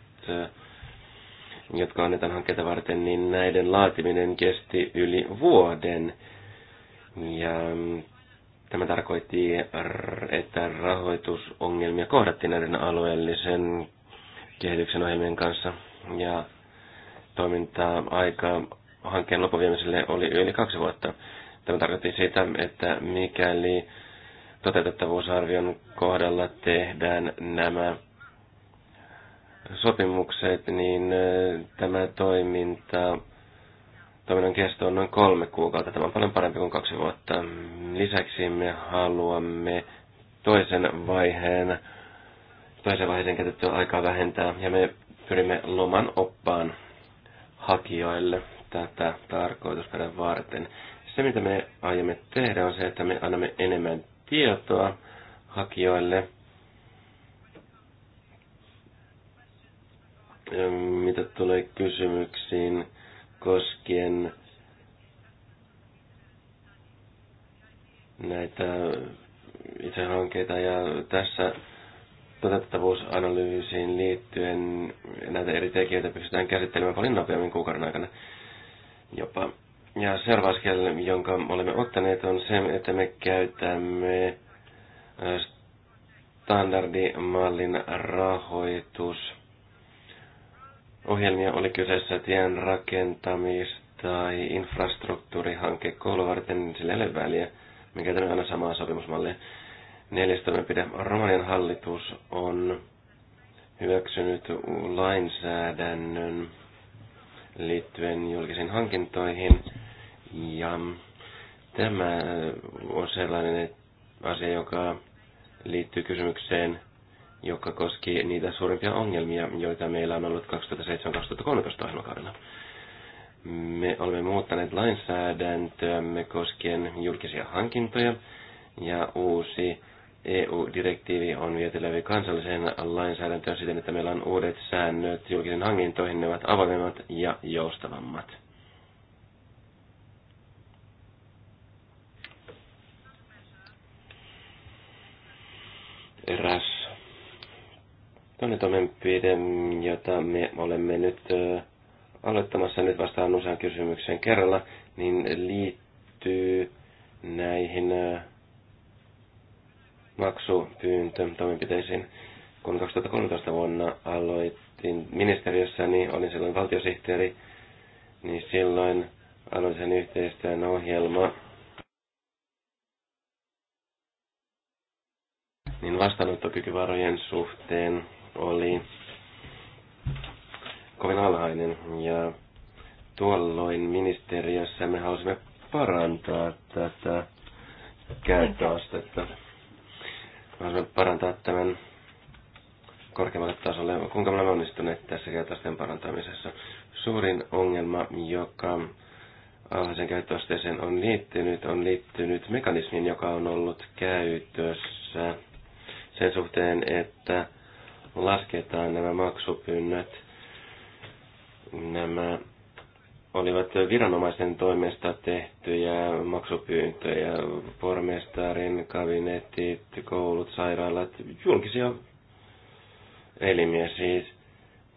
jotka annetaan hankkeita varten, niin näiden laatiminen kesti yli vuoden. Ja Tämä tarkoitti, että rahoitusongelmia kohdattiin näiden alueellisen kehityksen ohjelmien kanssa. Ja toimintaa aikaa hankkeen lopuviemiselle oli yli kaksi vuotta. Tämä tarkoitti sitä, että mikäli toteutettavuusarvion kohdalla tehdään nämä sopimukset, niin tämä toiminta, toiminnan kesto on noin kolme kuukautta. Tämä on paljon parempi kuin kaksi vuotta. Lisäksi me haluamme toisen vaiheen, toisen vaiheen käytettyä aikaa vähentää, ja me pyrimme loman oppaan hakijoille tätä tarkoitusperän varten. Se, mitä me aiomme tehdä, on se, että me annamme enemmän tietoa hakijoille, mitä tulee kysymyksiin koskien näitä itse hankkeita. Ja tässä toteuttavuusanalyysiin liittyen näitä eri tekijöitä pystytään käsittelemään paljon nopeammin kuukauden aikana jopa. Ja seuraava askel, jonka olemme ottaneet, on se, että me käytämme standardimallin rahoitus. Ohjelmia oli kyseessä tien rakentamis- tai infrastruktuurihanke kouluvarten, sillä ei ole väliä. Me käytämme aina samaa sopimusmallia. Neljäs toimenpide. Romanian hallitus on hyväksynyt lainsäädännön liittyen julkisiin hankintoihin. Ja tämä on sellainen asia, joka liittyy kysymykseen, joka koski niitä suurimpia ongelmia, joita meillä on ollut 2007-2013 ohjelmakaudella. Me olemme muuttaneet lainsäädäntöämme koskien julkisia hankintoja ja uusi EU-direktiivi on viety läpi kansalliseen lainsäädäntöön siten, että meillä on uudet säännöt julkisen hankintoihin, ne ovat avoimemmat ja joustavammat. Eräs toinen toimenpide, jota me olemme nyt aloittamassa, nyt vastaan usean kysymyksen kerralla, niin liittyy näihin maksupyyntö toimenpiteisiin. Kun 2013 vuonna aloitin ministeriössä, niin olin silloin valtiosihteeri, niin silloin aloitin yhteistyön ohjelma niin vastaanottokykyvarojen suhteen oli kovin alhainen ja tuolloin ministeriössä me halusimme parantaa tätä käyttöastetta voisimme parantaa tämän korkeammalle tasolle. Kuinka me olemme onnistuneet tässä käytösten parantamisessa? Suurin ongelma, joka alhaisen käyttöasteeseen on liittynyt, on liittynyt mekanismiin, joka on ollut käytössä sen suhteen, että lasketaan nämä maksupynnöt, nämä olivat viranomaisen toimesta tehtyjä maksupyyntöjä, pormestarin, kabinetit, koulut, sairaalat, julkisia elimiä siis.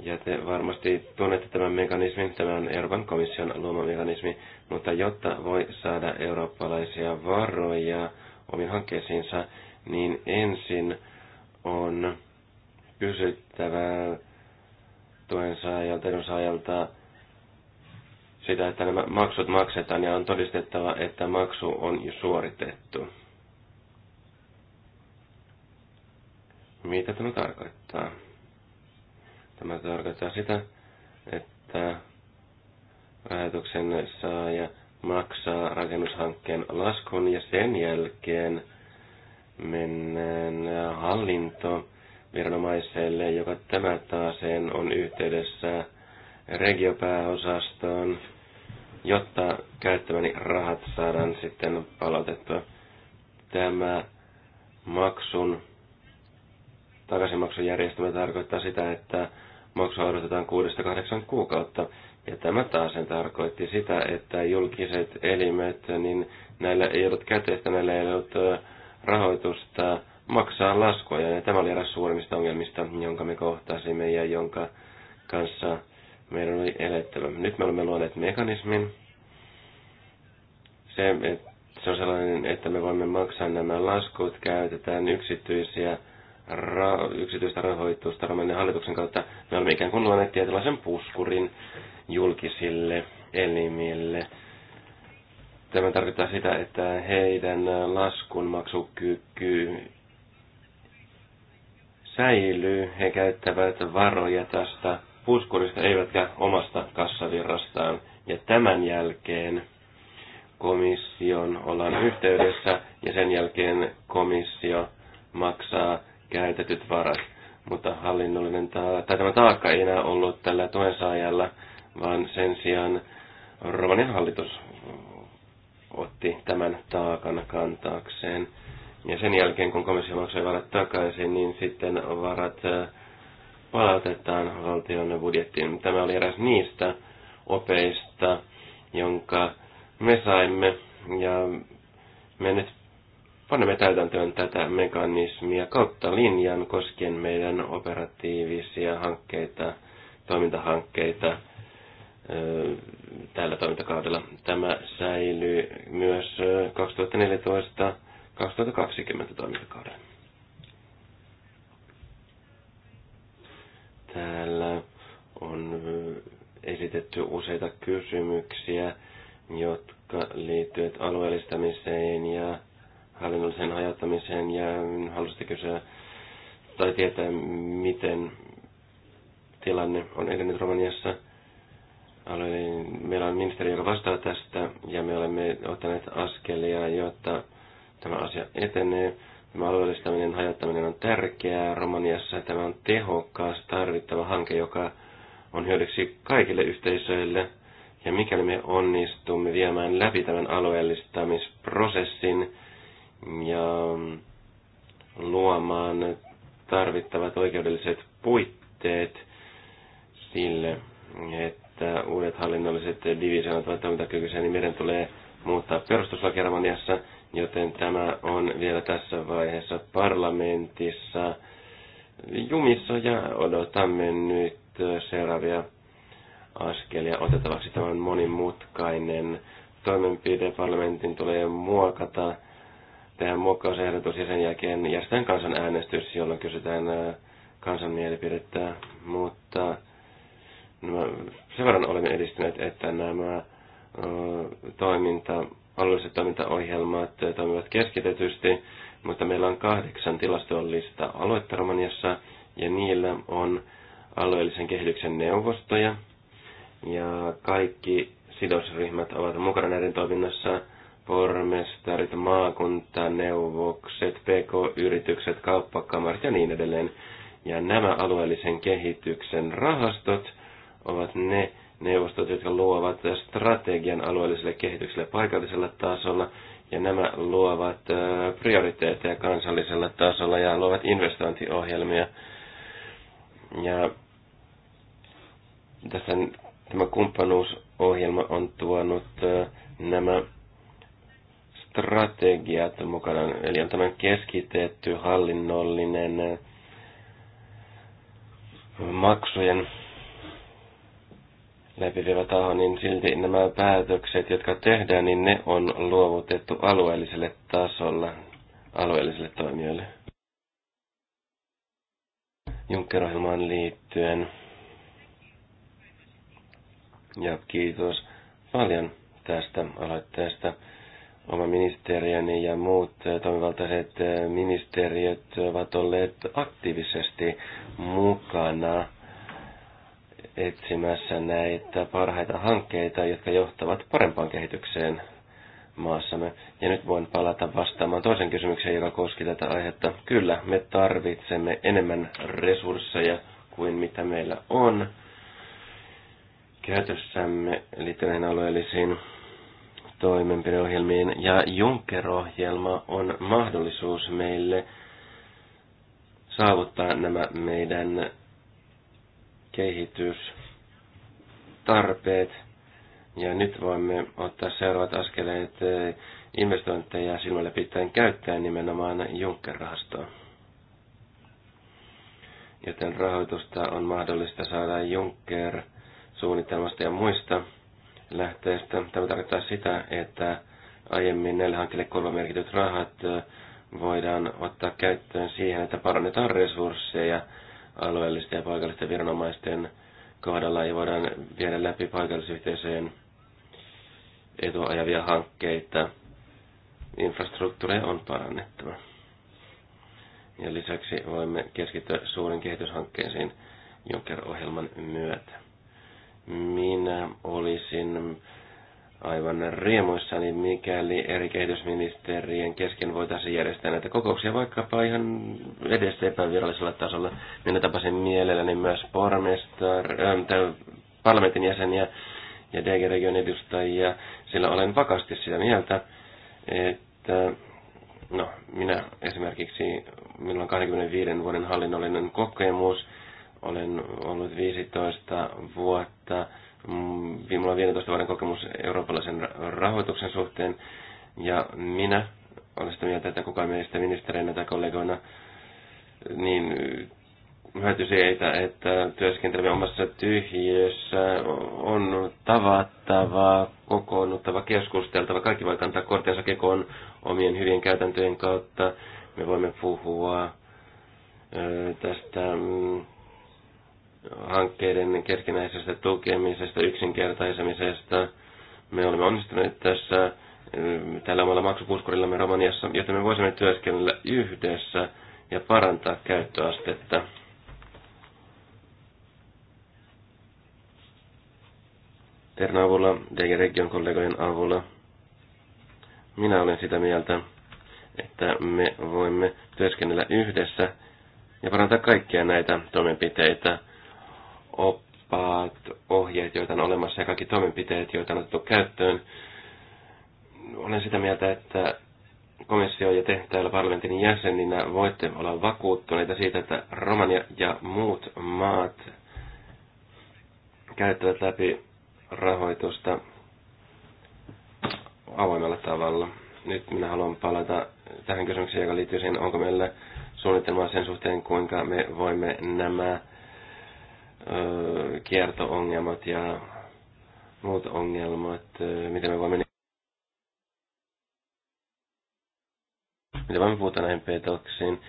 Ja te varmasti tunnette tämän mekanismin, tämä on Euroopan komission luoma mekanismi, mutta jotta voi saada eurooppalaisia varoja omiin hankkeisiinsa, niin ensin on kysyttävä tuen saajalta, edunsaajalta, saajalta sitä, että nämä maksut maksetaan ja on todistettava, että maksu on jo suoritettu. Mitä tämä tarkoittaa? Tämä tarkoittaa sitä, että rahoituksen saaja maksaa rakennushankkeen laskun ja sen jälkeen mennään hallinto viranomaiselle, joka tämä taaseen on yhteydessä regiopääosastoon jotta käyttämäni rahat saadaan sitten palautettua. Tämä maksun takaisinmaksujärjestelmä tarkoittaa sitä, että maksu odotetaan 6-8 kuukautta. Ja tämä taas sen tarkoitti sitä, että julkiset elimet, niin näillä ei ollut käteistä, näillä ei ollut rahoitusta maksaa laskuja. Ja tämä oli eräs suurimmista ongelmista, jonka me kohtasimme ja jonka kanssa meidän oli elettävä. Nyt me olemme luoneet mekanismin. Se, että se on sellainen, että me voimme maksaa nämä laskut, käytetään yksityisiä ra- yksityistä rahoitusta Romanian hallituksen kautta. Me olemme ikään kuin luoneet tietynlaisen puskurin julkisille elimille. Tämä tarkoittaa sitä, että heidän laskun maksukyky säilyy. He käyttävät varoja tästä puskurista eivätkä omasta kassavirrastaan. Ja tämän jälkeen komission ollaan yhteydessä ja sen jälkeen komissio maksaa käytetyt varat. Mutta hallinnollinen ta- tai tämä taakka ei enää ollut tällä tuensaajalla, vaan sen sijaan Romanian hallitus otti tämän taakan kantaakseen. Ja sen jälkeen, kun komissio maksoi varat takaisin, niin sitten varat äh, palautetaan valtion budjettiin. Tämä oli eräs niistä opeista, jonka me saimme ja me nyt panemme täytäntöön tätä mekanismia kautta linjan koskien meidän operatiivisia hankkeita, toimintahankkeita tällä toimintakaudella. Tämä säilyy myös 2014-2020 toimintakaudella. Täällä on esitetty useita kysymyksiä, jotka liittyvät alueellistamiseen ja hallinnolliseen hajattamiseen ja halusitte kysyä tai tietää, miten tilanne on edennyt Romaniassa. Meillä on ministeri, joka vastaa tästä ja me olemme ottaneet askelia, jotta tämä asia etenee. Tämä alueellistaminen, hajottaminen on tärkeää. Romaniassa tämä on tehokas, tarvittava hanke, joka on hyödyksi kaikille yhteisöille. Ja mikäli me onnistumme viemään läpi tämän alueellistamisprosessin ja luomaan tarvittavat oikeudelliset puitteet sille, että uudet hallinnolliset divisioonat ovat toimintakykyisiä, niin meidän tulee muuttaa perustuslaki Romaniassa – joten tämä on vielä tässä vaiheessa parlamentissa jumissa ja odotamme nyt seuraavia askelia otettavaksi. Tämä on monimutkainen toimenpide. Parlamentin tulee muokata, tehdä muokkausehdotus ja sen jälkeen järjestetään kansanäänestys, jolloin kysytään äh, kansan mielipidettä, mutta no, sen verran olemme edistyneet, että nämä äh, toiminta Alueelliset toimintaohjelmat eh, toimivat keskitetysti, mutta meillä on kahdeksan tilastollista aluetta Romaniassa, ja niillä on alueellisen kehityksen neuvostoja, ja kaikki sidosryhmät ovat mukana näiden toiminnassa, pormestarit, maakuntaneuvokset, pk-yritykset, kauppakamarit ja niin edelleen. Ja nämä alueellisen kehityksen rahastot ovat ne neuvostot, jotka luovat strategian alueelliselle kehitykselle paikallisella tasolla, ja nämä luovat prioriteetteja kansallisella tasolla ja luovat investointiohjelmia. Ja tässä tämä kumppanuusohjelma on tuonut nämä strategiat mukana, eli on tämän keskitetty hallinnollinen maksujen läpivivä taho, niin silti nämä päätökset, jotka tehdään, niin ne on luovutettu alueelliselle tasolla, alueelliselle toimijoille. juncker liittyen. Ja kiitos paljon tästä aloitteesta. Oma ministeriöni ja muut toimivaltaiset ministeriöt ovat olleet aktiivisesti mukana etsimässä näitä parhaita hankkeita, jotka johtavat parempaan kehitykseen maassamme. Ja nyt voin palata vastaamaan toisen kysymykseen, joka koski tätä aihetta. Kyllä, me tarvitsemme enemmän resursseja kuin mitä meillä on käytössämme liittyen alueellisiin toimenpideohjelmiin. Ja Juncker-ohjelma on mahdollisuus meille saavuttaa nämä meidän kehitys tarpeet Ja nyt voimme ottaa seuraavat askeleet eh, investointeja silmällä pitäen käyttää nimenomaan junker rahastoa Joten rahoitusta on mahdollista saada junker suunnitelmasta ja muista lähteistä. Tämä tarkoittaa sitä, että aiemmin näille hankkeille merkityt rahat eh, voidaan ottaa käyttöön siihen, että parannetaan resursseja – alueellisten ja paikallisten viranomaisten kohdalla ja voidaan viedä läpi paikallisyhteisöjen etuajavia hankkeita. Infrastruktuuria on parannettava. Ja lisäksi voimme keskittyä suuren kehityshankkeisiin Juncker-ohjelman myötä. Minä olisin aivan niin mikäli eri kehitysministerien kesken voitaisiin järjestää näitä kokouksia vaikkapa ihan edes epävirallisella tasolla. Minä niin tapasin mielelläni myös pormestar, äh, parlamentin jäseniä ja DG-region edustajia, sillä olen vakaasti sitä mieltä, että no, minä esimerkiksi, minulla on 25 vuoden hallinnollinen kokemus, olen ollut 15 vuotta Minulla on 15 vuoden kokemus eurooppalaisen rahoituksen suhteen, ja minä olen sitä mieltä, että kukaan meistä ministereinä tai kollegoina niin hyöty siitä, että työskentelemme omassa tyhjiössä on tavattava kokoonnuttava, keskusteltava. Kaikki voi kantaa korteensa kekoon omien hyvien käytäntöjen kautta. Me voimme puhua tästä mm, hankkeiden keskinäisestä tukemisesta, yksinkertaisemisesta. Me olemme onnistuneet tässä eh, tällä omalla maksupuskurillamme Romaniassa, jotta me voisimme työskennellä yhdessä ja parantaa käyttöastetta. Tern avulla, DG Region kollegojen avulla. Minä olen sitä mieltä, että me voimme työskennellä yhdessä ja parantaa kaikkia näitä toimenpiteitä oppaat, ohjeet, joita on olemassa ja kaikki toimenpiteet, joita on otettu käyttöön. Olen sitä mieltä, että komissio ja te parlamentin jäseninä voitte olla vakuuttuneita siitä, että Romania ja muut maat käyttävät läpi rahoitusta avoimella tavalla. Nyt minä haluan palata tähän kysymykseen, joka liittyy siihen, onko meillä suunnitelmaa sen suhteen, kuinka me voimme nämä kiertoongelmat ja muut ongelmat, miten me voimme miten voimme puhuta näihin petoksiin,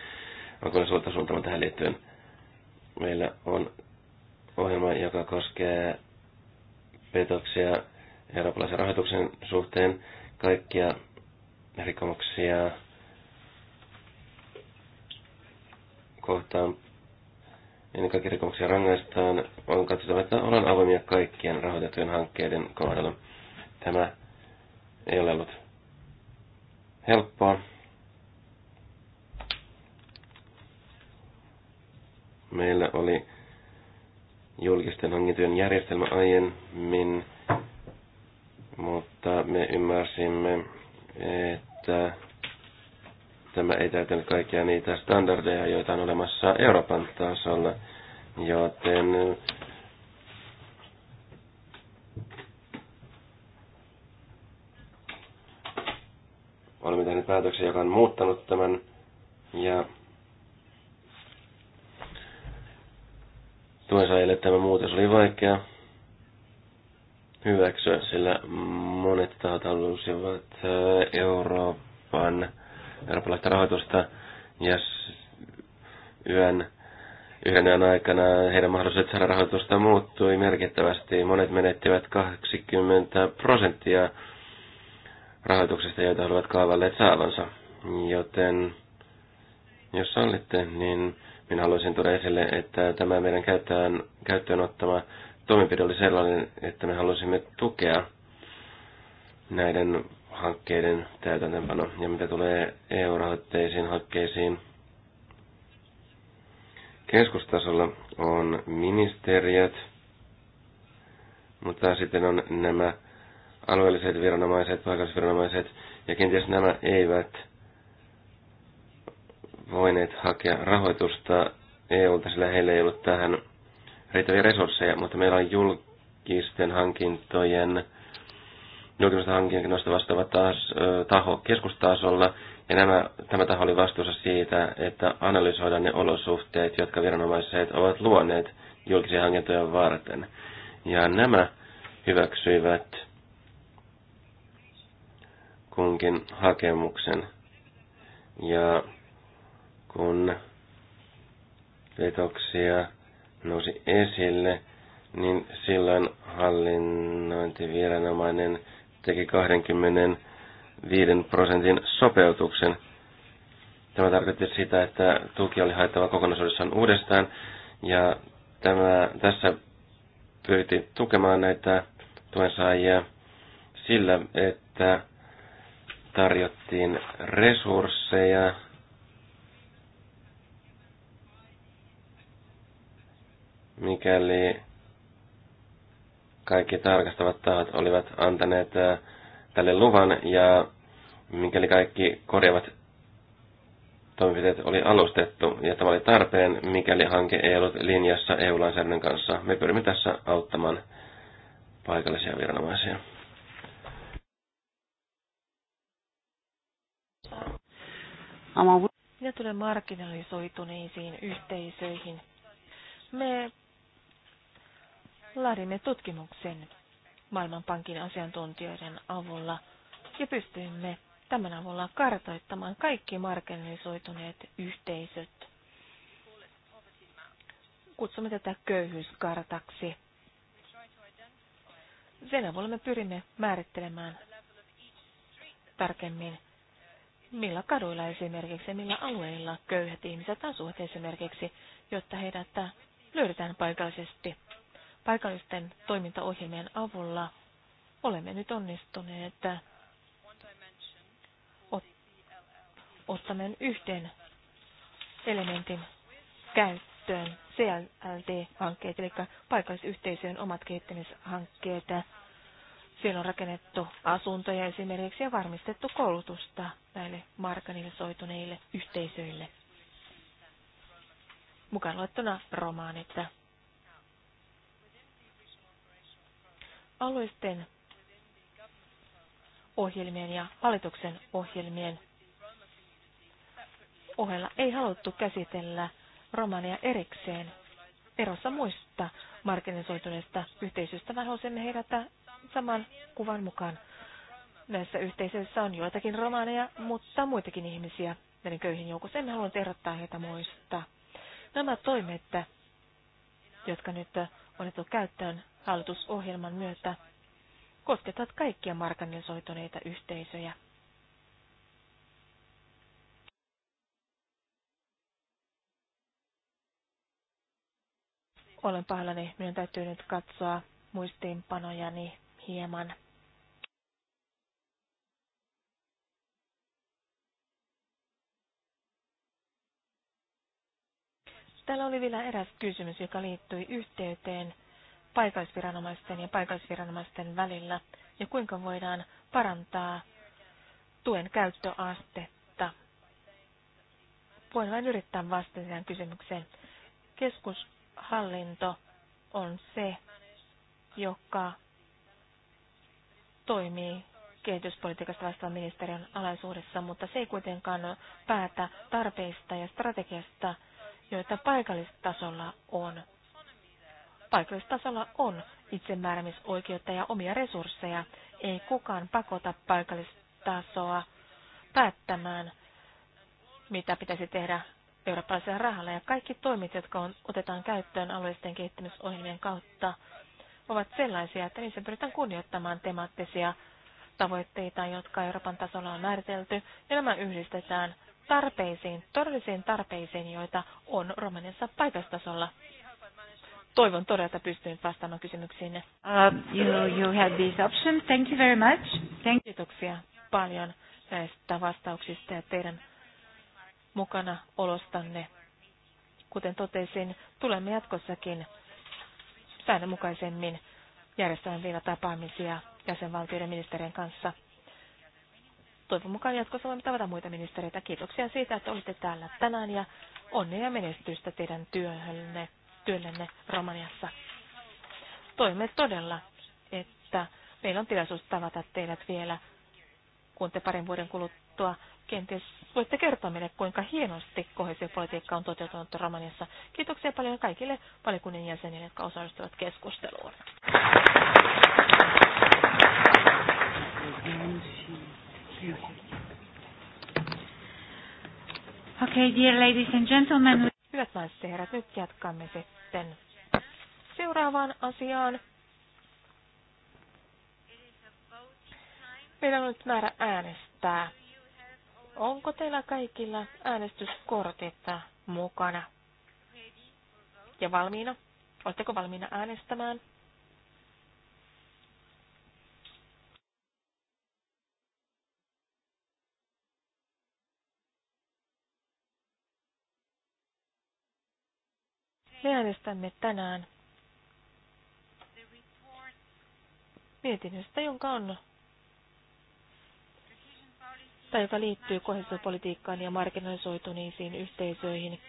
onko ne suurta suuntama tähän liittyen. Meillä on ohjelma, joka koskee petoksia eurooppalaisen rahoituksen suhteen, kaikkia rikomuksia kohtaan ennen kaikkea rikoksia rangaistaan, on katsottava, että ollaan avoimia kaikkien rahoitettujen hankkeiden kohdalla. Tämä ei ole ollut helppoa. Meillä oli julkisten hankintojen järjestelmä aiemmin, mutta me ymmärsimme, että tämä ei täytänyt kaikkia niitä standardeja, joita on olemassa Euroopan tasolla – joten olemme tehneet päätöksen, joka on muuttanut tämän ja saajille tämä muutos oli vaikea hyväksyä, sillä monet tahot halusivat Euroopan eurooppalaista rahoitusta ja yön Yhden aikana heidän mahdollisuudet saada rahoitusta muuttui merkittävästi. Monet menettivät 80 prosenttia rahoituksesta, joita he olivat kaavailleet saavansa. Joten jos sallitte, niin minä haluaisin tuoda esille, että tämä meidän käyttöön, käyttöön ottama toimenpide oli sellainen, että me halusimme tukea näiden hankkeiden täytäntöönpano. Ja mitä tulee EU-rahoitteisiin hankkeisiin, Keskustasolla on ministeriöt, mutta sitten on nämä alueelliset viranomaiset, paikallisviranomaiset, ja kenties nämä eivät voineet hakea rahoitusta EUlta, sillä heillä ei ollut tähän riittäviä resursseja, mutta meillä on julkisten hankintojen, julkisten hankinnoista vastaava taas, taho keskustasolla, ja nämä, tämä taho oli vastuussa siitä, että analysoidaan ne olosuhteet, jotka viranomaiset ovat luoneet julkisia hankintoja varten. Ja nämä hyväksyivät kunkin hakemuksen. Ja kun petoksia nousi esille, niin silloin hallinnointiviranomainen teki 20 5 prosentin sopeutuksen. Tämä tarkoitti sitä, että tuki oli haettava kokonaisuudessaan uudestaan, ja tämä, tässä pyrittiin tukemaan näitä tuensaajia sillä, että tarjottiin resursseja mikäli kaikki tarkastavat tahot olivat antaneet äh, tälle luvan ja mikäli kaikki korjavat toimenpiteet oli alustettu ja tämä oli tarpeen, mikäli hanke ei ollut linjassa EU-lainsäädännön kanssa. Me pyrimme tässä auttamaan paikallisia viranomaisia. Mitä tulee marginalisoituneisiin yhteisöihin? Me laadimme tutkimuksen Maailmanpankin asiantuntijoiden avulla ja pystyimme tämän avulla kartoittamaan kaikki marginalisoituneet yhteisöt. Kutsumme tätä köyhyyskartaksi. Sen avulla me pyrimme määrittelemään tarkemmin, millä kaduilla esimerkiksi ja millä alueilla köyhät ihmiset asuvat esimerkiksi, jotta heidät löydetään paikallisesti paikallisten toimintaohjelmien avulla olemme nyt onnistuneet ottamaan yhden elementin käyttöön CLD-hankkeet, eli paikallisyhteisöjen omat kehittämishankkeet. Siellä on rakennettu asuntoja esimerkiksi ja varmistettu koulutusta näille markanisoituneille yhteisöille. Mukaan luettuna romaanit. alueisten ohjelmien ja hallituksen ohjelmien ohella ei haluttu käsitellä romania erikseen erossa muista marginalisoituneista yhteisöistä, vaan halusimme heidät saman kuvan mukaan. Näissä yhteisöissä on joitakin romaneja, mutta muitakin ihmisiä näiden köyhien joukossa. Emme halua erottaa heitä muista. Nämä toimet, jotka nyt on otettu käyttöön, hallitusohjelman myötä kosketat kaikkia marginalisoituneita yhteisöjä. Olen pahallani, minun täytyy nyt katsoa muistiinpanojani hieman. Täällä oli vielä eräs kysymys, joka liittyi yhteyteen paikallisviranomaisten ja paikallisviranomaisten välillä ja kuinka voidaan parantaa tuen käyttöastetta. Voin vain yrittää vastata tähän kysymykseen. Keskushallinto on se, joka toimii kehityspolitiikasta vastaan ministeriön alaisuudessa, mutta se ei kuitenkaan päätä tarpeista ja strategiasta, joita paikallistasolla on paikallistasolla on itsemääräämisoikeutta ja omia resursseja. Ei kukaan pakota paikallistasoa päättämään, mitä pitäisi tehdä eurooppalaisella rahalla. Ja kaikki toimit, jotka on, otetaan käyttöön alueellisten kehittämisohjelmien kautta, ovat sellaisia, että niissä pyritään kunnioittamaan temaattisia tavoitteita, jotka Euroopan tasolla on määritelty, ja nämä yhdistetään tarpeisiin, todellisiin tarpeisiin, joita on Romaniassa paikallistasolla toivon todella, että pystyn vastaamaan kysymyksiinne. Uh, you, you have this option. Thank you very much. Thank Kiitoksia paljon näistä vastauksista ja teidän mukana olostanne. Kuten totesin, tulemme jatkossakin säännönmukaisemmin järjestämään vielä tapaamisia jäsenvaltioiden ministerien kanssa. Toivon mukaan jatkossa voimme tavata muita ministereitä. Kiitoksia siitä, että olitte täällä tänään ja onnea ja menestystä teidän työhönne työllenne Romaniassa. Toimme todella, että meillä on tilaisuus tavata teidät vielä, kun te parin vuoden kuluttua kenties voitte kertoa meille, kuinka hienosti kohesiopolitiikka on toteutunut Romaniassa. Kiitoksia paljon kaikille valiokunnan jäsenille, jotka osallistuvat keskusteluun. Okay, dear ladies and gentlemen. Hyvät naiset ja herrat, nyt jatkamme sitten sitten seuraavaan asiaan. Meillä on nyt määrä äänestää. Onko teillä kaikilla äänestyskortit mukana? Ja valmiina? Oletteko valmiina äänestämään? Me äänestämme tänään mietinnöstä, jonka on tai joka liittyy kohdistopolitiikkaan ja marginalisoituneisiin yhteisöihin.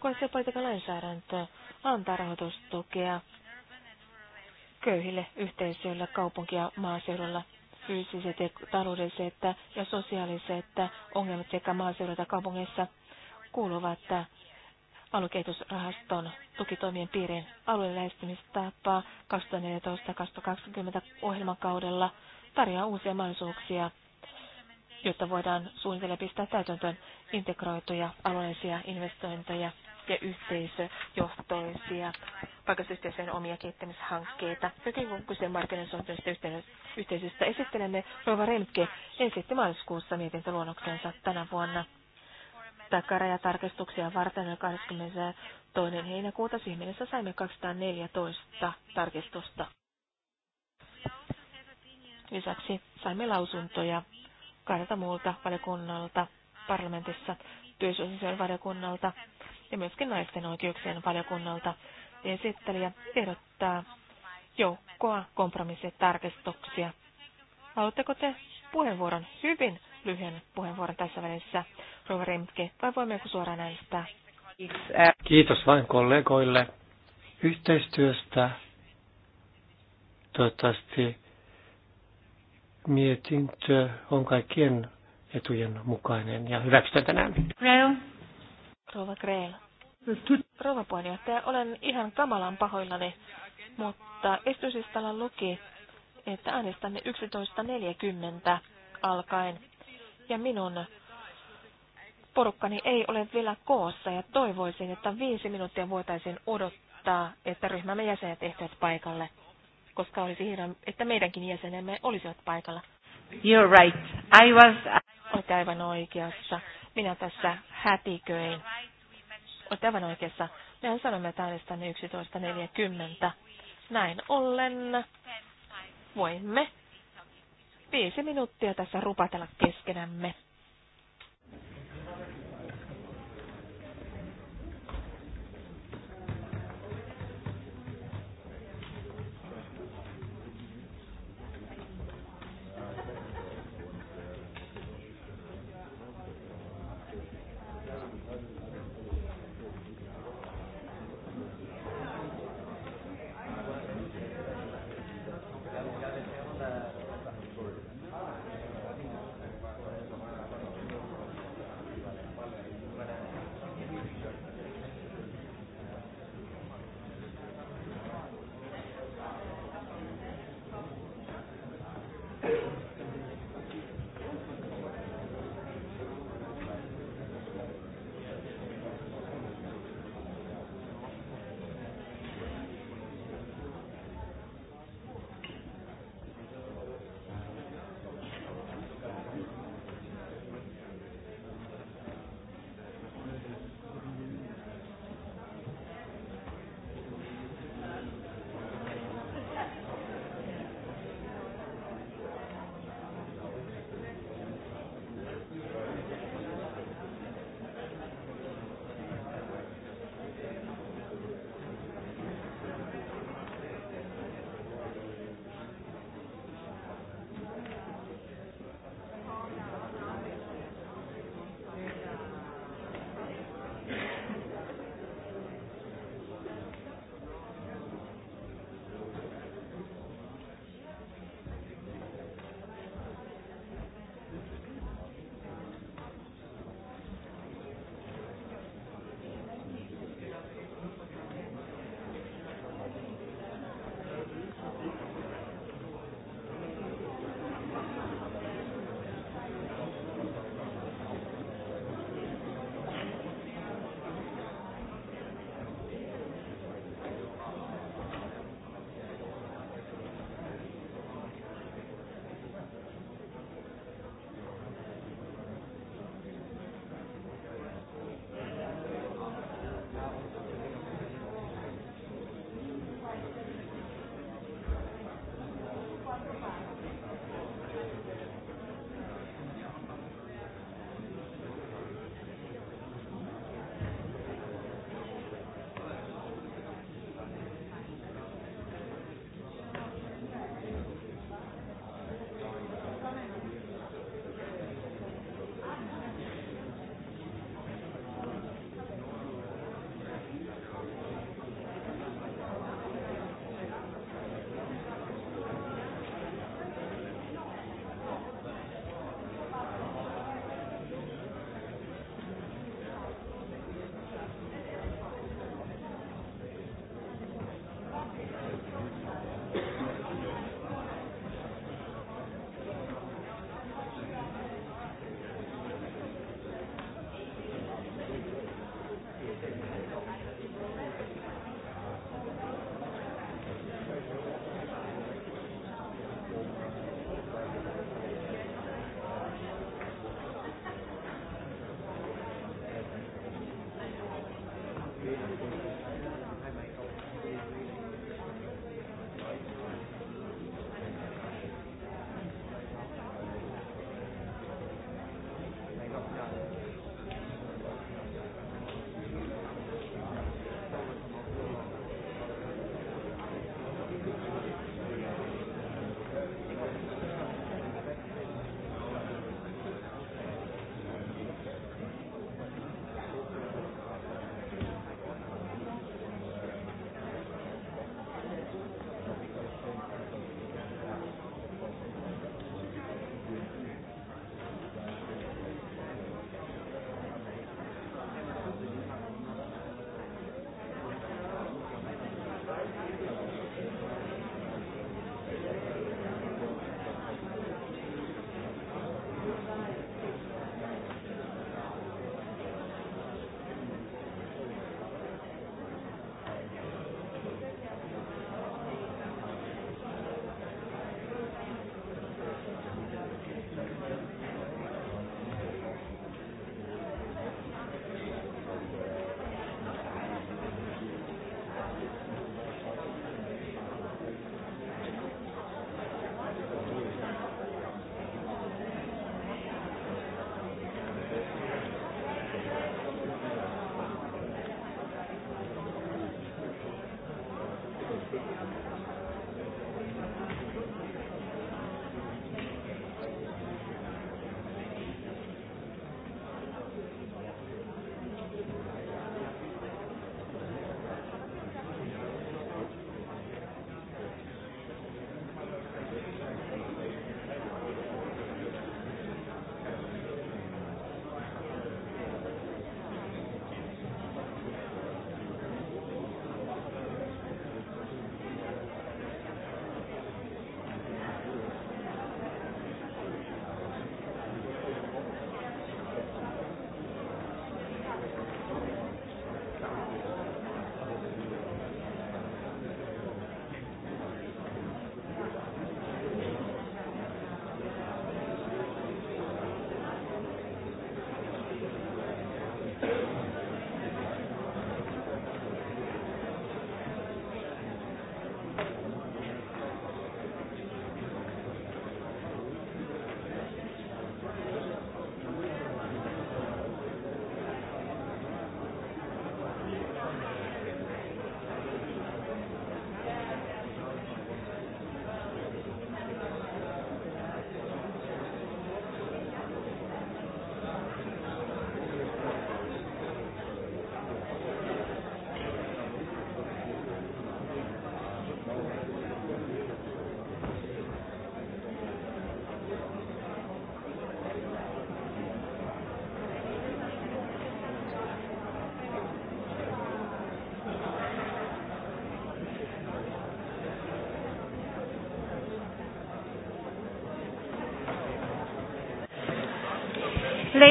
Kohdistopolitiikan lainsäädäntö antaa rahoitustukea köyhille yhteisöille kaupunki- ja maaseudulla fyysiset ja taloudelliset ja sosiaaliset ongelmat sekä maaseudulla kaupungeissa kuuluvat aluekehitysrahaston tukitoimien piirin alueen lähestymistapaa 2014-2020 ohjelmakaudella tarjoaa uusia mahdollisuuksia, jotta voidaan suunnitella pistää täytäntöön integroituja alueellisia investointeja ja yhteisöjohtoisia paikallisyhteisöjen omia kehittämishankkeita. Jokin kun kyse markkinointisopimusten yhteisöstä esittelemme, Rova Remke esitti maaliskuussa mietintöluonnoksensa tänä vuonna takarajatarkistuksia varten 22. heinäkuuta. Siihen mennessä saimme 214 tarkistusta. Lisäksi saimme lausuntoja kahdelta muulta valiokunnalta parlamentissa, työllisyysasioiden valiokunnalta ja myöskin naisten oikeuksien valiokunnalta. Esittelijä ehdottaa joukkoa kompromissitarkistuksia. Haluatteko te puheenvuoron, hyvin lyhyen puheenvuoron tässä välissä, Rova Remke, vai voimmeko suoraan näistä? Kiitos vain kollegoille yhteistyöstä. Toivottavasti mietintö on kaikkien etujen mukainen ja hyväksytään tänään. Greel. Rova Greel. Rova puheenjohtaja, olen ihan kamalan pahoillani, mutta estysistalla luki, että äänestämme 11.40 alkaen ja minun porukkani ei ole vielä koossa ja toivoisin, että viisi minuuttia voitaisiin odottaa, että ryhmämme jäsenet ehtivät paikalle, koska olisi hienoa, että meidänkin jäsenemme olisivat paikalla. You're right. I was... Olette aivan oikeassa. Minä tässä hätiköin. Olette aivan oikeassa. Mehän sanomme, että 11.40. Näin ollen voimme viisi minuuttia tässä rupatella keskenämme.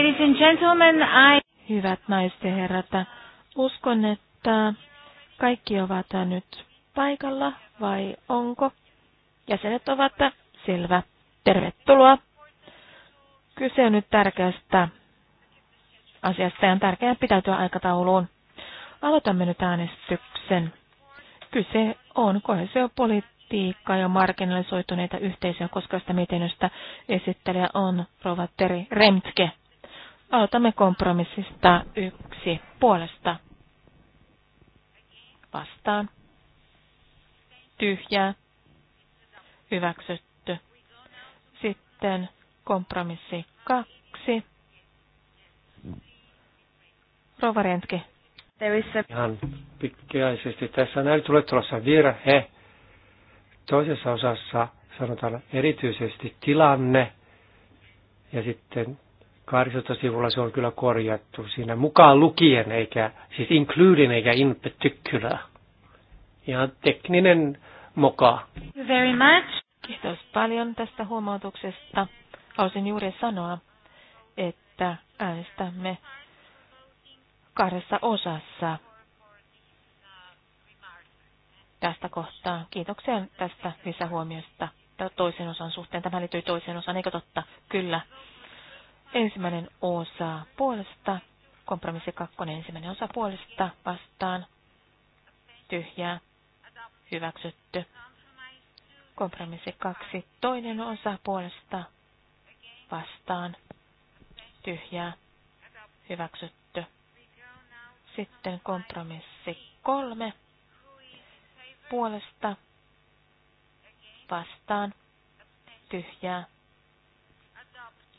Ladies and gentlemen, I... Hyvät naiset ja herrat, uskon, että kaikki ovat nyt paikalla, vai onko? Jäsenet ovat selvä. Tervetuloa. Kyse on nyt tärkeästä asiasta ja on tärkeää pitäytyä aikatauluun. Aloitamme nyt äänestyksen. Kyse on kohesiopolitiikkaa ja marginalisoituneita yhteisöjä koskevasta mietinnöstä. Esittelijä on Rova Teri Remtke. Aloitamme kompromissista yksi puolesta. Vastaan. Tyhjää. Hyväksytty. Sitten kompromissi kaksi. Rova Rentki. Ihan pitkäisesti. Tässä näin tulee tulossa virhe. Toisessa osassa sanotaan erityisesti tilanne ja sitten 18 sivulla se on kyllä korjattu siinä mukaan lukien, eikä siis including eikä in particular. Ihan tekninen moka. Thank you very much. Kiitos paljon tästä huomautuksesta. Haluaisin juuri sanoa, että äänestämme kahdessa osassa tästä kohtaa. Kiitoksia tästä lisähuomiosta toisen osan suhteen. Tämä liittyy toisen osan, eikö totta? Kyllä. Ensimmäinen osa puolesta, kompromissi kakkonen ensimmäinen osa puolesta vastaan, tyhjää, hyväksytty. Kompromissi kaksi, toinen osa puolesta, vastaan, tyhjää, hyväksytty. Sitten kompromissi kolme, puolesta, vastaan, tyhjää,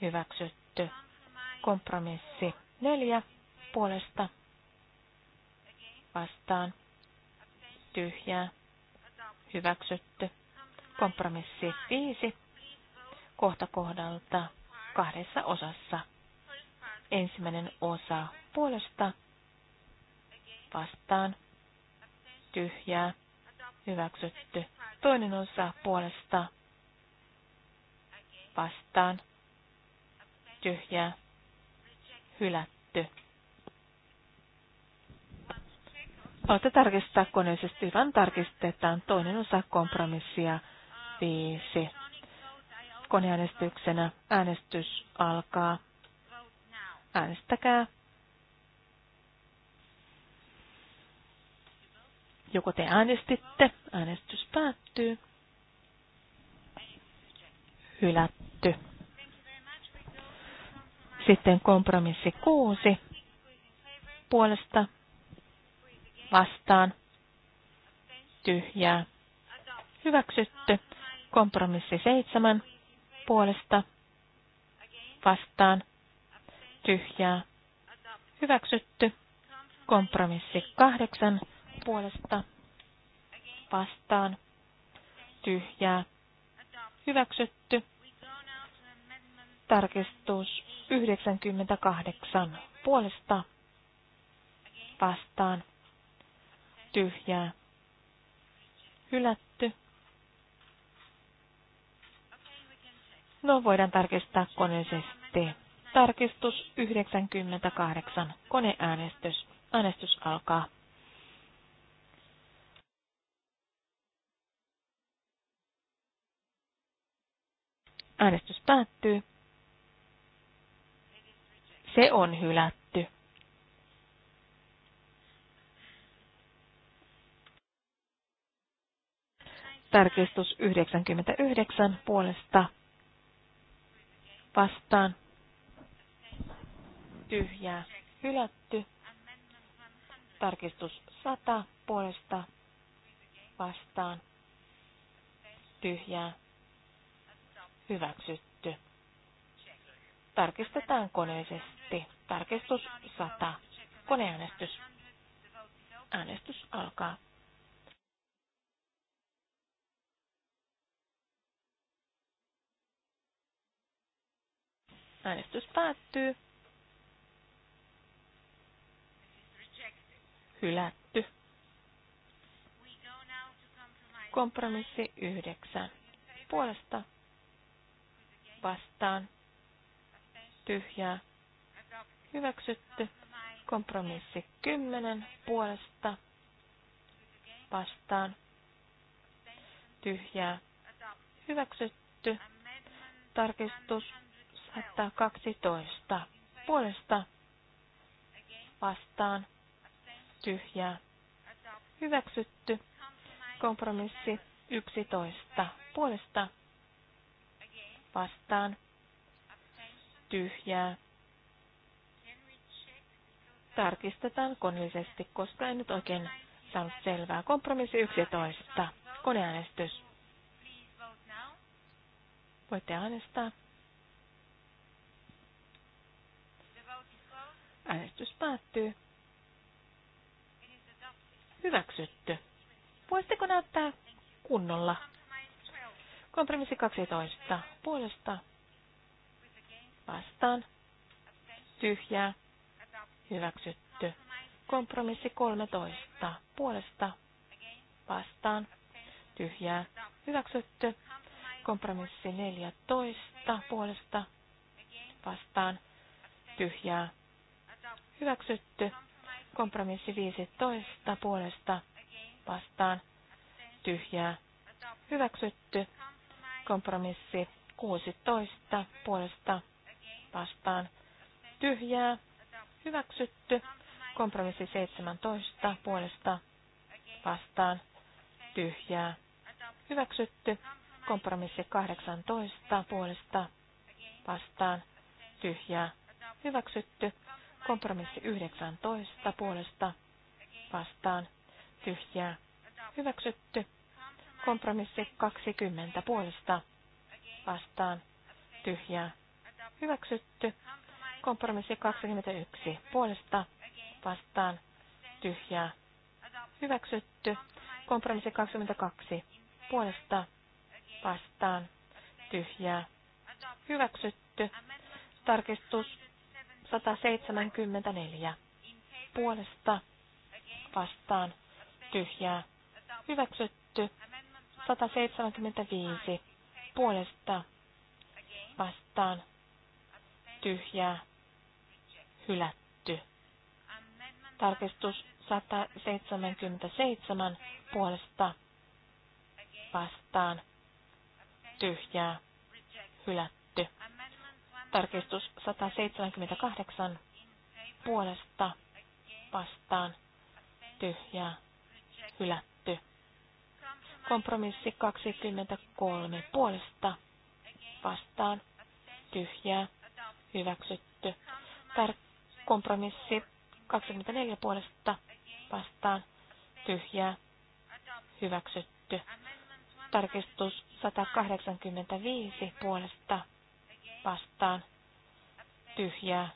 hyväksytty hyväksytty. Kompromissi neljä puolesta vastaan tyhjää hyväksytty. Kompromissi viisi kohta kohdalta kahdessa osassa. Ensimmäinen osa puolesta vastaan tyhjää hyväksytty. Toinen osa puolesta vastaan tyhjää, hylätty. Olette tarkistaa koneellisesti, vaan tarkistetaan toinen osa kompromissia viisi. Koneäänestyksenä äänestys alkaa. Äänestäkää. Joko te äänestitte, äänestys päättyy. Hylätty. Sitten kompromissi kuusi puolesta vastaan tyhjää. Hyväksytty. Kompromissi seitsemän puolesta vastaan tyhjää. Hyväksytty. Kompromissi kahdeksan puolesta vastaan tyhjää. Hyväksytty. Tarkistus 98 puolesta vastaan tyhjää hylätty. No voidaan tarkistaa koneisesti. Tarkistus 98. Koneäänestys. Äänestys alkaa. Äänestys päättyy se on hylätty. Tarkistus 99 puolesta vastaan tyhjää hylätty. Tarkistus 100 puolesta vastaan tyhjää hyväksytty Tarkistetaan koneisesti. Tarkistus 100. Koneäänestys. Äänestys alkaa. Äänestys päättyy. Hylätty. Kompromissi 9. Puolesta vastaan tyhjää, hyväksytty. Kompromissi 10 puolesta vastaan, tyhjää, hyväksytty. Tarkistus 112 puolesta vastaan, tyhjää, hyväksytty. Kompromissi 11 puolesta vastaan, tyhjää. Tarkistetaan koneellisesti, koska en nyt oikein saanut selvää. Kompromissi 11. Koneäänestys. Voitte äänestää. Äänestys päättyy. Hyväksytty. Voisitteko näyttää kunnolla? Kompromissi 12. Puolesta vastaan, tyhjää, hyväksytty. Kompromissi 13, puolesta, vastaan, tyhjää, hyväksytty. Kompromissi 14, puolesta, vastaan, tyhjää, hyväksytty. Kompromissi 15, puolesta, vastaan, tyhjää, hyväksytty. Kompromissi 16, puolesta, vastaan tyhjää hyväksytty. Kompromissi 17 puolesta vastaan tyhjää hyväksytty. Kompromissi 18 puolesta vastaan tyhjää hyväksytty. Kompromissi 19 puolesta vastaan tyhjää hyväksytty. Kompromissi 20 puolesta vastaan tyhjää Hyväksytty. Kompromissi 21. Puolesta vastaan tyhjää. Hyväksytty. Kompromissi 22. Puolesta vastaan tyhjää. Hyväksytty. Tarkistus 174. Puolesta vastaan tyhjää. Hyväksytty. 175. Puolesta vastaan tyhjää, hylätty. Tarkistus 177 puolesta vastaan, tyhjää, hylätty. Tarkistus 178 puolesta vastaan, tyhjää, hylätty. Kompromissi 23 puolesta vastaan, tyhjää, hyväksytty. Tar- kompromissi 24 puolesta vastaan tyhjää hyväksytty. Tarkistus 185 puolesta vastaan tyhjää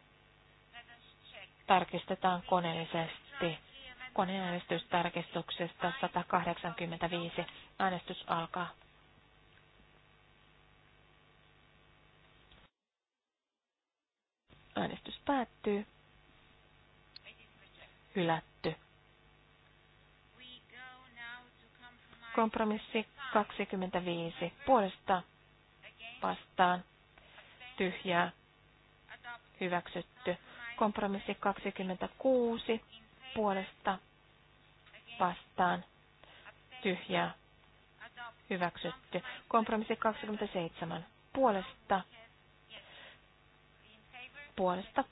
tarkistetaan koneellisesti. Koneäänestystarkistuksesta 185 äänestys alkaa. Äänestys päättyy. Hylätty. Kompromissi 25. Puolesta vastaan. Tyhjää. Hyväksytty. Kompromissi 26. Puolesta vastaan. Tyhjää. Hyväksytty. Kompromissi 27. Puolesta puolesta.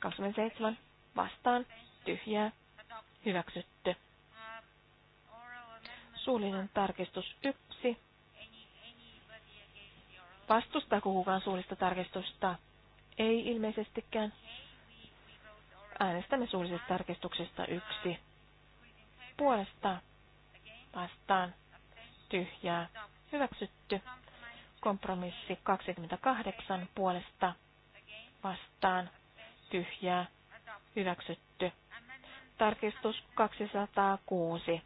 27 vastaan tyhjää hyväksytty. Suullinen tarkistus 1. Vastustaako kukaan suullista tarkistusta? Ei ilmeisestikään. Äänestämme suullisesta tarkistuksesta yksi. Puolesta vastaan tyhjää hyväksytty. Kompromissi 28 puolesta vastaan tyhjää hyväksytty. Tarkistus 206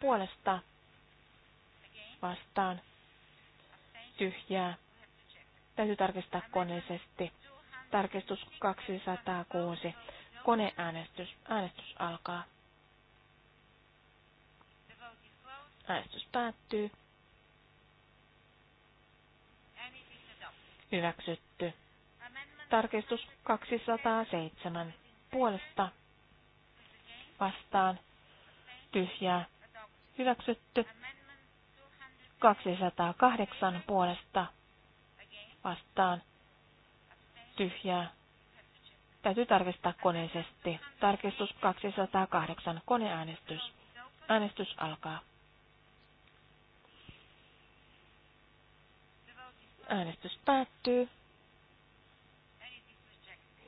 puolesta vastaan tyhjää. Täytyy tarkistaa koneisesti. Tarkistus 206. Koneäänestys. Äänestys alkaa. Äänestys päättyy. Hyväksytty. Tarkistus 207 puolesta vastaan tyhjää hyväksytty. 208 puolesta vastaan tyhjää. Täytyy tarkistaa koneisesti. Tarkistus 208. Koneäänestys. Äänestys alkaa. Äänestys päättyy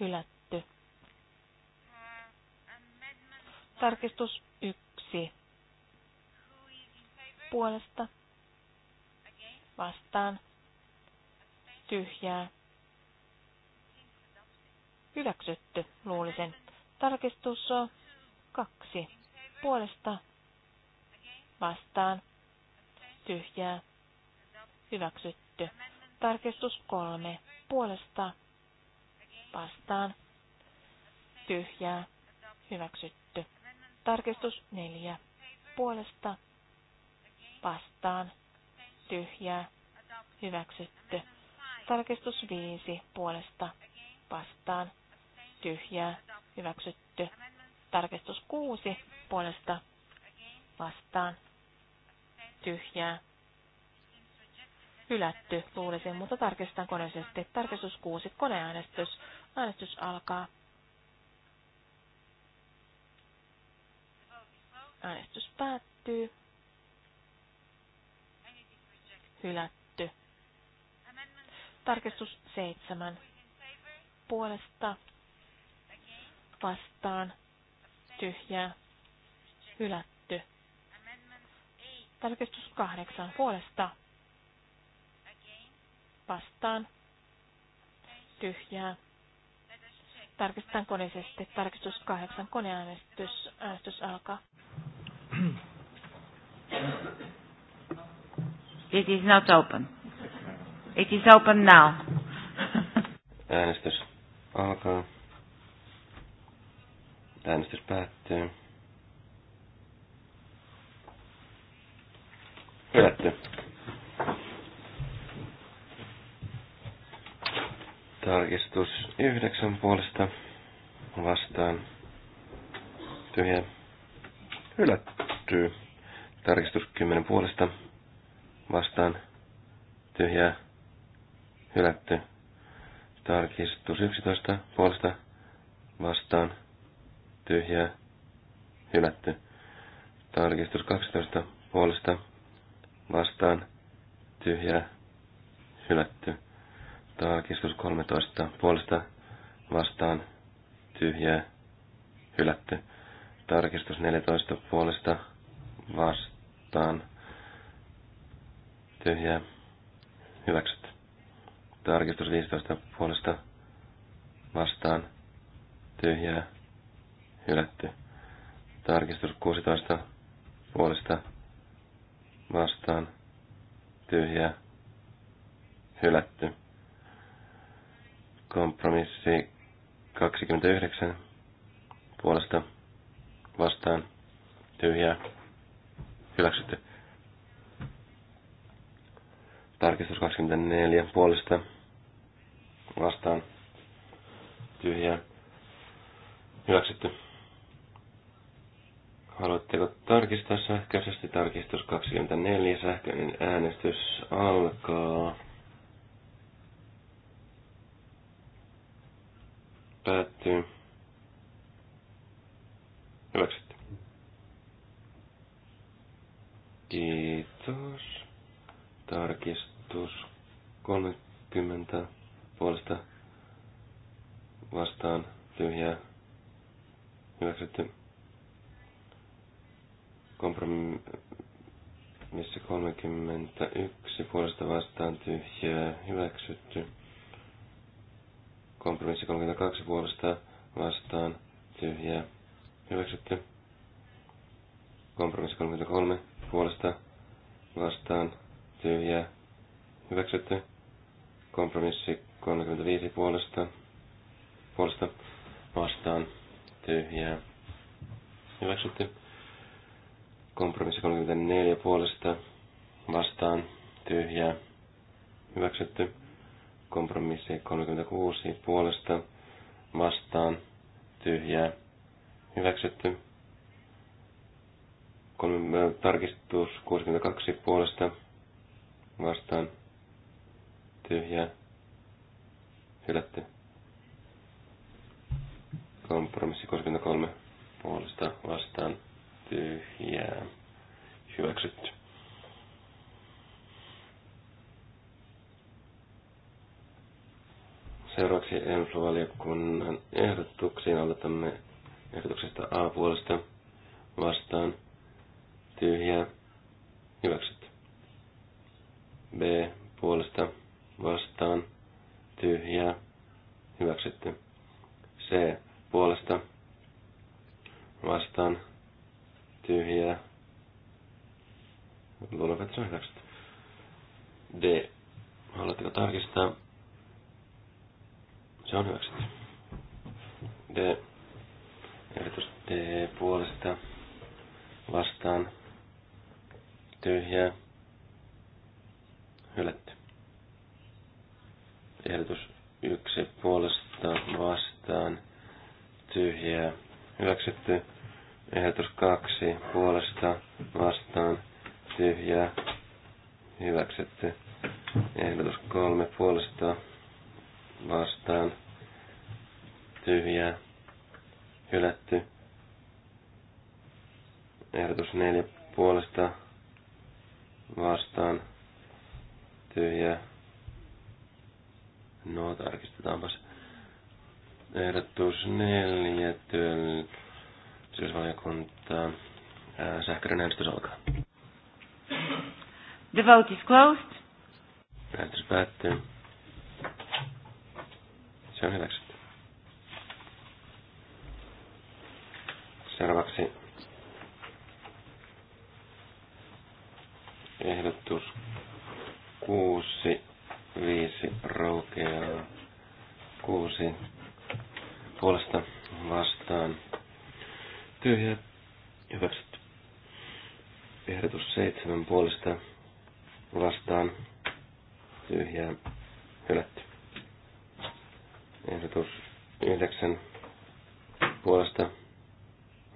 hylätty. Tarkistus yksi. Puolesta. Vastaan. Tyhjää. Hyväksytty, luulisin. Tarkistus on kaksi. Puolesta. Vastaan. Tyhjää. Hyväksytty. Tarkistus kolme. Puolesta vastaan, tyhjää, hyväksytty. Tarkistus neljä, puolesta, vastaan, tyhjää, hyväksytty. Tarkistus viisi, puolesta, vastaan, tyhjää, hyväksytty. Tarkistus kuusi, puolesta, vastaan, tyhjää, hylätty, luulisin, mutta tarkistetaan koneisesti. Tarkistus 6, koneäänestys. Äänestys alkaa. Äänestys päättyy. Hylätty. Tarkistus seitsemän. Puolesta vastaan tyhjää. Hylätty. Tarkistus kahdeksan. Puolesta vastaan tyhjää. Tarkistetaan koneisesti. Tarkistus kahdeksan. Koneäänestys äänestys alkaa. It is not open. It is open now. Äänestys alkaa. Äänestys päättyy. Hylätty. Tarkistus yhdeksän puolesta vastaan. Tyhjä. Hylättyy. Tarkistus kymmenen puolesta vastaan. Tyhjä. Hylätty. Tarkistus yksitoista puolesta vastaan. Tyhjä. Hylätty. Tarkistus 12 puolesta vastaan. Tyhjä. Hylätty Tarkistus 13 puolesta vastaan tyhjää hylätty. Tarkistus 14 puolesta vastaan tyhjää hyväksytty. Tarkistus 15 puolesta vastaan tyhjää hylätty. Tarkistus 16 puolesta vastaan tyhjää hylätty. Kompromissi 29 puolesta vastaan tyhjää hyväksytty. Tarkistus 24 puolesta vastaan tyhjää hyväksytty. Haluatteko tarkistaa sähköisesti? Tarkistus 24. Sähköinen äänestys alkaa. Päättyy. Hyväksytty. Kiitos. Tarkistus 30 puolesta vastaan tyhjää. Hyväksytty. Kompromissi 31 puolesta vastaan tyhjää. Hyväksytty. Kompromissi 32 puolesta vastaan tyhjää hyväksytty. Kompromissi 33 puolesta vastaan tyhjää hyväksytty. Kompromissi 35 puolesta puolesta vastaan tyhjää hyväksytty. Kompromissi 34 puolesta vastaan tyhjää hyväksytty Kompromissi 36 puolesta vastaan tyhjää hyväksytty. tarkistus 62 puolesta vastaan tyhjää hylätty. Kompromissi 33 puolesta vastaan tyhjää hyväksytty. Seuraavaksi EMFLO-valiokunnan ehdotuksiin aloitamme ehdotuksesta A puolesta vastaan tyhjä hyväksytty. B puolesta vastaan tyhjä hyväksytty. C puolesta vastaan tyhjä luulen, että se on hyväksytty. D. Haluatteko tarkistaa? Se on hyväksytty. D. Ehdotus D puolesta vastaan tyhjää hylätty. Ehdotus 1 puolesta vastaan tyhjää hyväksytty. Ehdotus 2 puolesta vastaan tyhjää hyväksytty. Ehdotus 3 puolesta vastaan tyhjää, hylätty. Ehdotus neljä puolesta vastaan tyhjää. No, tarkistetaanpas. Ehdotus neljä työllisyysvaliokuntaa. Sähköinen äänestys alkaa. The vote is closed. Äänestys päättyy. Se on hyväksytty. Seuraavaksi ehdotus 6, 5 raukeaa, 6 puolesta vastaan, tyhjä, hyväksytty. Ehdotus 7 puolesta vastaan, tyhjää, hylätty. Ehdotus 9 puolesta vastaan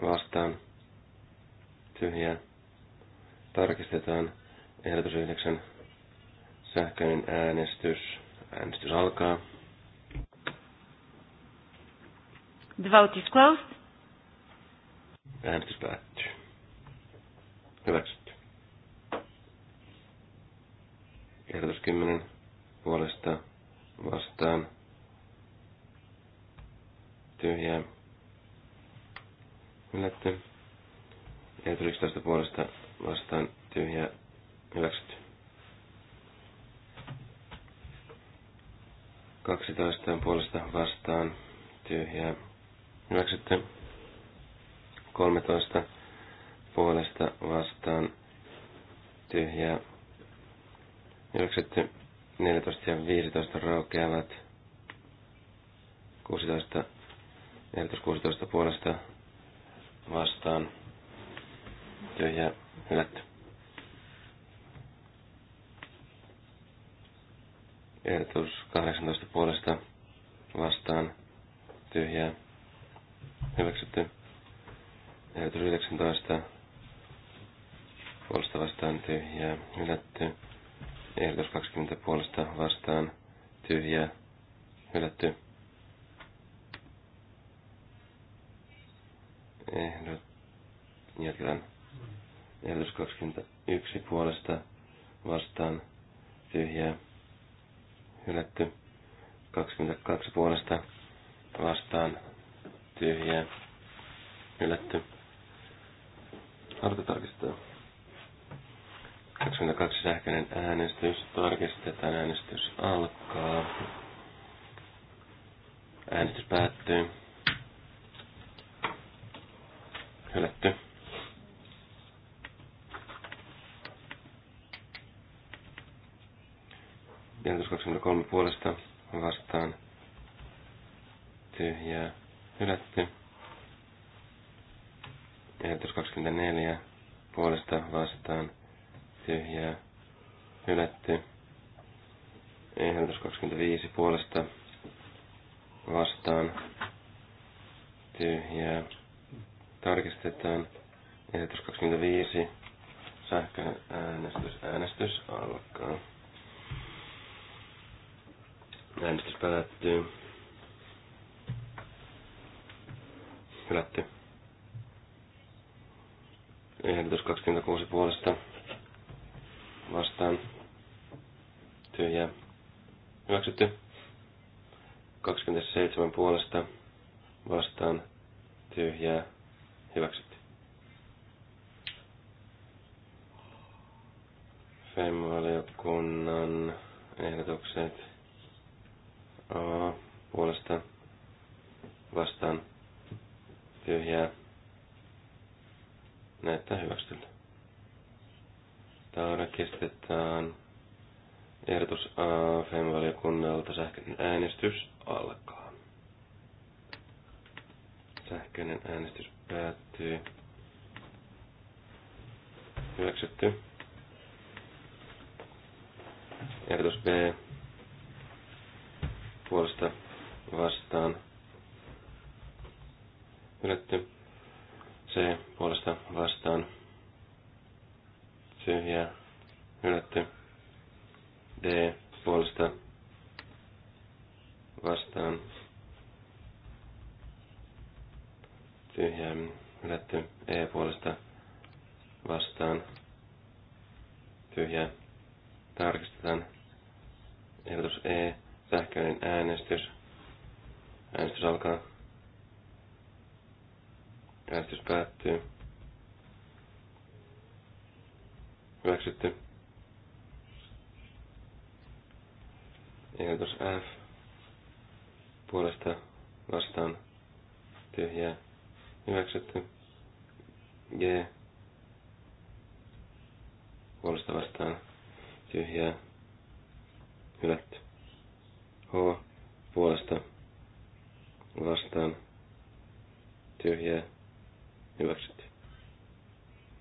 vastaan tyhjää. Tarkistetaan ehdotus 9 sähköinen äänestys. Äänestys alkaa. The vote is closed. Äänestys päättyy. Hyväksytty. Ehdotus 10 puolesta vastaan tyhjää Hylätty. Ja 11 puolesta vastaan tyhjä hyväksytty. 12 puolesta vastaan tyhjää hyväksytty. 13 puolesta vastaan tyhjää hyväksytty. 14 ja 15 raukeavat. 16, 14, 16 puolesta vastaan tyhjää hylätty. Ehdotus 18 puolesta vastaan tyhjää hyväksytty. Ehdotus 19 puolesta vastaan tyhjää hylätty. Ehdotus 20 puolesta vastaan tyhjää hylätty. ehdot, jätetään ehdotus 21 puolesta vastaan tyhjää hylätty 22 puolesta vastaan tyhjää hylätty. Haluatte tarkistaa? 22 sähköinen äänestys. Tarkistetaan äänestys alkaa. Äänestys päättyy. hylätty. Jännitys 23 puolesta vastaan tyhjää hylätty. Jännitys 24 puolesta vastaan tyhjää hylätty. Ehdotus 25 puolesta vastaan tyhjää tarkistetaan. Ehdotus 25. Sähköinen äänestys. Äänestys alkaa. Äänestys päättyy. Hylätty. Ehdotus 26 puolesta. Vastaan. Tyhjä. Hyväksytty. 27 puolesta. Vastaan. Tyhjää Hyväksytty. Femmaaliokunnan ehdotukset A puolesta vastaan tyhjää näyttää hyväksytyltä. kestetään. ehdotus fem valiokunnalta sähköinen äänestys alkaa. Sähköinen äänestys Päättyy. Hyväksytty. Ehdotus B. Puolesta vastaan. Hylätty. C. Puolesta vastaan. Tyhjää. Hylätty. D. Puolesta vastaan tyhjää hylätty E puolesta vastaan tyhjää. Tarkistetaan ehdotus E, sähköinen äänestys. Äänestys alkaa. Äänestys päättyy. Hyväksytty. Ehdotus F puolesta vastaan tyhjää Hyväksytty. G. Puolesta vastaan. Tyhjää. Hylätty. H. Puolesta vastaan. Tyhjää. Hyväksytty.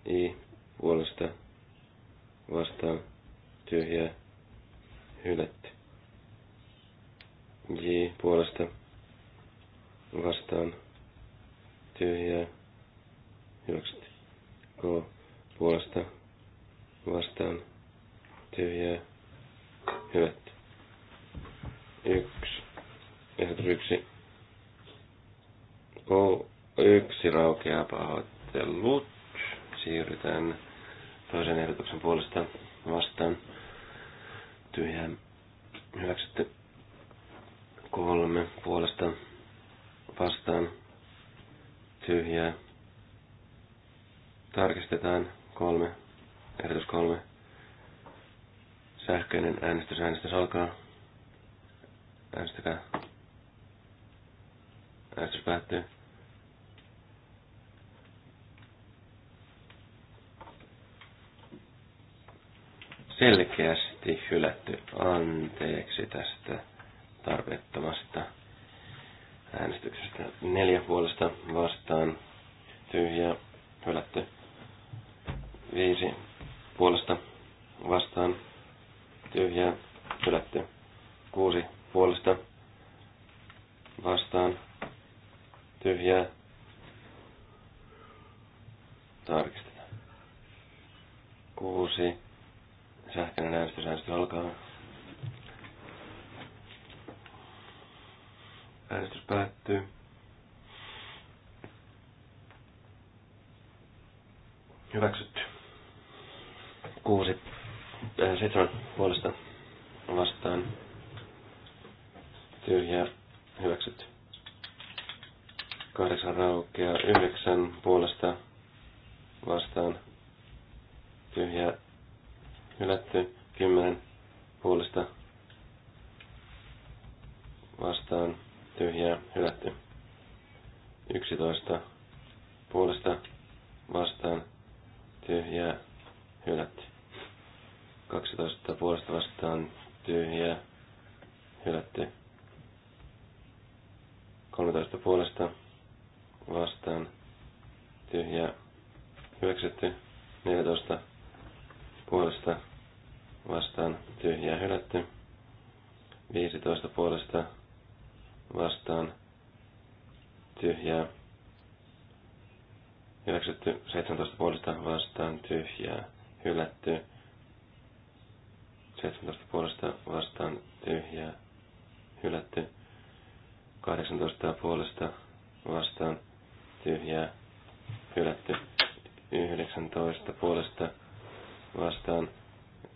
I. Puolesta vastaan. Tyhjää. Hylätty. J. Puolesta vastaan tyhjää, Juokset K puolesta vastaan tyhjää, hyvät Yksi, ehdotus yksi. K yksi raukeaa pahoittelut. Siirrytään toisen ehdotuksen puolesta vastaan tyhjää, hyväksytty. Kolme puolesta vastaan tyhjää. Tarkistetaan kolme, ehdotus kolme. Sähköinen äänestys, äänestys alkaa. Äänestäkää. Äänestys päättyy. Selkeästi hylätty. Anteeksi tästä tarpeettomasta äänestyksestä. Neljä puolesta vastaan tyhjää hylätty. Viisi puolesta vastaan tyhjää hylätty. Kuusi puolesta vastaan tyhjää tarkistetaan. Kuusi sähköinen äänestys, äänestys alkaa. Äänestys päättyy. Hyväksytty. Kuusi. Äh, seitsemän puolesta vastaan. Tyhjä. Hyväksytty. Kahdeksan raukea. Yhdeksän puolesta vastaan. Tyhjä. Hylätty. Kymmenen puolesta vastaan tyhjää hylätty. 11 puolesta vastaan tyhjää hylätty. 12 puolesta vastaan tyhjää hylätty. 13 puolesta vastaan tyhjää hyväksytty. 14 puolesta vastaan tyhjää hylätty. 15 puolesta vastaan tyhjää. Hyväksytty 17 puolesta vastaan tyhjää. Hylätty 17 puolesta vastaan tyhjää. Hylätty 18 puolesta vastaan tyhjää. Hylätty 19 puolesta vastaan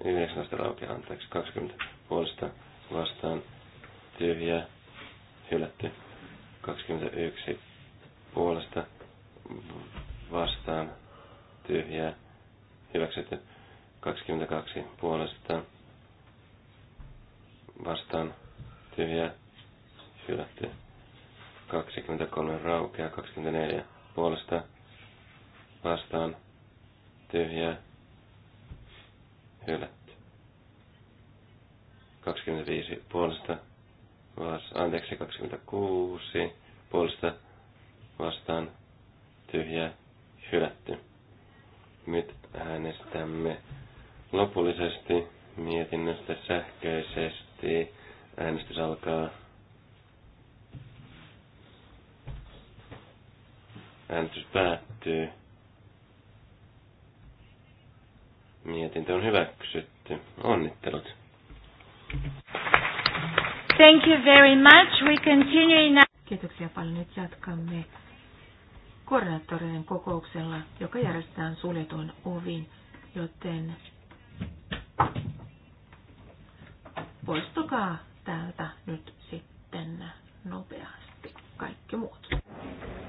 19 raukia, anteeksi, 20 puolesta vastaan tyhjää hylätty. 21 puolesta vastaan tyhjää hyväksytty. 22 puolesta vastaan tyhjää hylätty. 23 raukea, 24 puolesta vastaan tyhjää hylätty. 25 puolesta vas, anteeksi 26 puolesta vastaan tyhjä hylätty. Nyt äänestämme lopullisesti mietinnöstä sähköisesti. Äänestys alkaa. Äänestys päättyy. Mietintö on hyväksytty. Onnittelut. Thank you very much. We continue in... Kiitoksia paljon. Nyt jatkamme koordinaattoreiden kokouksella, joka järjestetään suljetuin ovin, joten poistukaa täältä nyt sitten nopeasti kaikki muut.